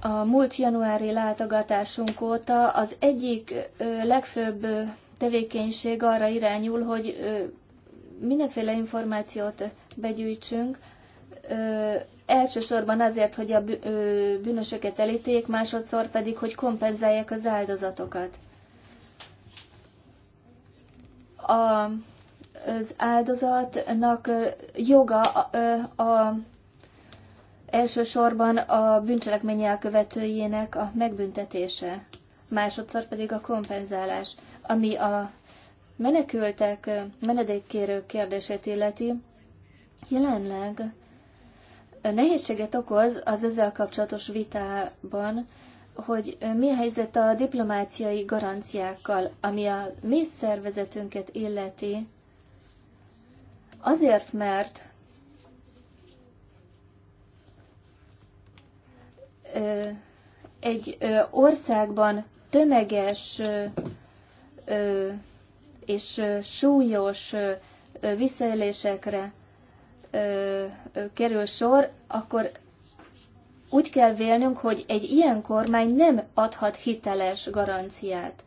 a múlt januári látogatásunk óta az egyik legfőbb tevékenység arra irányul, hogy mindenféle információt begyűjtsünk, elsősorban azért, hogy a bűnösöket elítéljék, másodszor pedig, hogy kompenzálják az áldozatokat. A, az áldozatnak joga a, a, elsősorban a bűncselekmény elkövetőjének a megbüntetése, másodszor pedig a kompenzálás. Ami a menekültek, menedékkérő kérdését illeti, jelenleg nehézséget okoz az ezzel kapcsolatos vitában, hogy mi a helyzet a diplomáciai garanciákkal, ami a mi szervezetünket illeti, azért, mert egy országban tömeges és súlyos visszaélésekre kerül sor, akkor úgy kell vélnünk, hogy egy ilyen kormány nem adhat hiteles garanciát.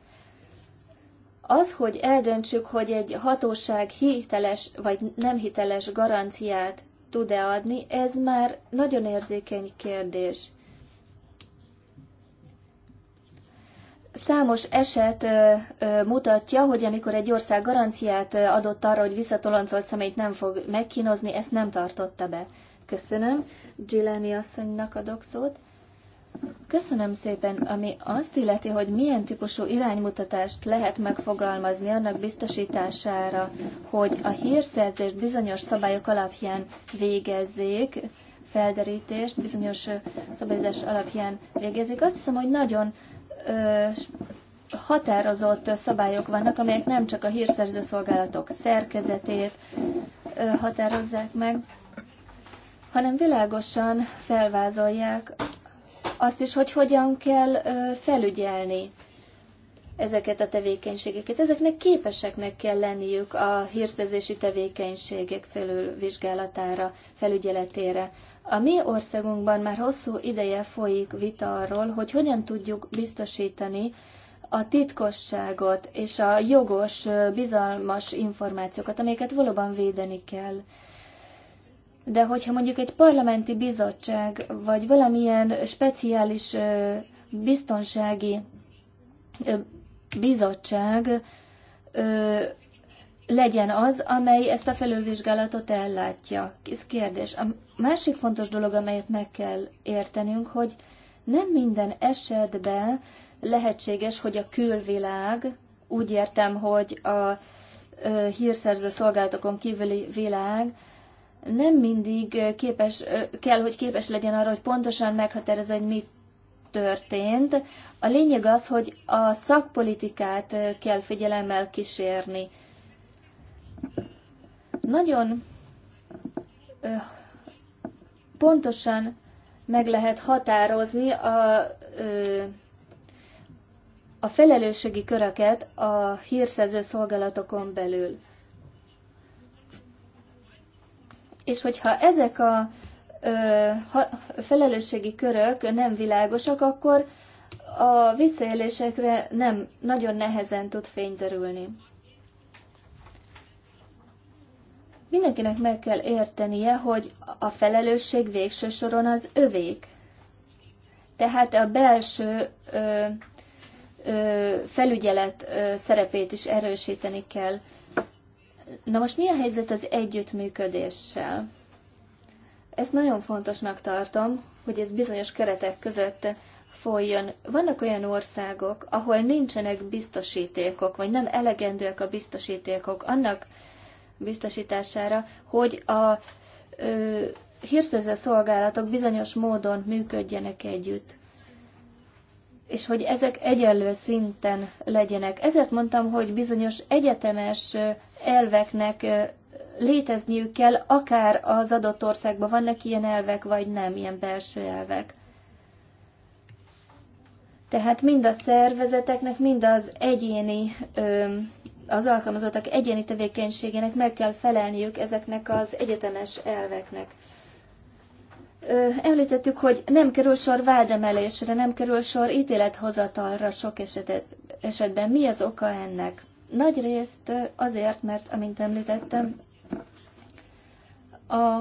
Az, hogy eldöntsük, hogy egy hatóság hiteles vagy nem hiteles garanciát tud-e adni, ez már nagyon érzékeny kérdés. Számos eset mutatja, hogy amikor egy ország garanciát adott arra, hogy visszatoloncolt személyt nem fog megkínozni, ezt nem tartotta be. Köszönöm. Giuliani asszonynak adok szót. Köszönöm szépen, ami azt illeti, hogy milyen típusú iránymutatást lehet megfogalmazni annak biztosítására, hogy a hírszerzést bizonyos szabályok alapján végezzék, felderítést bizonyos szabályozás alapján végezzék. Azt hiszem, hogy nagyon határozott szabályok vannak, amelyek nem csak a hírszerző szolgálatok szerkezetét határozzák meg, hanem világosan felvázolják azt is, hogy hogyan kell felügyelni ezeket a tevékenységeket. Ezeknek képeseknek kell lenniük a hírszerzési tevékenységek felül vizsgálatára, felügyeletére. A mi országunkban már hosszú ideje folyik vita arról, hogy hogyan tudjuk biztosítani a titkosságot és a jogos, bizalmas információkat, amelyeket valóban védeni kell. De hogyha mondjuk egy parlamenti bizottság, vagy valamilyen speciális biztonsági bizottság legyen az, amely ezt a felülvizsgálatot ellátja. Ez kérdés. A másik fontos dolog, amelyet meg kell értenünk, hogy nem minden esetben lehetséges, hogy a külvilág, úgy értem, hogy a hírszerző szolgálatokon kívüli világ nem mindig képes, kell, hogy képes legyen arra, hogy pontosan meghatározza, hogy mit történt. A lényeg az, hogy a szakpolitikát kell figyelemmel kísérni. Nagyon pontosan meg lehet határozni a, a felelősségi köröket a hírszerző szolgálatokon belül. És hogyha ezek a felelősségi körök nem világosak, akkor a visszaélésekre nem nagyon nehezen tud fény derülni. Mindenkinek meg kell értenie, hogy a felelősség végső soron az övék. Tehát a belső ö, ö, felügyelet ö, szerepét is erősíteni kell. Na most mi a helyzet az együttműködéssel? Ezt nagyon fontosnak tartom, hogy ez bizonyos keretek között folyjon. Vannak olyan országok, ahol nincsenek biztosítékok, vagy nem elegendőek a biztosítékok annak biztosítására, hogy a ö, hírszerző szolgálatok bizonyos módon működjenek együtt és hogy ezek egyenlő szinten legyenek. Ezért mondtam, hogy bizonyos egyetemes elveknek létezniük kell, akár az adott országban vannak ilyen elvek, vagy nem, ilyen belső elvek. Tehát mind a szervezeteknek, mind az egyéni ö, az alkalmazottak egyéni tevékenységének meg kell felelniük ezeknek az egyetemes elveknek. Említettük, hogy nem kerül sor vádemelésre, nem kerül sor ítélethozatalra sok esetet, esetben. Mi az oka ennek? Nagy részt azért, mert, amint említettem, a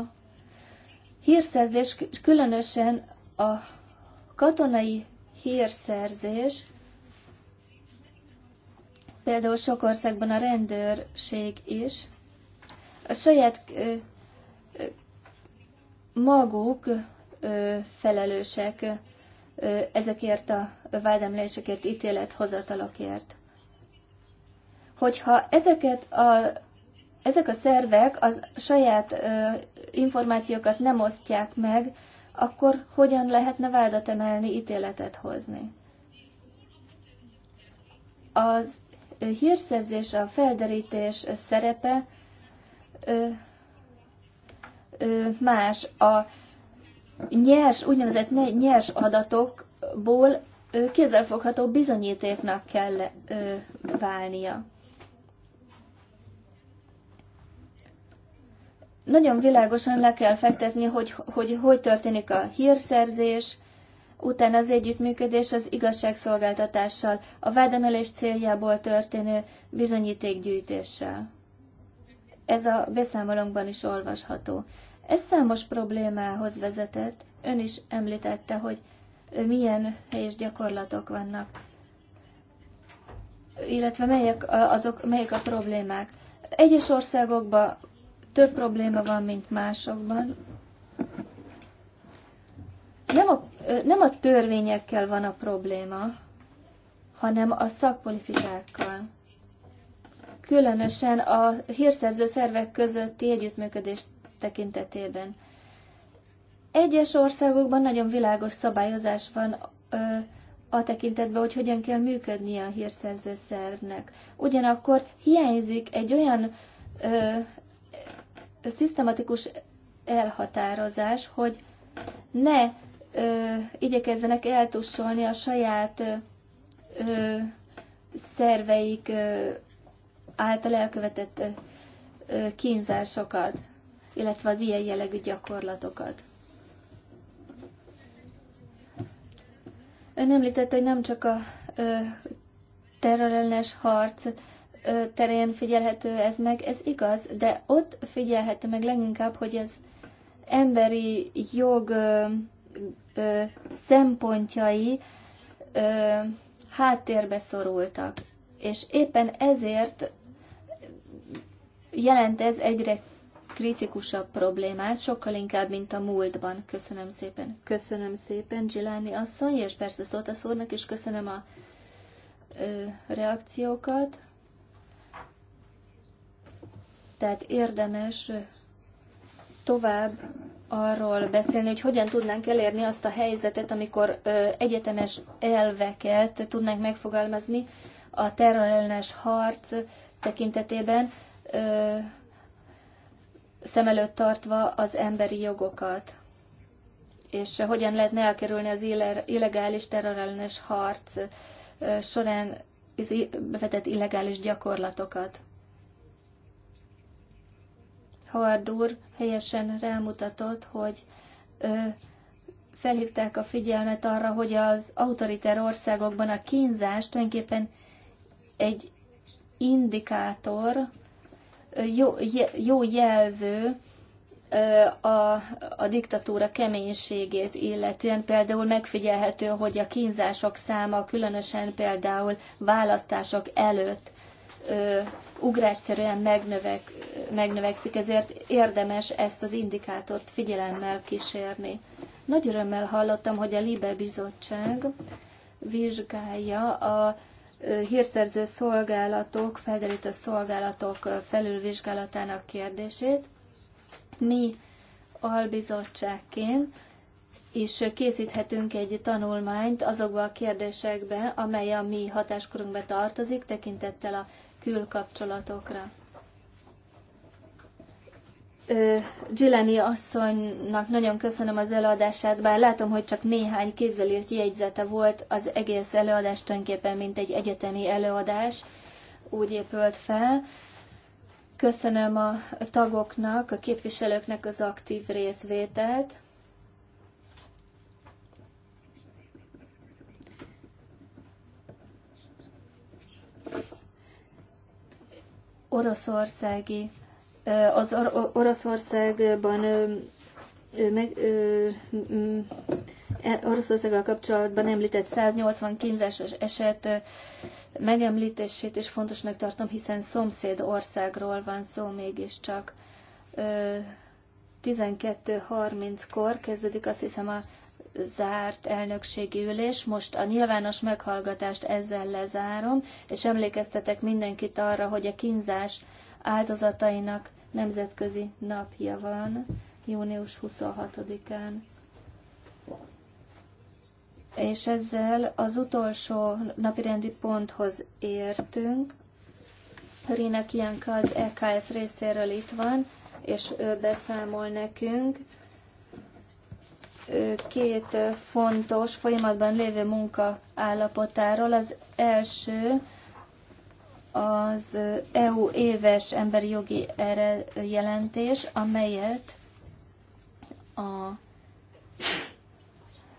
hírszerzés, különösen a katonai hírszerzés Például sok országban a rendőrség is a saját ö, ö, maguk ö, felelősek ö, ezekért a vádemlésekért, ítélethozatalokért. Hogyha ezeket a, ezek a szervek az saját ö, információkat nem osztják meg, akkor hogyan lehetne vádat emelni, ítéletet hozni? Az hírszerzés, a felderítés szerepe más. A nyers, úgynevezett nyers adatokból kézzelfogható bizonyítéknak kell válnia. Nagyon világosan le kell fektetni, hogy hogy, hogy történik a hírszerzés, utána az együttműködés az igazságszolgáltatással, a vádemelés céljából történő bizonyítékgyűjtéssel. Ez a beszámolónkban is olvasható. Ez számos problémához vezetett. Ön is említette, hogy milyen helyes gyakorlatok vannak, illetve melyek, azok, melyek a problémák. Egyes országokban több probléma van, mint másokban. Nem a nem a törvényekkel van a probléma, hanem a szakpolitikákkal. Különösen a hírszerző szervek közötti együttműködés tekintetében. Egyes országokban nagyon világos szabályozás van ö, a tekintetben, hogy hogyan kell működnie a hírszerző szervnek. Ugyanakkor hiányzik egy olyan ö, szisztematikus elhatározás, hogy ne ö, igyekezzenek eltussolni a saját ö, szerveik ö, által elkövetett ö, kínzásokat, illetve az ilyen jellegű gyakorlatokat. Ön említette, hogy nem csak a ö, terrorellenes harc ö, terén figyelhető ez meg, ez igaz, de ott figyelhető meg leginkább, hogy ez emberi jog ö, ö, szempontjai ö, háttérbe szorultak. És éppen ezért jelent ez egyre kritikusabb problémát, sokkal inkább, mint a múltban. Köszönöm szépen. Köszönöm szépen, Giláni asszony, és persze a úrnak és köszönöm a ö, reakciókat. Tehát érdemes tovább arról beszélni, hogy hogyan tudnánk elérni azt a helyzetet, amikor egyetemes elveket tudnánk megfogalmazni a terrorellenes harc tekintetében, szem előtt tartva az emberi jogokat és hogyan lehetne elkerülni az illegális terrorellenes harc során bevetett illegális gyakorlatokat. Howard úr helyesen rámutatott, hogy felhívták a figyelmet arra, hogy az autoriter országokban a kínzás tulajdonképpen egy indikátor, jó, jó jelző a, a diktatúra keménységét illetően. Például megfigyelhető, hogy a kínzások száma, különösen például választások előtt ugrásszerűen megnövek, megnövekszik, ezért érdemes ezt az indikátort figyelemmel kísérni. Nagy örömmel hallottam, hogy a Libe Bizottság vizsgálja a hírszerző szolgálatok, felderítő szolgálatok felülvizsgálatának kérdését. Mi albizottságként is készíthetünk egy tanulmányt azokba a kérdésekbe, amely a mi hatáskörünkbe tartozik, tekintettel a külkapcsolatokra. Gilleni asszonynak nagyon köszönöm az előadását, bár látom, hogy csak néhány kézzel írt jegyzete volt, az egész előadás tulajdonképpen, mint egy egyetemi előadás, úgy épült fel. Köszönöm a tagoknak, a képviselőknek az aktív részvételt. oroszországi, az Oroszországban meg, e, Oroszországgal kapcsolatban említett 180 es eset megemlítését is fontosnak tartom, hiszen szomszéd országról van szó mégiscsak. 12.30-kor kezdődik azt hiszem a zárt elnökségi ülés. Most a nyilvános meghallgatást ezzel lezárom, és emlékeztetek mindenkit arra, hogy a kínzás áldozatainak nemzetközi napja van, június 26-án. És ezzel az utolsó napirendi ponthoz értünk. Rina Kianka az EKS részéről itt van, és ő beszámol nekünk két fontos folyamatban lévő munka állapotáról. Az első az EU éves emberi jogi jelentés, amelyet a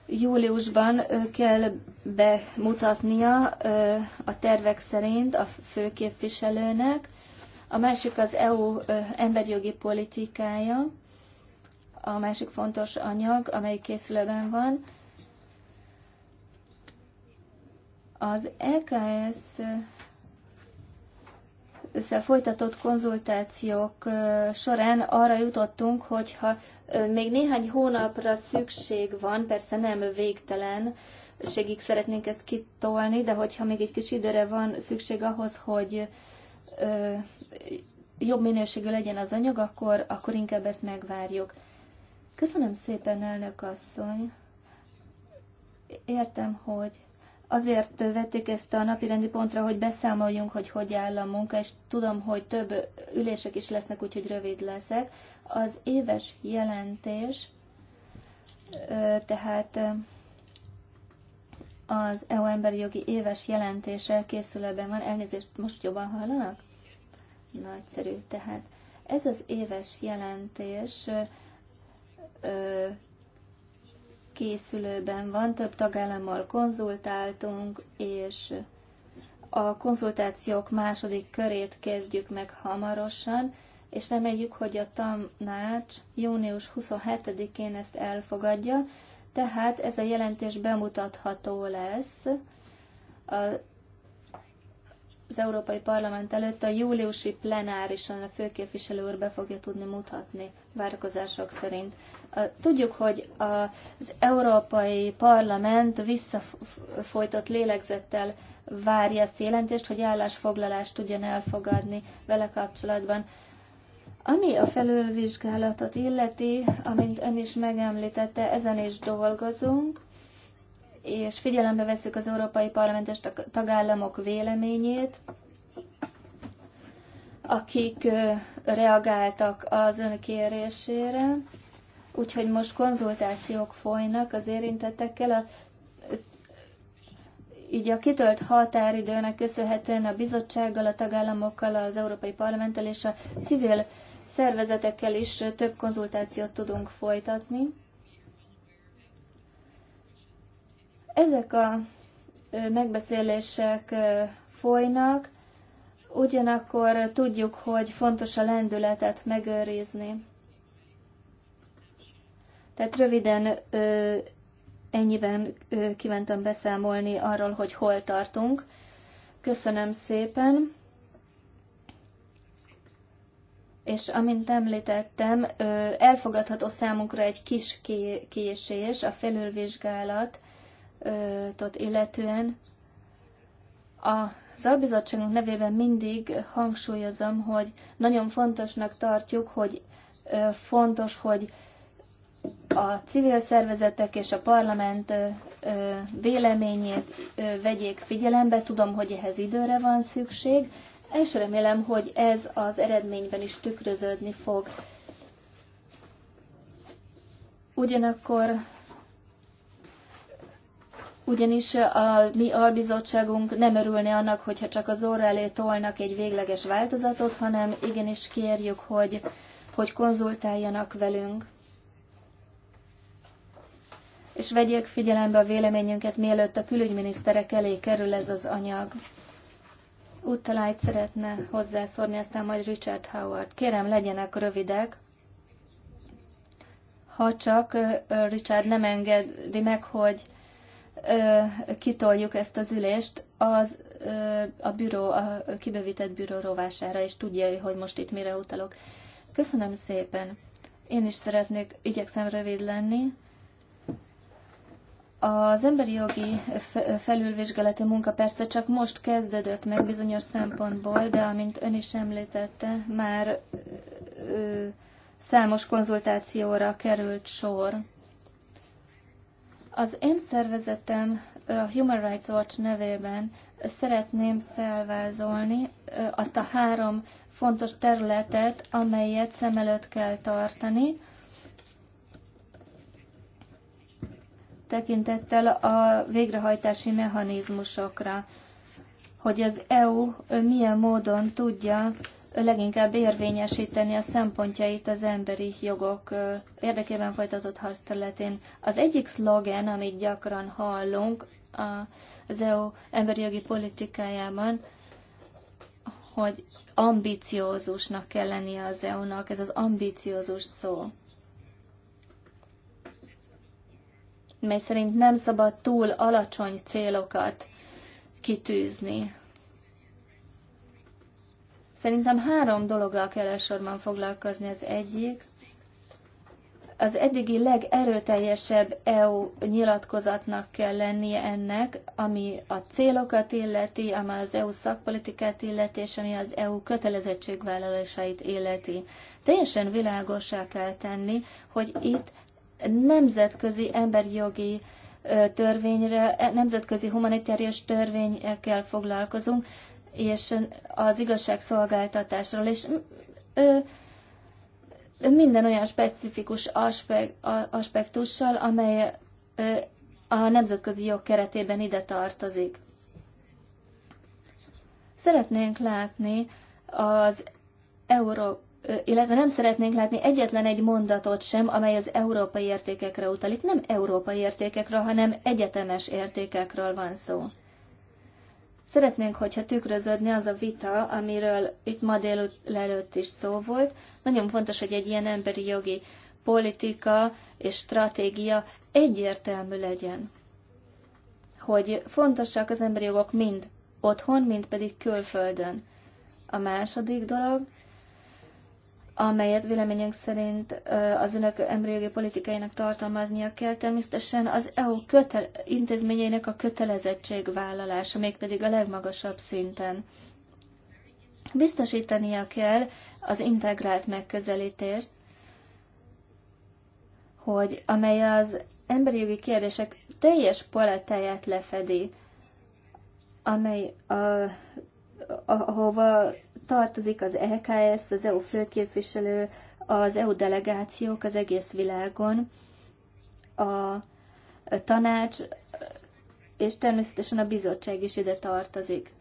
júliusban kell bemutatnia a tervek szerint a főképviselőnek. A másik az EU emberi jogi politikája a másik fontos anyag, amely készülőben van. Az EKS összefolytatott konzultációk során arra jutottunk, hogy ha még néhány hónapra szükség van, persze nem végtelen, segítség szeretnénk ezt kitolni, de hogyha még egy kis időre van szükség ahhoz, hogy ö, jobb minőségű legyen az anyag, akkor, akkor inkább ezt megvárjuk. Köszönöm szépen, elnök asszony. Értem, hogy azért vették ezt a rendi pontra, hogy beszámoljunk, hogy hogy áll a munka, és tudom, hogy több ülések is lesznek, úgyhogy rövid leszek. Az éves jelentés, tehát az EU emberi jogi éves jelentése készülőben van. Elnézést, most jobban hallanak? Nagyszerű. Tehát ez az éves jelentés készülőben van, több tagállammal konzultáltunk, és a konzultációk második körét kezdjük meg hamarosan, és reméljük, hogy a tanács június 27-én ezt elfogadja, tehát ez a jelentés bemutatható lesz az Európai Parlament előtt a júliusi plenárison a főképviselő úr be fogja tudni mutatni várakozások szerint. Tudjuk, hogy az Európai Parlament visszafolytott lélegzettel várja a jelentést, hogy állásfoglalást tudjon elfogadni vele kapcsolatban. Ami a felülvizsgálatot illeti, amint ön is megemlítette, ezen is dolgozunk, és figyelembe veszük az Európai Parlamentes tagállamok véleményét, akik reagáltak az ön kérésére úgyhogy most konzultációk folynak az érintettekkel. A, így a kitölt határidőnek köszönhetően a bizottsággal, a tagállamokkal, az Európai Parlamenttel és a civil szervezetekkel is több konzultációt tudunk folytatni. Ezek a megbeszélések folynak, ugyanakkor tudjuk, hogy fontos a lendületet megőrizni. Tehát röviden ö, ennyiben ö, kívántam beszámolni arról, hogy hol tartunk. Köszönöm szépen! És amint említettem, elfogadható számunkra egy kis késés a felülvizsgálatot illetően. Az albizottságunk nevében mindig hangsúlyozom, hogy nagyon fontosnak tartjuk, hogy fontos, hogy a civil szervezetek és a parlament véleményét vegyék figyelembe. Tudom, hogy ehhez időre van szükség, és remélem, hogy ez az eredményben is tükröződni fog. Ugyanakkor ugyanis a mi albizottságunk nem örülne annak, hogyha csak az orra elé tolnak egy végleges változatot, hanem igenis kérjük, hogy, hogy konzultáljanak velünk és vegyék figyelembe a véleményünket, mielőtt a külügyminiszterek elé kerül ez az anyag. Uttalájt szeretne hozzászorni, aztán majd Richard Howard. Kérem, legyenek rövidek, ha csak Richard nem engedi meg, hogy kitoljuk ezt az ülést, az a büró, a kibővített büró rovására, és tudja, hogy most itt mire utalok. Köszönöm szépen. Én is szeretnék, igyekszem rövid lenni. Az emberi jogi felülvizsgálati munka persze csak most kezdődött meg bizonyos szempontból, de amint ön is említette, már ö, számos konzultációra került sor. Az én szervezetem a Human Rights Watch nevében szeretném felvázolni azt a három fontos területet, amelyet szem előtt kell tartani, tekintettel a végrehajtási mechanizmusokra, hogy az EU milyen módon tudja leginkább érvényesíteni a szempontjait az emberi jogok érdekében folytatott harc területén. Az egyik szlogen, amit gyakran hallunk az EU emberi jogi politikájában, hogy ambiciózusnak kell lennie az EU-nak, ez az ambiciózus szó. mely szerint nem szabad túl alacsony célokat kitűzni. Szerintem három dologgal kell elsősorban foglalkozni. Az egyik, az eddigi legerőteljesebb EU nyilatkozatnak kell lennie ennek, ami a célokat illeti, ami az EU szakpolitikát illeti, és ami az EU kötelezettségvállalásait illeti. Teljesen világosá kell tenni, hogy itt nemzetközi emberi jogi törvényre, e, nemzetközi humanitárius törvényekkel foglalkozunk, és az igazságszolgáltatásról, és minden olyan specifikus aspektussal, amely a nemzetközi jog keretében ide tartozik. Szeretnénk látni az Európa illetve nem szeretnénk látni egyetlen egy mondatot sem, amely az európai értékekre utal. Itt nem európai értékekről, hanem egyetemes értékekről van szó. Szeretnénk, hogyha tükröződne az a vita, amiről itt ma délelőtt is szó volt. Nagyon fontos, hogy egy ilyen emberi jogi politika és stratégia egyértelmű legyen. Hogy fontosak az emberi jogok mind otthon, mind pedig külföldön. A második dolog, amelyet véleményünk szerint az önök emberi politikájának tartalmaznia kell, természetesen az EU köte- intézményeinek a kötelezettségvállalása, mégpedig a legmagasabb szinten. Biztosítania kell az integrált megközelítést, hogy amely az emberi jogi kérdések teljes palettáját lefedi, amely a ahova tartozik az EKS, az EU főképviselő, az EU delegációk az egész világon, a tanács, és természetesen a bizottság is ide tartozik.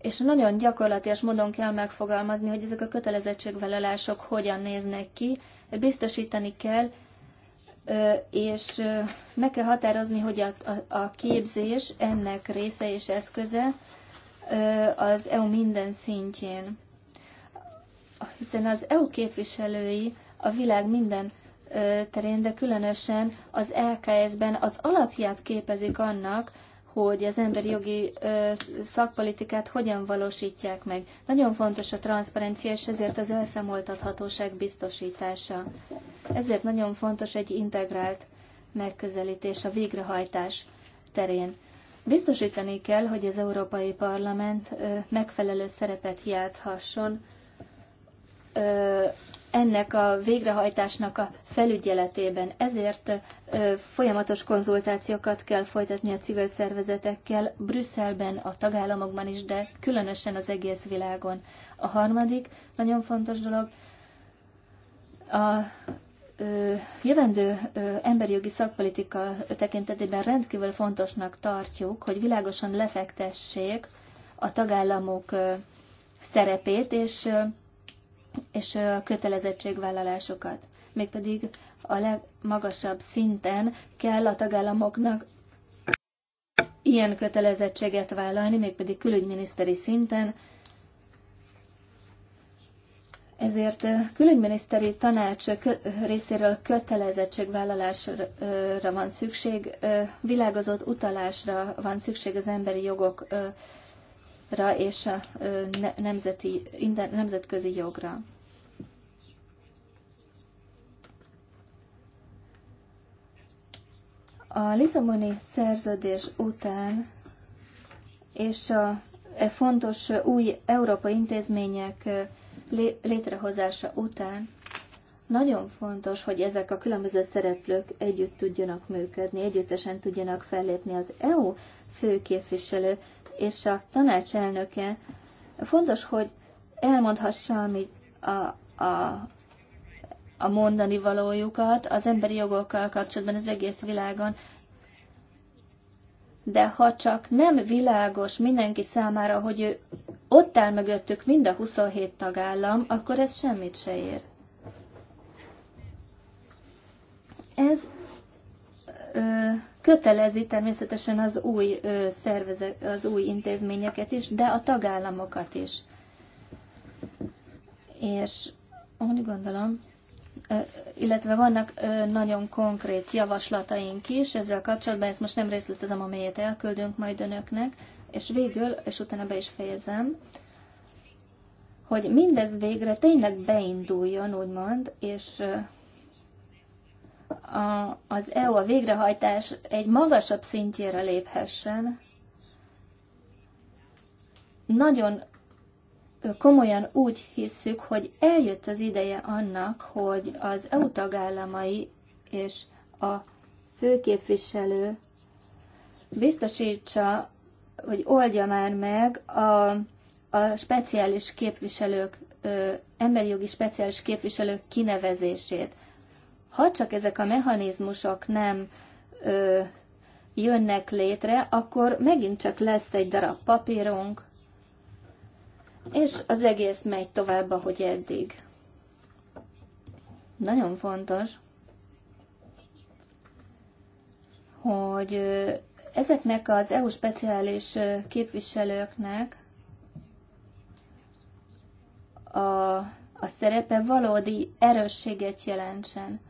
És nagyon gyakorlatias módon kell megfogalmazni, hogy ezek a kötelezettségvállalások hogyan néznek ki, biztosítani kell, és meg kell határozni, hogy a, a képzés ennek része és eszköze, az EU minden szintjén, hiszen az EU képviselői a világ minden terén, de különösen az LKS-ben az alapját képezik annak, hogy az emberi jogi szakpolitikát hogyan valósítják meg. Nagyon fontos a transzparencia, és ezért az elszámoltathatóság biztosítása. Ezért nagyon fontos egy integrált megközelítés a végrehajtás terén. Biztosítani kell, hogy az Európai Parlament megfelelő szerepet játszhasson ennek a végrehajtásnak a felügyeletében. Ezért folyamatos konzultációkat kell folytatni a civil szervezetekkel Brüsszelben, a tagállamokban is, de különösen az egész világon. A harmadik nagyon fontos dolog, a jövendő emberi jogi szakpolitika tekintetében rendkívül fontosnak tartjuk, hogy világosan lefektessék a tagállamok szerepét és, és kötelezettségvállalásokat. Mégpedig a legmagasabb szinten kell a tagállamoknak ilyen kötelezettséget vállalni, mégpedig külügyminiszteri szinten, ezért külügyminiszteri tanács részéről kötelezettségvállalásra van szükség, világozott utalásra van szükség az emberi jogokra és a nemzeti, nemzetközi jogra. A Lisszaboni szerződés után és a e fontos új európai intézmények létrehozása után nagyon fontos, hogy ezek a különböző szereplők együtt tudjanak működni, együttesen tudjanak fellépni az EU főképviselő és a tanács elnöke. Fontos, hogy elmondhassa, amit a, a, a mondani valójukat az emberi jogokkal kapcsolatban az egész világon, de ha csak nem világos mindenki számára, hogy ő ott áll mögöttük mind a 27 tagállam, akkor ez semmit se ér. Ez ö, kötelezi természetesen az új ö, szervezet, az új intézményeket is, de a tagállamokat is. És úgy gondolom, illetve vannak nagyon konkrét javaslataink is ezzel kapcsolatban, ezt most nem részletezem, amelyet elküldünk majd önöknek, és végül, és utána be is fejezem, hogy mindez végre tényleg beinduljon, úgymond, és a, az EU a végrehajtás egy magasabb szintjére léphessen, nagyon komolyan úgy hiszük, hogy eljött az ideje annak, hogy az EU tagállamai és a főképviselő biztosítsa hogy oldja már meg a, a speciális képviselők, ö, emberi jogi speciális képviselők kinevezését. Ha csak ezek a mechanizmusok nem ö, jönnek létre, akkor megint csak lesz egy darab papírunk, és az egész megy tovább, ahogy eddig. Nagyon fontos, hogy ezeknek az EU speciális képviselőknek a, a szerepe valódi erősséget jelentsen.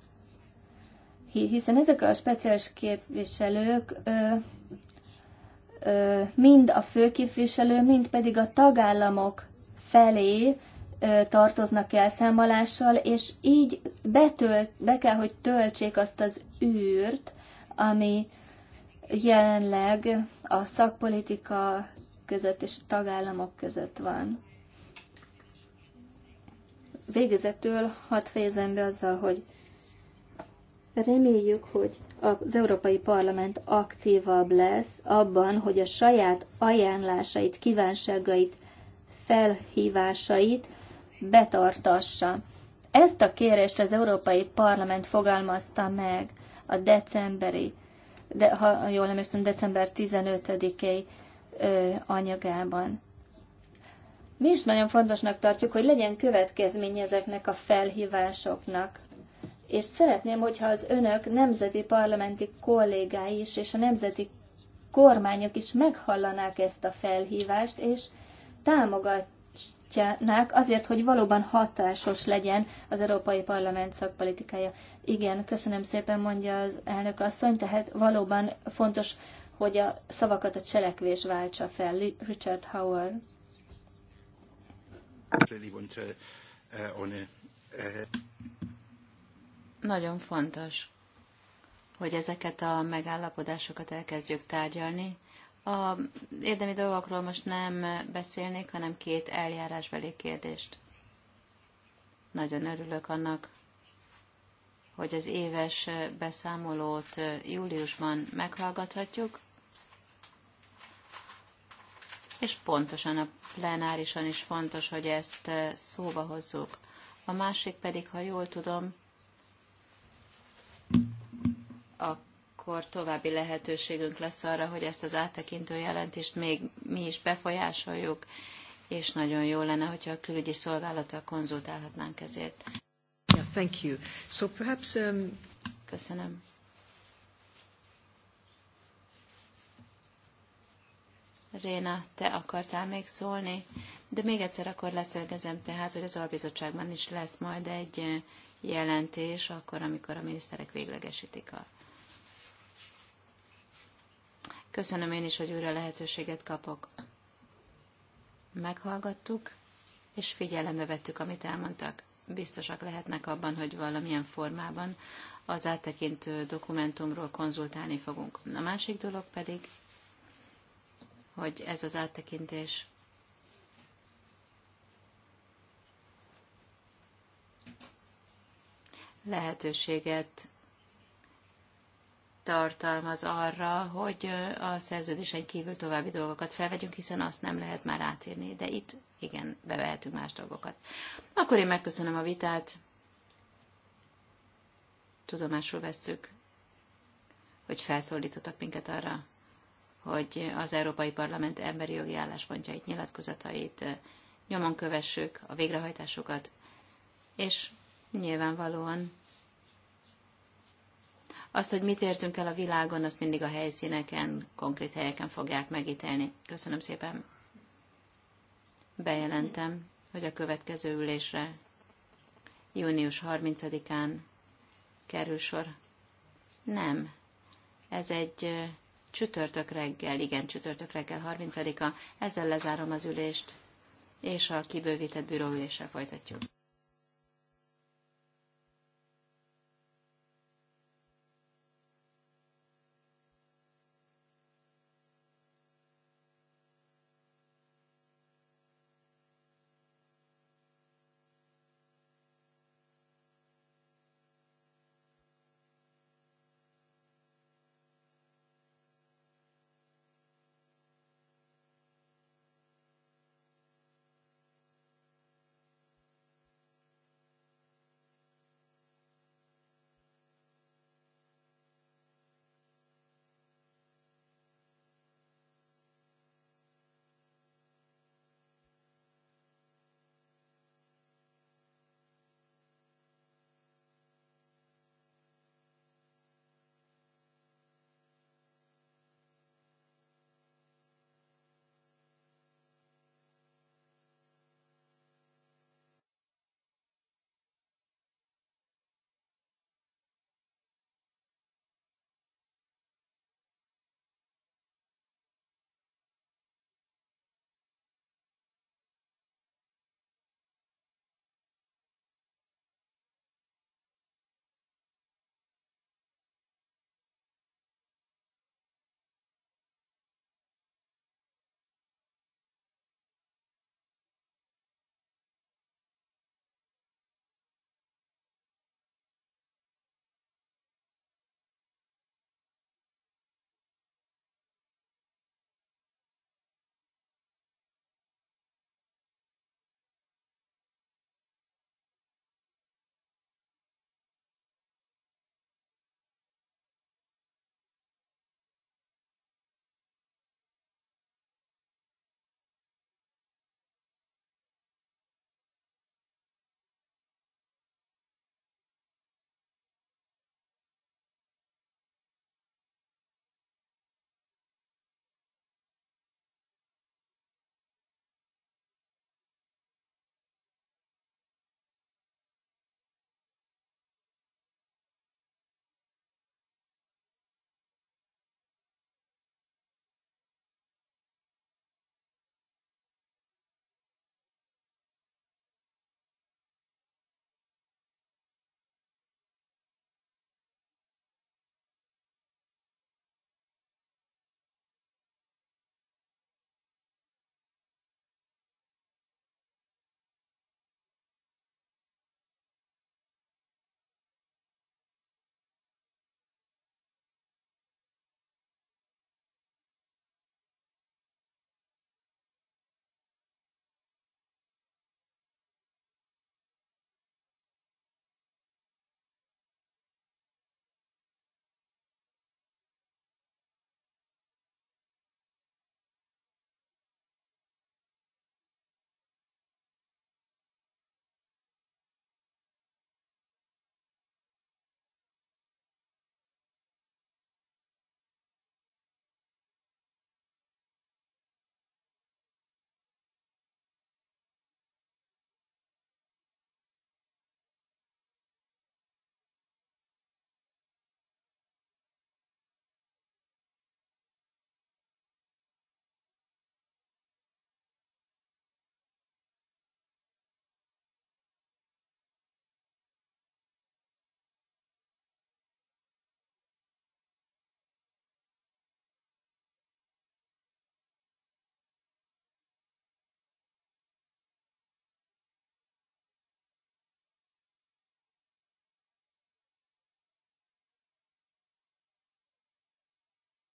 Hiszen ezek a speciális képviselők ö, ö, mind a főképviselő, mind pedig a tagállamok felé tartoznak elszámolással, és így betölt, be kell, hogy töltsék azt az űrt, ami jelenleg a szakpolitika között és a tagállamok között van. Végezetül hat fejezem be azzal, hogy reméljük, hogy az Európai Parlament aktívabb lesz abban, hogy a saját ajánlásait, kívánságait, felhívásait betartassa. Ezt a kérést az Európai Parlament fogalmazta meg a decemberi de ha jól emlékszem, december 15-i anyagában. Mi is nagyon fontosnak tartjuk, hogy legyen következmény ezeknek a felhívásoknak. És szeretném, hogyha az önök nemzeti parlamenti kollégái is, és a nemzeti kormányok is meghallanák ezt a felhívást, és támogatják azért, hogy valóban hatásos legyen az Európai Parlament szakpolitikája. Igen, köszönöm szépen, mondja az elnök asszony, tehát valóban fontos, hogy a szavakat a cselekvés váltsa fel. Richard Howard. Nagyon fontos, hogy ezeket a megállapodásokat elkezdjük tárgyalni, a érdemi dolgokról most nem beszélnék, hanem két eljárásbeli kérdést. Nagyon örülök annak, hogy az éves beszámolót júliusban meghallgathatjuk, és pontosan a plenárisan is fontos, hogy ezt szóba hozzuk. A másik pedig, ha jól tudom, a akkor további lehetőségünk lesz arra, hogy ezt az áttekintő jelentést még mi is befolyásoljuk, és nagyon jó lenne, hogyha a külügyi szolgálattal konzultálhatnánk ezért. Yeah, thank you. So perhaps, um... Köszönöm. Réna, te akartál még szólni, de még egyszer akkor leszelgezem tehát, hogy az albizottságban is lesz majd egy eh, jelentés, akkor, amikor a miniszterek véglegesítik a Köszönöm én is, hogy újra lehetőséget kapok. Meghallgattuk, és figyelembe vettük, amit elmondtak. Biztosak lehetnek abban, hogy valamilyen formában az áttekintő dokumentumról konzultálni fogunk. A másik dolog pedig, hogy ez az áttekintés lehetőséget tartalmaz arra, hogy a szerződésen kívül további dolgokat felvegyünk, hiszen azt nem lehet már átírni, de itt igen, bevehetünk más dolgokat. Akkor én megköszönöm a vitát, tudomásul vesszük, hogy felszólítottak minket arra, hogy az Európai Parlament emberi jogi álláspontjait, nyilatkozatait nyomon kövessük, a végrehajtásokat, és nyilvánvalóan azt, hogy mit értünk el a világon, azt mindig a helyszíneken, konkrét helyeken fogják megítélni. Köszönöm szépen. Bejelentem, hogy a következő ülésre június 30-án kerül sor. Nem. Ez egy csütörtök reggel, igen, csütörtök reggel 30-a. Ezzel lezárom az ülést, és a kibővített bíróüléssel folytatjuk.